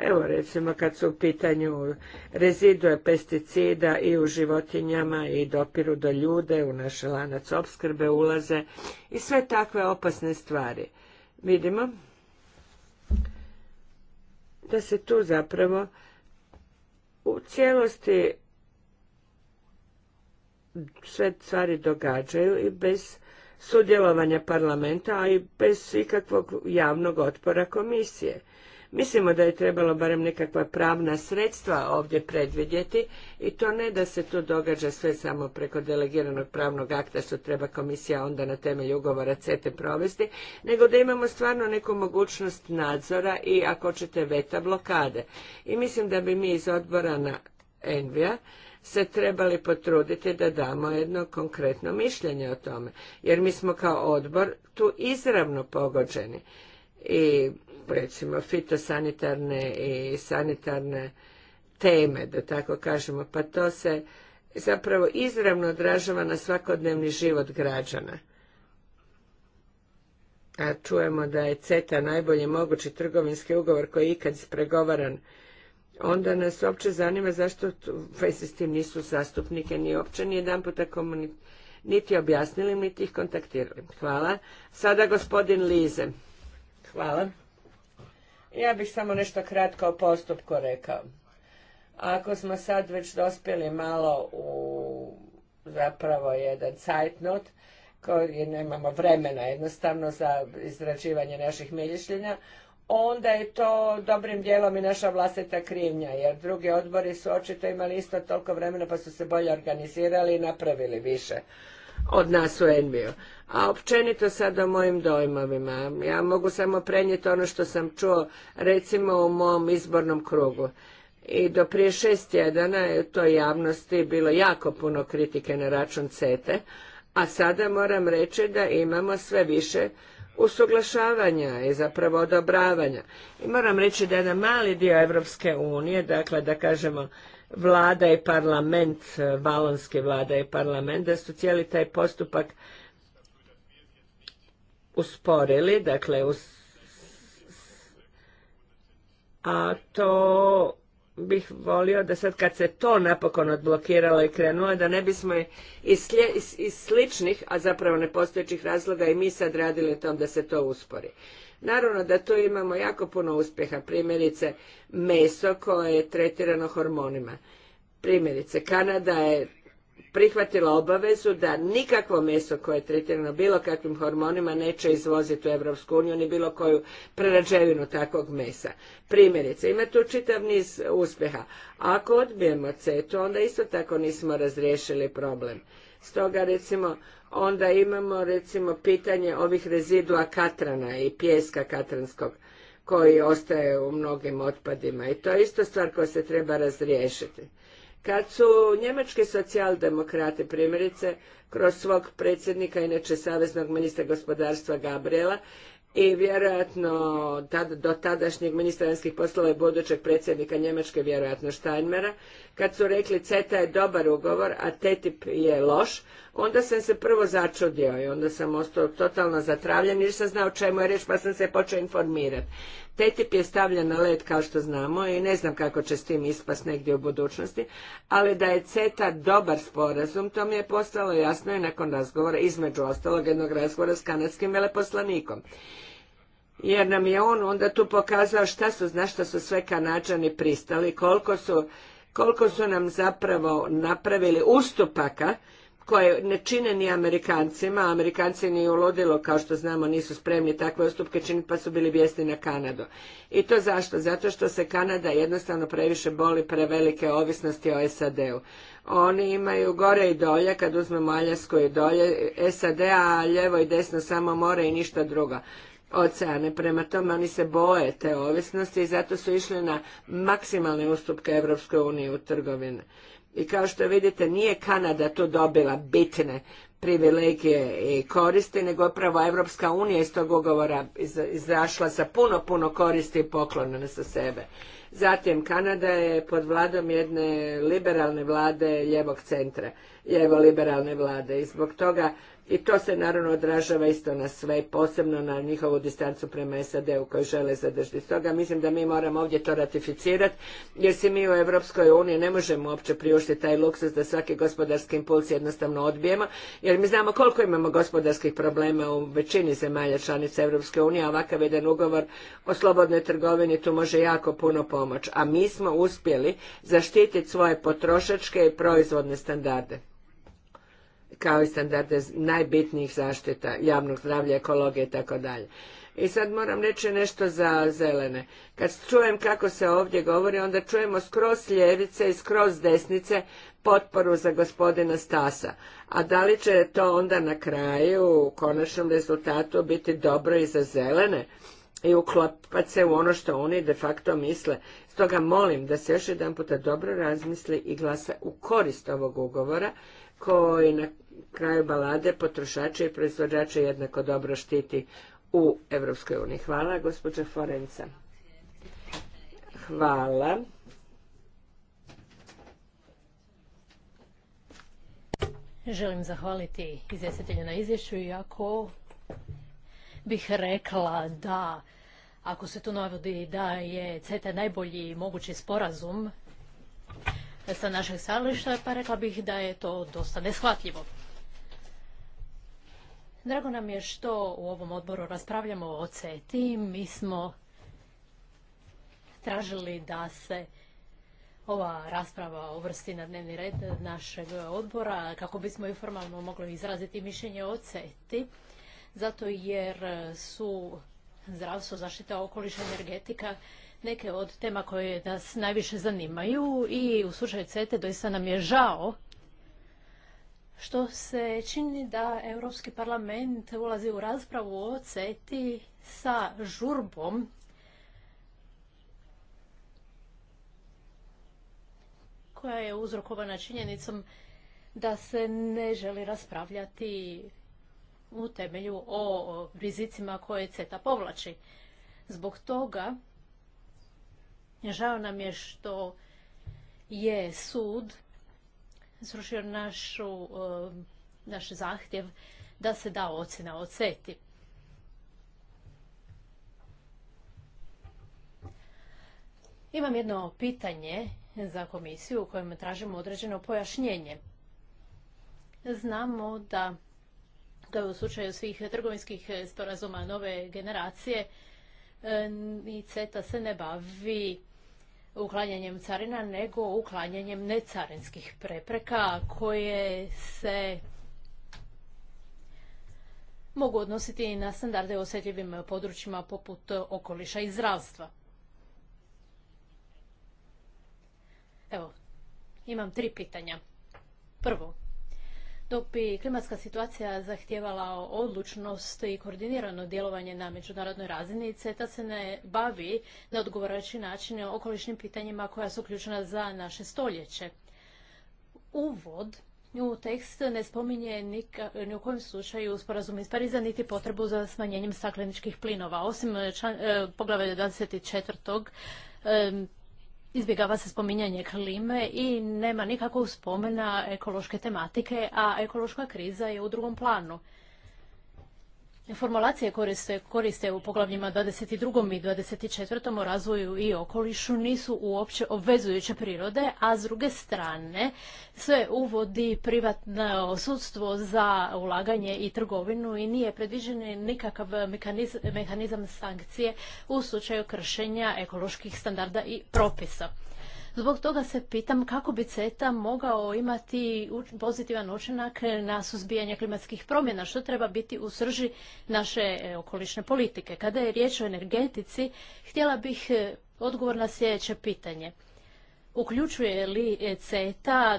Speaker 2: Evo recimo kad su u pitanju reziduje pesticida i u životinjama i dopiru do ljude, u naš lanac opskrbe ulaze i sve takve opasne stvari. Vidimo da se tu zapravo u cijelosti sve stvari događaju i bez sudjelovanja parlamenta, a i bez ikakvog javnog otpora komisije. Mislimo da je trebalo barem nekakva pravna sredstva ovdje predvidjeti i to ne da se tu događa sve samo preko delegiranog pravnog akta što treba komisija onda na temelju ugovora CETE provesti, nego da imamo stvarno neku mogućnost nadzora i ako ćete veta blokade. I mislim da bi mi iz odbora na Envija se trebali potruditi da damo jedno konkretno mišljenje o tome, jer mi smo kao odbor tu izravno pogođeni. I recimo fitosanitarne i sanitarne teme, da tako kažemo, pa to se zapravo izravno odražava na svakodnevni život građana. A čujemo da je CETA najbolji mogući trgovinski ugovor koji je ikad spregovaran. onda nas uopće zanima zašto vezi s tim nisu zastupnike ni uopće ni jedan puta niti objasnili, niti ih kontaktirali. Hvala. Sada gospodin Lize. Hvala. Ja bih samo nešto kratko o postupku rekao. Ako smo sad već dospjeli malo u zapravo jedan sajtnot koji nemamo vremena jednostavno za izrađivanje naših mišljenja, onda je to dobrim dijelom i naša vlastita krivnja, jer drugi odbori su očito imali isto toliko vremena pa su se bolje organizirali i napravili više od nas u NBO. A općenito sad o mojim dojmovima. Ja mogu samo prenijeti ono što sam čuo recimo u mom izbornom krugu. I do prije šest tjedana je u toj javnosti bilo jako puno kritike na račun CETE, a sada moram reći da imamo sve više usuglašavanja i zapravo odobravanja. I moram reći da jedan mali dio Evropske unije, dakle da kažemo vlada i parlament, e, valonske vlada i parlament, da su cijeli taj postupak usporili, dakle, a to bih volio da sad kad se to napokon odblokiralo i krenulo, da ne bismo iz, iz sličnih, a zapravo nepostojećih razloga i mi sad radili tom da se to uspori. Naravno da tu imamo jako puno uspjeha, primjerice meso koje je tretirano hormonima. Primjerice, Kanada je prihvatila obavezu da nikakvo meso koje je tretirano bilo kakvim hormonima neće izvoziti u Europsku uniju ni bilo koju prerađevinu takvog mesa. Primjerice, ima tu čitav niz uspjeha. Ako odbijemo CETU, onda isto tako nismo razriješili problem. Stoga recimo onda imamo recimo pitanje ovih rezidua katrana i pijeska katranskog koji ostaje u mnogim otpadima i to je isto stvar koja se treba razriješiti. Kad su njemački socijaldemokrati primjerice kroz svog predsjednika, inače saveznog ministra gospodarstva Gabriela, i vjerojatno tada, do tadašnjeg ministra vanjskih poslova i budućeg predsjednika Njemačke, vjerojatno Steinmera, kad su rekli CETA je dobar ugovor, a TTIP je loš, Onda sam se prvo začudio i onda sam ostao totalno zatravljen jer sam znao čemu je reč pa sam se počeo informirati. TTIP je stavljen na led kao što znamo i ne znam kako će s tim ispast negdje u budućnosti, ali da je CETA dobar sporazum, to mi je postalo jasno i nakon razgovora, između ostalog jednog razgovora s kanadskim veleposlanikom jer nam je on onda tu pokazao šta su, na šta su sve Kanađani pristali, koliko su, koliko su nam zapravo napravili ustupaka koje ne čine ni Amerikancima, Amerikanci ni uludilo, kao što znamo, nisu spremni takve ustupke činiti, pa su bili bijesni na Kanadu. I to zašto? Zato što se Kanada jednostavno previše boli prevelike ovisnosti o SAD-u. Oni imaju gore i dolje, kad uzmemo Aljasku i dolje, SAD, a ljevo i desno samo more i ništa drugo oceane. Prema tome oni se boje te ovisnosti i zato su išli na maksimalne ustupke Europskoj uniji u trgovine. I kao što vidite nije Kanada tu dobila bitne privilegije i koristi, nego upravo Evropska unija iz tog ugovora izrašla sa puno, puno koristi i poklona sa sebe. Zatim, Kanada je pod vladom jedne liberalne vlade ljevog centra, ljevo-liberalne vlade i zbog toga i to se naravno odražava isto na sve, posebno na njihovu distancu prema SAD-u koju žele zadržiti. Stoga mislim da mi moramo ovdje to ratificirati jer si mi u Europskoj uniji ne možemo uopće priuštiti taj luksus da svaki gospodarski impuls jednostavno odbijemo jer mi znamo koliko imamo gospodarskih problema u većini zemalja članica Europske unije, a ovakav jedan ugovor o slobodnoj trgovini tu može jako puno pomoć. A mi smo uspjeli zaštititi svoje potrošačke i proizvodne standarde kao i standarde najbitnijih zaštita javnog zdravlja, ekologije i tako dalje. I sad moram reći nešto za zelene. Kad čujem kako se ovdje govori, onda čujemo skroz ljevice i skroz desnice potporu za gospodina Stasa. A da li će to onda na kraju, u konačnom rezultatu, biti dobro i za zelene? I uklopati se u ono što oni de facto misle. Stoga molim da se još jedan puta dobro razmisli i glasa u korist ovog ugovora, koji na kraju balade potrošače i proizvođače jednako dobro štiti u Europskoj uniji. Hvala, gospođa Forenca. Hvala.
Speaker 3: Želim zahvaliti izvjestitelju na izvješću, ako bih rekla da ako se tu navodi da je CETA najbolji mogući sporazum sa našeg stajališta, pa rekla bih da je to dosta neshvatljivo. Drago nam je što u ovom odboru raspravljamo o CETI. Mi smo tražili da se ova rasprava uvrsti na dnevni red našeg odbora kako bismo i formalno mogli izraziti mišljenje o CETI zato jer su zdravstvo, zaštita okoliša, energetika neke od tema koje nas najviše zanimaju i u slučaju CETE doista nam je žao što se čini da Europski parlament ulazi u raspravu o CETI sa žurbom koja je uzrokovana činjenicom da se ne želi raspravljati u temelju o rizicima koje CETA povlači. Zbog toga žao nam je što je sud srušio našu, um, naš zahtjev da se da ocjena o CETI. Imam jedno pitanje za komisiju u kojem tražimo određeno pojašnjenje. Znamo da, to je u slučaju svih trgovinskih sporazuma nove generacije, e, i CETA se ne bavi uklanjanjem carina, nego uklanjanjem necarinskih prepreka koje se mogu odnositi i na standarde u osjetljivim područjima poput okoliša i zdravstva. Evo, imam tri pitanja. Prvo, dok bi klimatska situacija zahtijevala odlučnost i koordinirano djelovanje na međunarodnoj razini, CETA se ne bavi na odgovarajući način okolišnim pitanjima koja su ključna za naše stoljeće. Uvod u tekst ne spominje ni u kojem slučaju sporazum iz Pariza niti potrebu za smanjenjem stakleničkih plinova. Osim e, poglavlja 24 izbjegava se spominjanje klime i nema nikakvog spomena ekološke tematike, a ekološka kriza je u drugom planu formulacije koriste, koriste u poglavljima 22. i 24. o razvoju i okolišu nisu uopće obvezujuće prirode, a s druge strane sve uvodi privatno sudstvo za ulaganje i trgovinu i nije predviđen nikakav mehanizam sankcije u slučaju kršenja ekoloških standarda i propisa. Zbog toga se pitam kako bi CETA mogao imati pozitivan učinak na suzbijanje klimatskih promjena, što treba biti u srži naše e, okolišne politike. Kada je riječ o energetici, htjela bih e, odgovor na sljedeće pitanje. Uključuje li e, CETA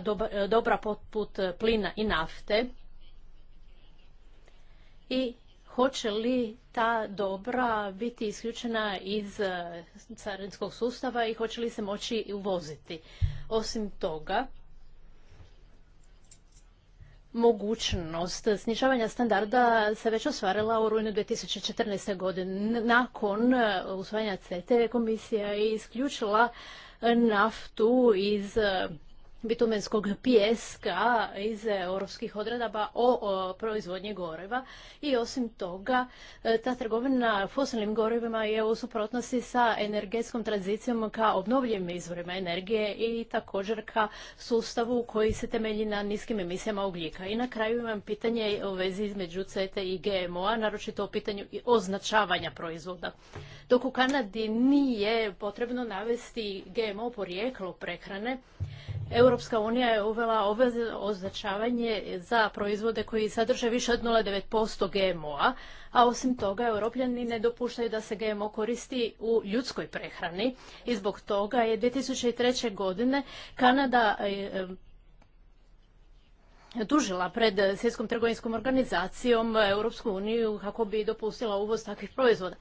Speaker 3: dobra poput plina i nafte? I hoće li ta dobra biti isključena iz e, carinskog sustava i hoće li se moći uvoziti. Osim toga, mogućnost snižavanja standarda se već ostvarila u rujnu 2014. godine. Nakon e, usvajanja CETE komisija je isključila naftu iz e, bitumenskog pijeska iz europskih odredaba o, proizvodnje proizvodnji goriva i osim toga e, ta trgovina fosilnim gorivima je u suprotnosti sa energetskom tranzicijom ka obnovljivim izvorima energije i također ka sustavu koji se temelji na niskim emisijama ugljika. I na kraju imam pitanje o vezi između CETA i GMO-a, naročito o pitanju označavanja proizvoda. Dok u Kanadi nije potrebno navesti GMO porijeklo prehrane, Europska unija je uvela obvezno označavanje za proizvode koji sadrže više od 0,9% GMO-a, a osim toga europljani ne dopuštaju da se GMO koristi u ljudskoj prehrani i zbog toga je 2003. godine Kanada dužila e, e, pred Svjetskom trgovinskom organizacijom Europsku uniju kako bi dopustila uvoz takvih proizvoda.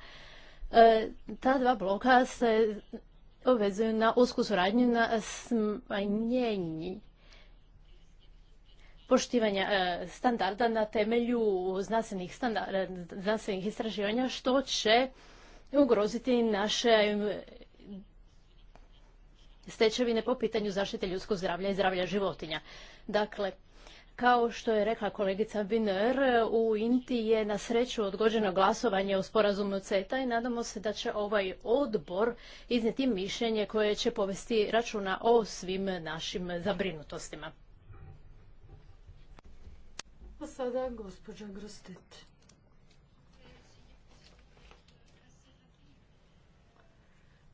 Speaker 3: E, ta dva bloka se obvezuju na usku suradnju na smanjenji poštivanja e, standarda na temelju znanstvenih, znanstvenih istraživanja, što će ugroziti naše stečevine po pitanju zaštite ljudskog zdravlja i zdravlja životinja. Dakle, kao što je rekla kolegica Biner, u Inti je na sreću odgođeno glasovanje o sporazumu CETA i nadamo se da će ovaj odbor iznijeti mišljenje koje će povesti računa o svim našim zabrinutostima.
Speaker 1: A sada gospođa Grostet.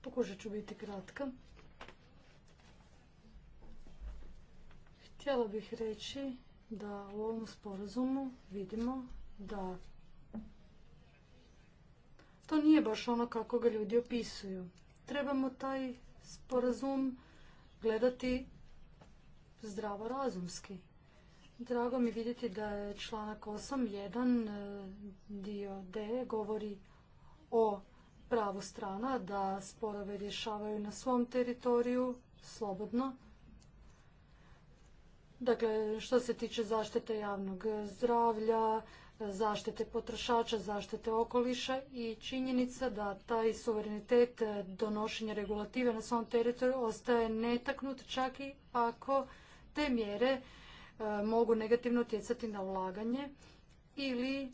Speaker 1: Pokušat ću biti kratka. Htjela bih reći da u ovom sporazumu vidimo da to nije baš ono kako ga ljudi opisuju. Trebamo taj sporazum gledati zdravorazumski. Drago mi vidjeti da je članak 8.1 e, dio D govori o pravu strana da sporove rješavaju na svom teritoriju slobodno Dakle, što se tiče zaštite javnog zdravlja, zaštite potrošača, zaštite okoliša i činjenica da taj suverenitet donošenja regulative na svom teritoriju ostaje netaknut čak i ako te mjere e, mogu negativno utjecati na ulaganje ili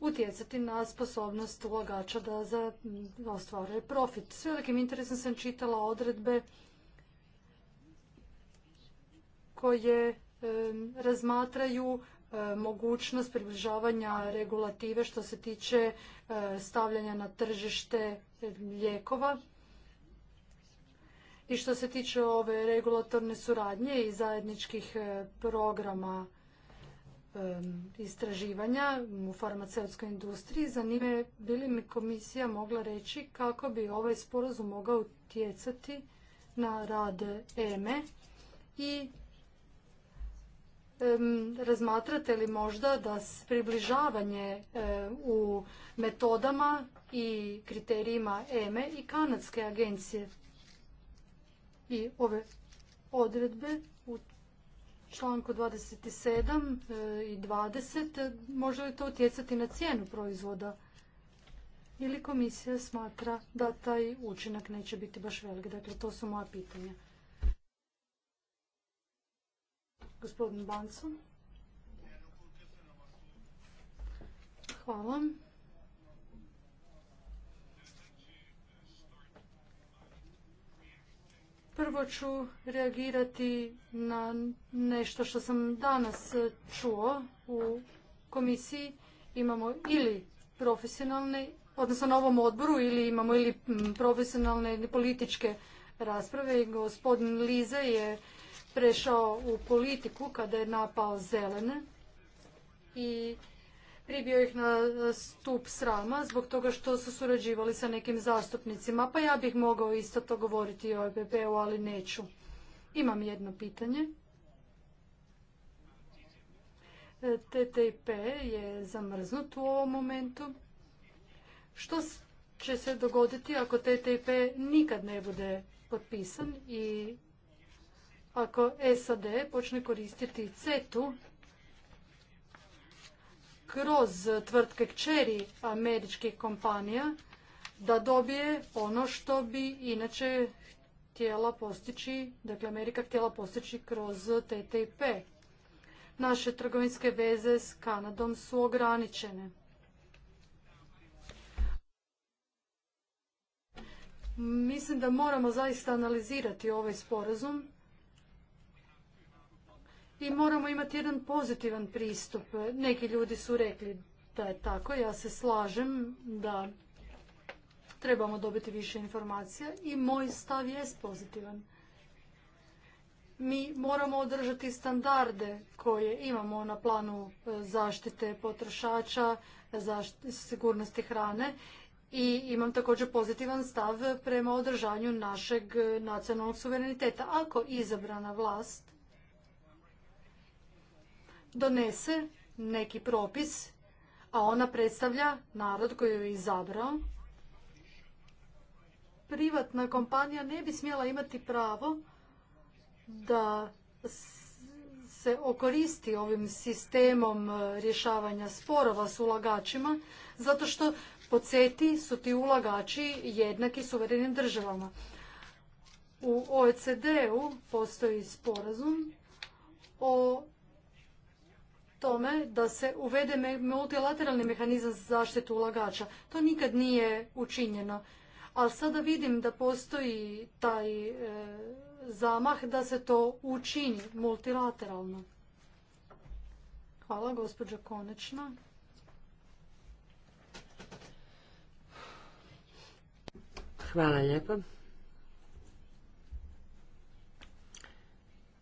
Speaker 1: utjecati na sposobnost ulagača da ostvaruje profit. S velikim interesom sam čitala odredbe koje razmatraju e, mogućnost približavanja regulative što se tiče e, stavljanja na tržište lijekova. I što se tiče ove regulatorne suradnje i zajedničkih e, programa istraživanja u farmaceutskoj industriji, zanime li mi komisija mogla reći kako bi ovaj sporazum mogao utjecati na rad EME i razmatrate li možda da približavanje e, u metodama i kriterijima EME e i kanadske agencije i ove odredbe u članku 27 e, i 20 može li to utjecati na cijenu proizvoda ili komisija smatra da taj učinak neće biti baš velik. Dakle, to su moja pitanja. Gospodin Banco. Hvala. Prvo ću reagirati na nešto što sam danas čuo u komisiji. Imamo ili profesionalne, odnosno na ovom odboru, ili imamo ili mm, profesionalne ili političke rasprave. Gospodin Liza je prešao u politiku kada je napao zelene i pribio ih na stup srama zbog toga što su surađivali sa nekim zastupnicima. Pa ja bih mogao isto to govoriti o epp u ali neću. Imam jedno pitanje. E, TTIP je zamrznut u ovom momentu. Što će se dogoditi ako TTIP nikad ne bude potpisan i ako SAD počne koristiti CETU kroz tvrtke kćeri američkih kompanija da dobije ono što bi inače htjela postići, dakle Amerika htjela postići kroz TTIP. Naše trgovinske veze s Kanadom su ograničene. Mislim da moramo zaista analizirati ovaj sporazum i moramo imati jedan pozitivan pristup. Neki ljudi su rekli da je tako, ja se slažem da trebamo dobiti više informacija i moj stav jest pozitivan. Mi moramo održati standarde koje imamo na planu e, zaštite potrošača, zaštite sigurnosti hrane i imam također pozitivan stav prema održanju našeg nacionalnog suvereniteta. Ako izabrana vlast donese neki propis, a ona predstavlja narod koji ju je izabrao, privatna kompanija ne bi smjela imati pravo da se okoristi ovim sistemom e, rješavanja sporova s ulagačima, zato što po su ti ulagači jednaki suverenim državama. U OECD-u postoji sporazum o da se uvede multilateralni mehanizam za zaštitu ulagača. To nikad nije učinjeno. Ali sada vidim da postoji taj e, zamah da se to učini multilateralno. Hvala, gospođa Konečna.
Speaker 2: Hvala lijepo.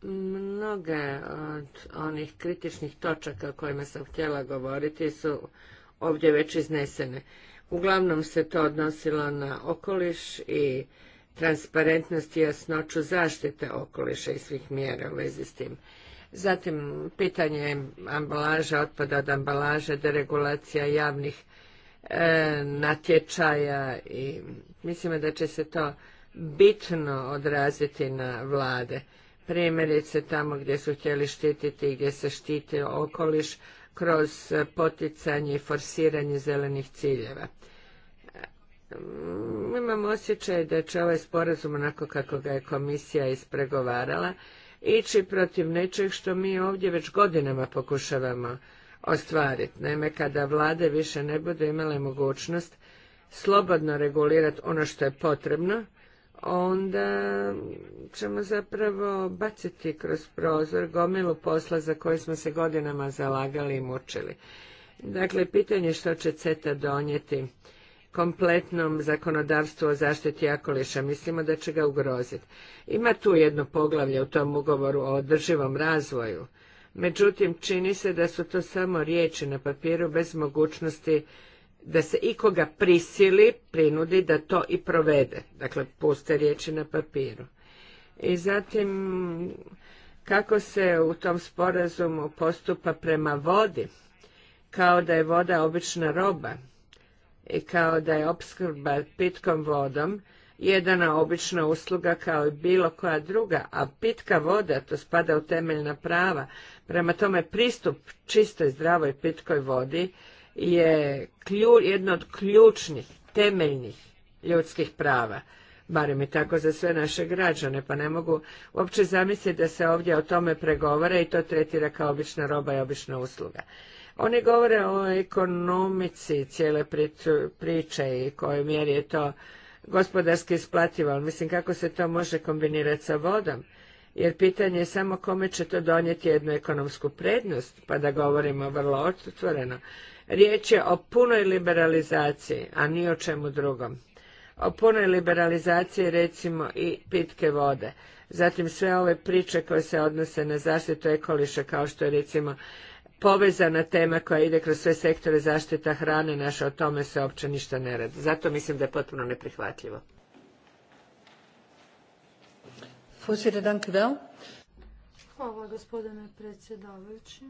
Speaker 2: Mnoge od onih kritičnih točaka o kojima sam htjela govoriti su ovdje već iznesene. Uglavnom se to odnosilo na okoliš i transparentnost i jasnoću zaštite okoliša i svih mjera u vezi s tim. Zatim, pitanje ambalaža, otpada od ambalaže, deregulacija javnih e, natječaja i mislimo da će se to bitno odraziti na vlade primjerice tamo gdje su htjeli štititi i gdje se štiti okoliš kroz poticanje i forsiranje zelenih ciljeva. Mm, imam osjećaj da će ovaj sporazum, onako kako ga je komisija ispregovarala, ići protiv nečeg što mi ovdje već godinama pokušavamo ostvariti. Naime, kada vlade više ne budu imale mogućnost slobodno regulirati ono što je potrebno, onda ćemo zapravo baciti kroz prozor gomilu posla za koje smo se godinama zalagali i mučili. Dakle, pitanje što će CETA donijeti kompletnom zakonodavstvu o zaštiti okoliša. Mislimo da će ga ugroziti. Ima tu jedno poglavlje u tom ugovoru o održivom razvoju. Međutim, čini se da su to samo riječi na papiru bez mogućnosti da se ikoga prisili, prinudi da to i provede. Dakle, puste riječi na papiru. I zatim, kako se u tom sporazumu postupa prema vodi, kao da je voda obična roba i kao da je opskrba pitkom vodom jedana obična usluga kao i bilo koja druga, a pitka voda, to spada u temeljna prava, prema tome pristup čistoj, zdravoj pitkoj vodi je jedno od ključnih, temeljnih ljudskih prava barem i tako za sve naše građane, pa ne mogu uopće zamisliti da se ovdje o tome pregovara i to tretira kao obična roba i obična usluga. Oni govore o ekonomici cijele priče i kojoj mjeri je to gospodarski isplativo, ali mislim kako se to može kombinirati sa vodom, jer pitanje je samo kome će to donijeti jednu ekonomsku prednost, pa da govorimo vrlo otvoreno. Riječ je o punoj liberalizaciji, a ni o čemu drugom. O punoj liberalizaciji recimo i pitke vode. Zatim sve ove priče koje se odnose na zaštitu ekoliša kao što je recimo povezana tema koja ide kroz sve sektore zaštita hrane naša, o tome se uopće ništa ne radi. Zato mislim da je potpuno neprihvatljivo.
Speaker 1: Hvala gospodine predsjedavajući.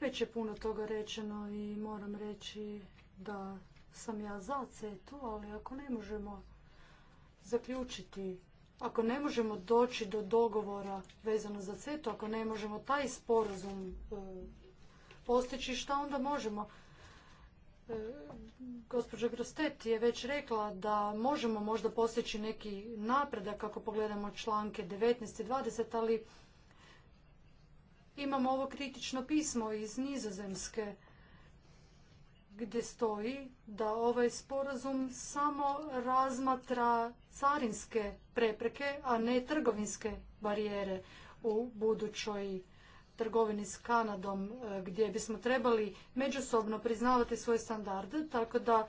Speaker 1: Već je puno toga rečeno i moram reći da sam ja za CETU, ali ako ne možemo zaključiti, ako ne možemo doći do dogovora vezano za CETU, ako ne možemo taj sporazum e, postići, šta onda možemo? E, gospođa Grostet je već rekla da možemo možda postići neki napredak ako pogledamo članke 19 i 20, ali imam ovo kritično pismo iz Nizozemske gdje stoji da ovaj sporazum samo razmatra carinske prepreke, a ne trgovinske barijere u budućoj trgovini s Kanadom e, gdje bismo trebali međusobno priznavati svoje standarde, tako da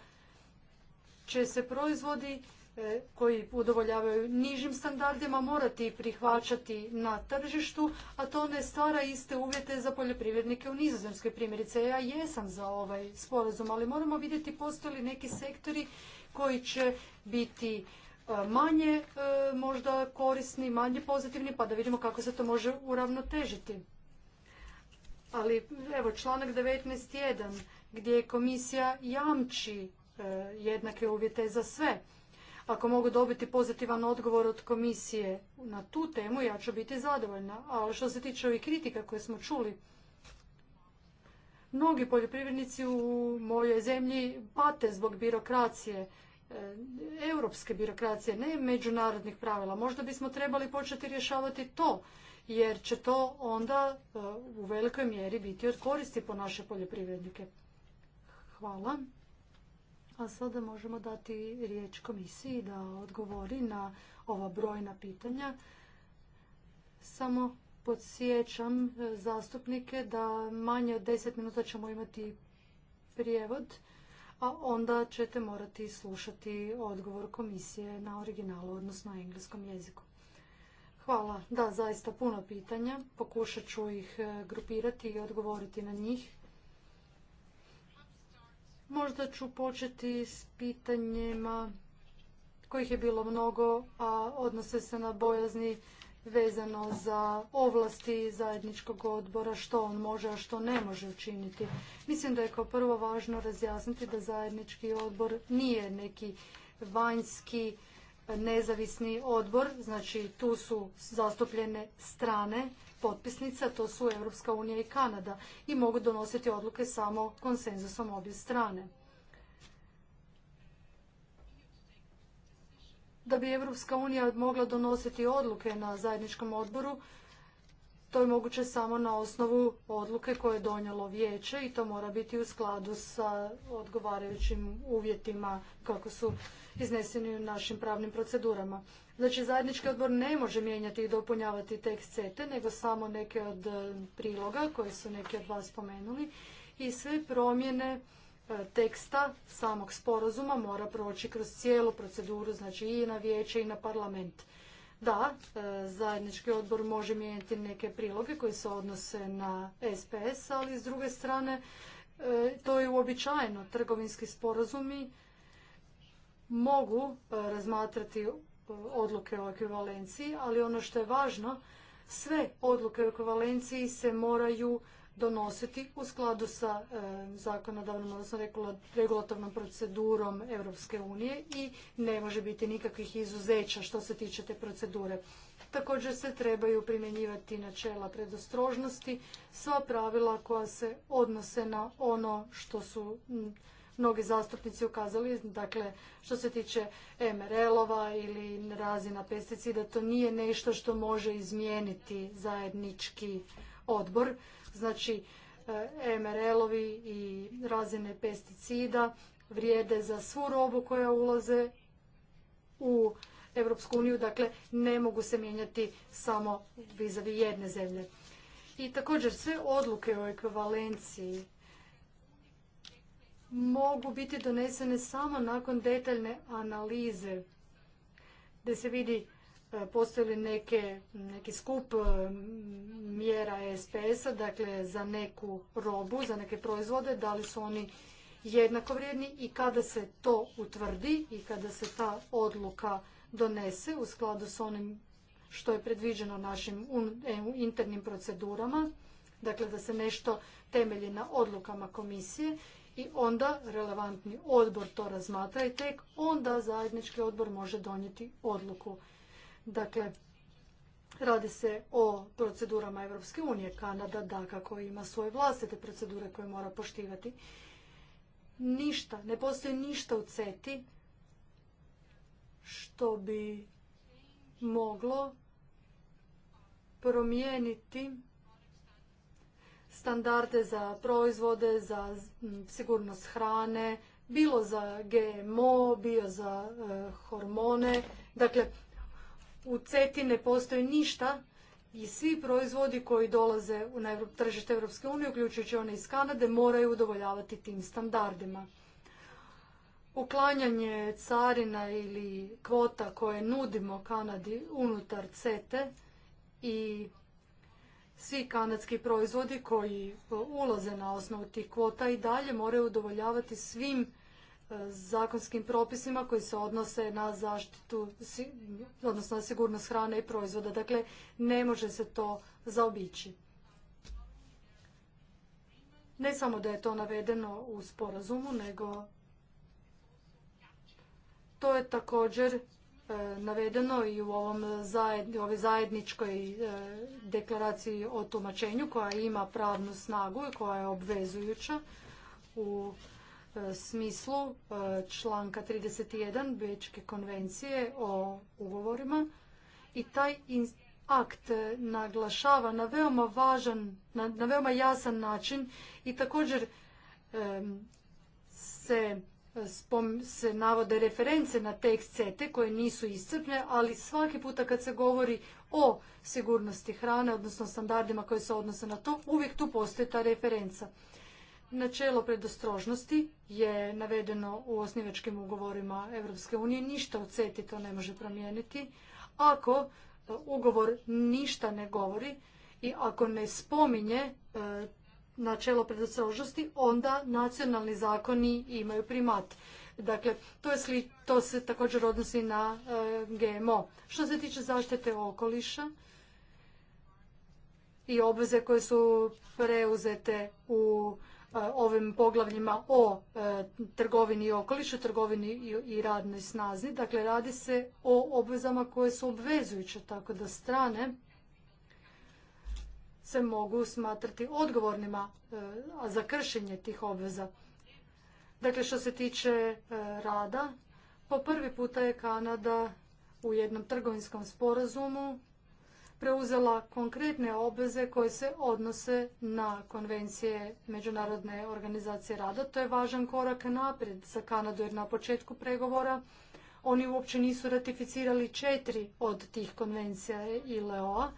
Speaker 1: će se proizvodi E, koji udovoljavaju nižim standardima morati prihvaćati na tržištu, a to ne stvara iste uvjete za poljoprivrednike u nizozemskoj primjerice. Ja jesam za ovaj sporazum, ali moramo vidjeti postoje li neki sektori koji će biti e, manje e, možda korisni, manje pozitivni, pa da vidimo kako se to može uravnotežiti. Ali evo članak 19.1 gdje komisija jamči jednake uvjete za sve ako mogu dobiti pozitivan odgovor od komisije na tu temu, ja ću biti zadovoljna. Ali što se tiče ovih kritika koje smo čuli, mnogi poljoprivrednici u mojoj zemlji pate zbog birokracije, e, europske birokracije, ne međunarodnih pravila. Možda bismo trebali početi rješavati to, jer će to onda e, u velikoj mjeri biti od koristi po naše poljoprivrednike. Hvala. A sada možemo dati riječ komisiji da odgovori na ova brojna pitanja. Samo podsjećam e, zastupnike da manje od 10 minuta ćemo imati prijevod, a onda ćete morati slušati odgovor komisije na originalu, odnosno na engleskom jeziku. Hvala. Da, zaista puno pitanja. Pokušat ću ih e, grupirati i odgovoriti na njih. Možda ću početi s pitanjima kojih je bilo mnogo, a odnose se na bojazni vezano za ovlasti zajedničkog odbora, što on može, a što ne može učiniti. Mislim da je kao prvo važno razjasniti da zajednički odbor nije neki vanjski nezavisni odbor, znači tu su zastupljene strane potpisnica, to su Europska unija i Kanada i mogu donositi odluke samo konsenzusom obje strane. Da bi Europska unija mogla donositi odluke na zajedničkom odboru, to je moguće samo na osnovu odluke koje je donijelo vijeće i to mora biti u skladu sa odgovarajućim uvjetima kako su izneseni u našim pravnim procedurama. Znači zajednički odbor ne može mijenjati i dopunjavati tekst CETE, nego samo neke od e, priloga koje su neki od vas spomenuli i sve promjene e, teksta samog sporazuma mora proći kroz cijelu proceduru, znači i na vijeće i na parlament. Da, e, zajednički odbor može mijenjati neke priloge koje se odnose na SPS, ali s druge strane e, to je uobičajeno. Trgovinski sporazumi mogu e, razmatrati odluke o ekvivalenciji, ali ono što je važno, sve odluke o ekvivalenciji se moraju donositi u skladu sa e, zakonodavnom, odnosno regulatornom procedurom Europske unije i ne može biti nikakvih izuzeća što se tiče te procedure. Također se trebaju primjenjivati načela predostrožnosti, sva pravila koja se odnose na ono što su mnogi zastupnici ukazali, dakle što se tiče MRL-ova ili razina pesticida, to nije nešto što može izmijeniti zajednički odbor Znači, e, MRL-ovi i razine pesticida vrijede za svu robu koja ulaze u Europsku uniju, dakle ne mogu se mijenjati samo vizavi jedne zemlje. I također sve odluke o ekvivalenciji mogu biti donesene samo nakon detaljne analize gdje se vidi E, postoji li neke, neki skup e, mjera SPS-a, dakle za neku robu, za neke proizvode, da li su oni jednako vrijedni i kada se to utvrdi i kada se ta odluka donese u skladu s onim što je predviđeno našim e, internim procedurama, dakle da se nešto temelji na odlukama komisije i onda relevantni odbor to razmatra i tek onda zajednički odbor može donijeti odluku. Dakle, Radi se o procedurama Europske unije. Kanada, kako ima svoje vlastite procedure koje mora poštivati. Ništa, ne postoji ništa u CETI što bi moglo promijeniti standarde za proizvode, za sigurnost hrane, bilo za GMO, bio za eh, hormone. Dakle, u CETI ne postoji ništa i svi proizvodi koji dolaze na tržište Europske unije, uključujući one iz Kanade, moraju udovoljavati tim standardima. Uklanjanje carina ili kvota koje nudimo Kanadi unutar CETE i svi kanadski proizvodi koji e, ulaze na osnovu tih kvota i dalje moraju udovoljavati svim zakonskim propisima koji se odnose na zaštitu, odnosno na sigurnost hrane i proizvoda. Dakle, ne može se to zaobići. Ne samo da je to navedeno u sporazumu, nego to je također e, navedeno i u ovom ovoj zajedničkoj e, deklaraciji o tumačenju koja ima pravnu snagu i koja je obvezujuća u E, smislu e, članka 31 Bečke konvencije o ugovorima i taj akt naglašava na veoma važan, na, veoma jasan način i također se, se navode reference na tekst CETE koje nisu iscrpne, ali svaki puta kad se govori o sigurnosti hrane, odnosno standardima koji se odnose na to, uvijek tu postoji ta referenca. Načelo predostrožnosti je navedeno u osnivačkim ugovorima Europske unije. Ništa od CETI to ne može promijeniti. Ako e, ugovor ništa ne govori i ako ne spominje e, načelo predostrožnosti, onda nacionalni zakoni imaju primat. Dakle, to, je to se također odnosi na e, GMO. Što se tiče zaštite okoliša, i obveze koje su preuzete u ovim poglavljima o e, trgovini i okolišu, trgovini i radnoj snazi. Dakle, radi se o obvezama koje su obvezujuće, tako da strane se mogu smatrati odgovornima e, za kršenje tih obveza. Dakle, što se tiče e, rada, po prvi puta je Kanada u jednom trgovinskom sporazumu preuzela konkretne obveze koje se odnose na konvencije Međunarodne organizacije rada. To je važan korak naprijed za Kanadu jer na početku pregovora oni uopće nisu ratificirali četiri od tih konvencija ILO-a.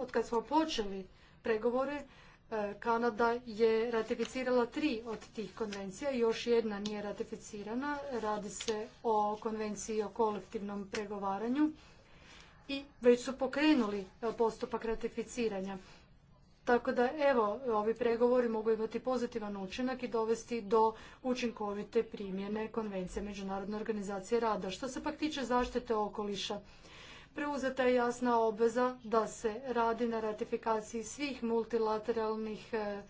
Speaker 1: od kad smo počeli pregovore, e, Kanada je ratificirala tri od tih konvencija, još jedna nije ratificirana. Radi se o konvenciji o kolektivnom pregovaranju i već su pokrenuli e, postupak ratificiranja. Tako da evo, ovi pregovori mogu imati pozitivan učinak i dovesti do učinkovite primjene konvencije Međunarodne organizacije rada. Što se pak tiče zaštite okoliša, preuzeta je jasna obveza da se radi na ratifikaciji svih multilateralnih e,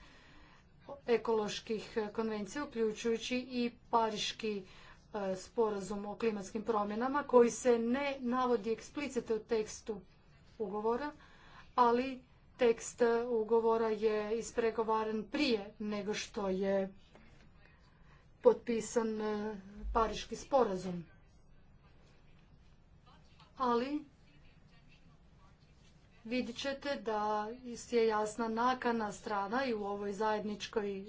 Speaker 1: ekoloških konvencija, uključujući i pariški E, sporazum o klimatskim promjenama koji se ne navodi eksplicite u tekstu ugovora, ali tekst ugovora je ispregovaran prije nego što je potpisan e, Pariški sporazum. Ali vidjet ćete da je jasna nakana strana i u ovoj zajedničkoj e,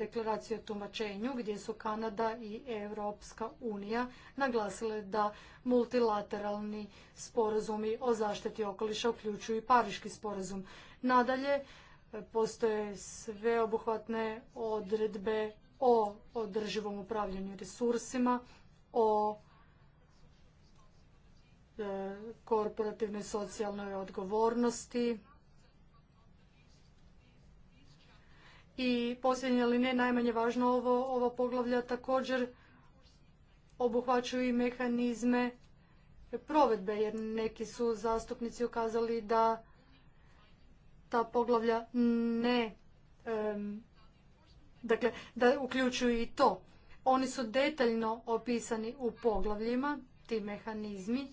Speaker 1: deklaraciji o tumačenju gdje su Kanada i Europska unija naglasile da multilateralni sporazumi o zaštiti okoliša uključuju i Pariški sporazum. Nadalje, e, postoje sveobuhvatne odredbe o održivom upravljanju resursima, o E, korporativnoj socijalnoj odgovornosti. I posljednje, ali ne najmanje važno, ovo, ovo poglavlja također obuhvaćaju i mehanizme provedbe, jer neki su zastupnici ukazali da ta poglavlja ne, dakle, da uključuju i to. Oni su detaljno opisani u poglavljima, ti mehanizmi,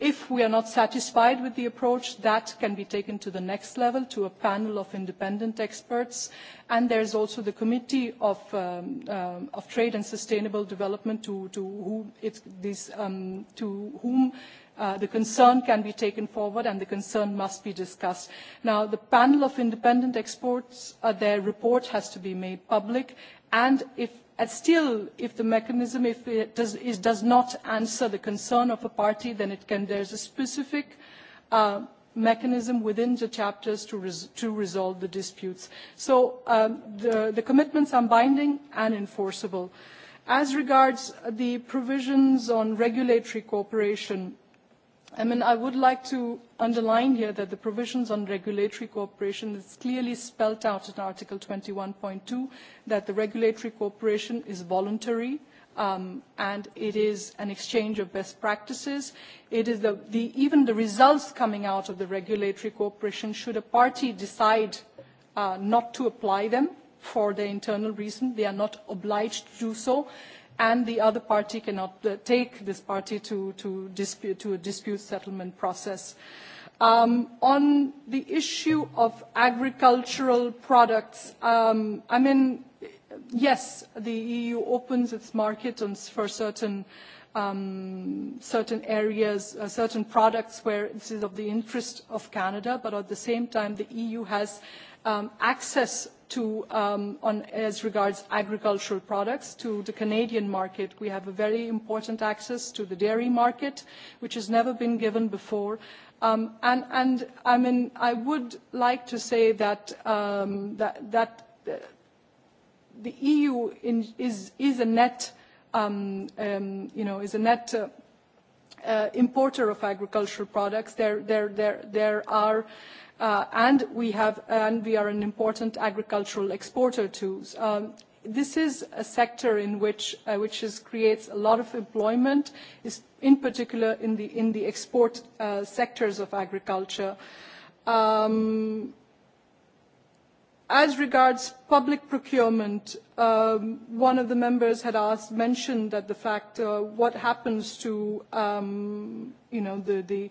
Speaker 4: if we are not satisfied with the approach that can be taken to the next level to a panel of independent experts and there is also the committee of, um, um, trade and sustainable development to, um, whom, uh, the concern can be taken forward and the concern must be discussed. now the panel of independent experts uh, their report has to be made public and if and still if the mechanism if it does, not answer the concern of a party then it can there's a specific uh, mechanism within the chapters to, to resolve the disputes. So um, the commitments are binding and enforceable. As regards the provisions on regulatory cooperation, i I would like to underline here that the provisions on regulatory cooperation is clearly spelled out in Article 21.2 that the regulatory cooperation is voluntary um, and it is an exchange of best practices. It is the, the, even the results coming out of the regulatory cooperation should a party decide uh, not to apply them for their internal reason. They are not obliged to do so and the other party cannot uh, take this party to, to, dispute, to a dispute settlement process. Um, on the issue of agricultural products, um, I mean, yes, the EU opens its market on, for certain um, certain areas, uh, certain products where this is of the interest of Canada, but at the same time, the EU has um, access to um, on as regards agricultural products to the Canadian market. We have a very important access to the dairy market, which has never been given before. Um, and I mean I would like to say that um, that that uh, the EU is is a net um, um, you know is a net uh, uh, importer of agricultural products. there there there are Uh, and we have and we are an important agricultural exporter too. Um, this is a sector in which uh, which is, creates a lot of employment, is in particular in the in the export uh, sectors of agriculture. Um, as regards public procurement, um, one of the members had asked mentioned that the fact uh, what happens to um, you know the the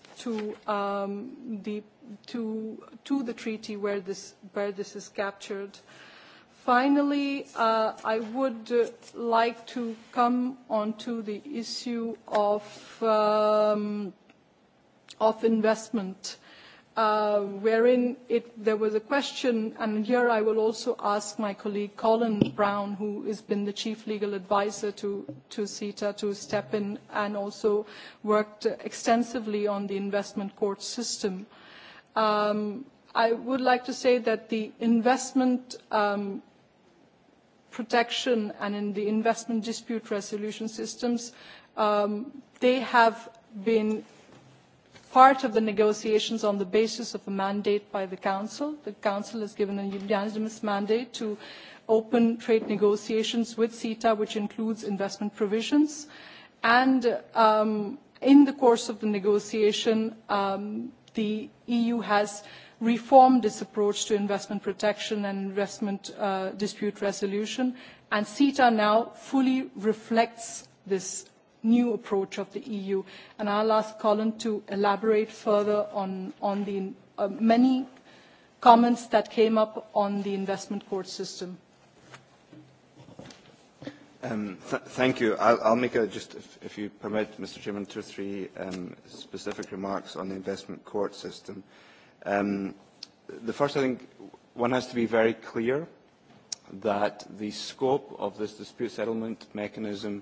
Speaker 4: to um, the to to the treaty where this where this is captured. Finally, uh, I would uh, like to come on to the issue of um, of investment uh, wherein it, there was a question, and here I will also ask my colleague Colin Brown, who has been the chief legal advisor to, CETA, to step in and also worked extensively on the investment court system. Um, I would like to say that the investment um, protection and in the investment dispute resolution systems, um, they have been part of the negotiations on the basis of a mandate by the Council. The Council has given a unanimous mandate to open trade negotiations with CETA, which includes investment provisions. And um, in the course of the negotiation, um, the EU has reformed its approach to investment protection and investment uh, dispute resolution, and CETA now fully reflects this new approach of the EU. And will ask Colin to elaborate further on, on the uh, many comments that came up on the investment court system.
Speaker 5: Um, thank you. I'll, make a, just, if, you permit, Mr. Chairman, two or three um, specific remarks on the investment court system. Um, the first, I think, one has to be very clear that the scope of this dispute settlement mechanism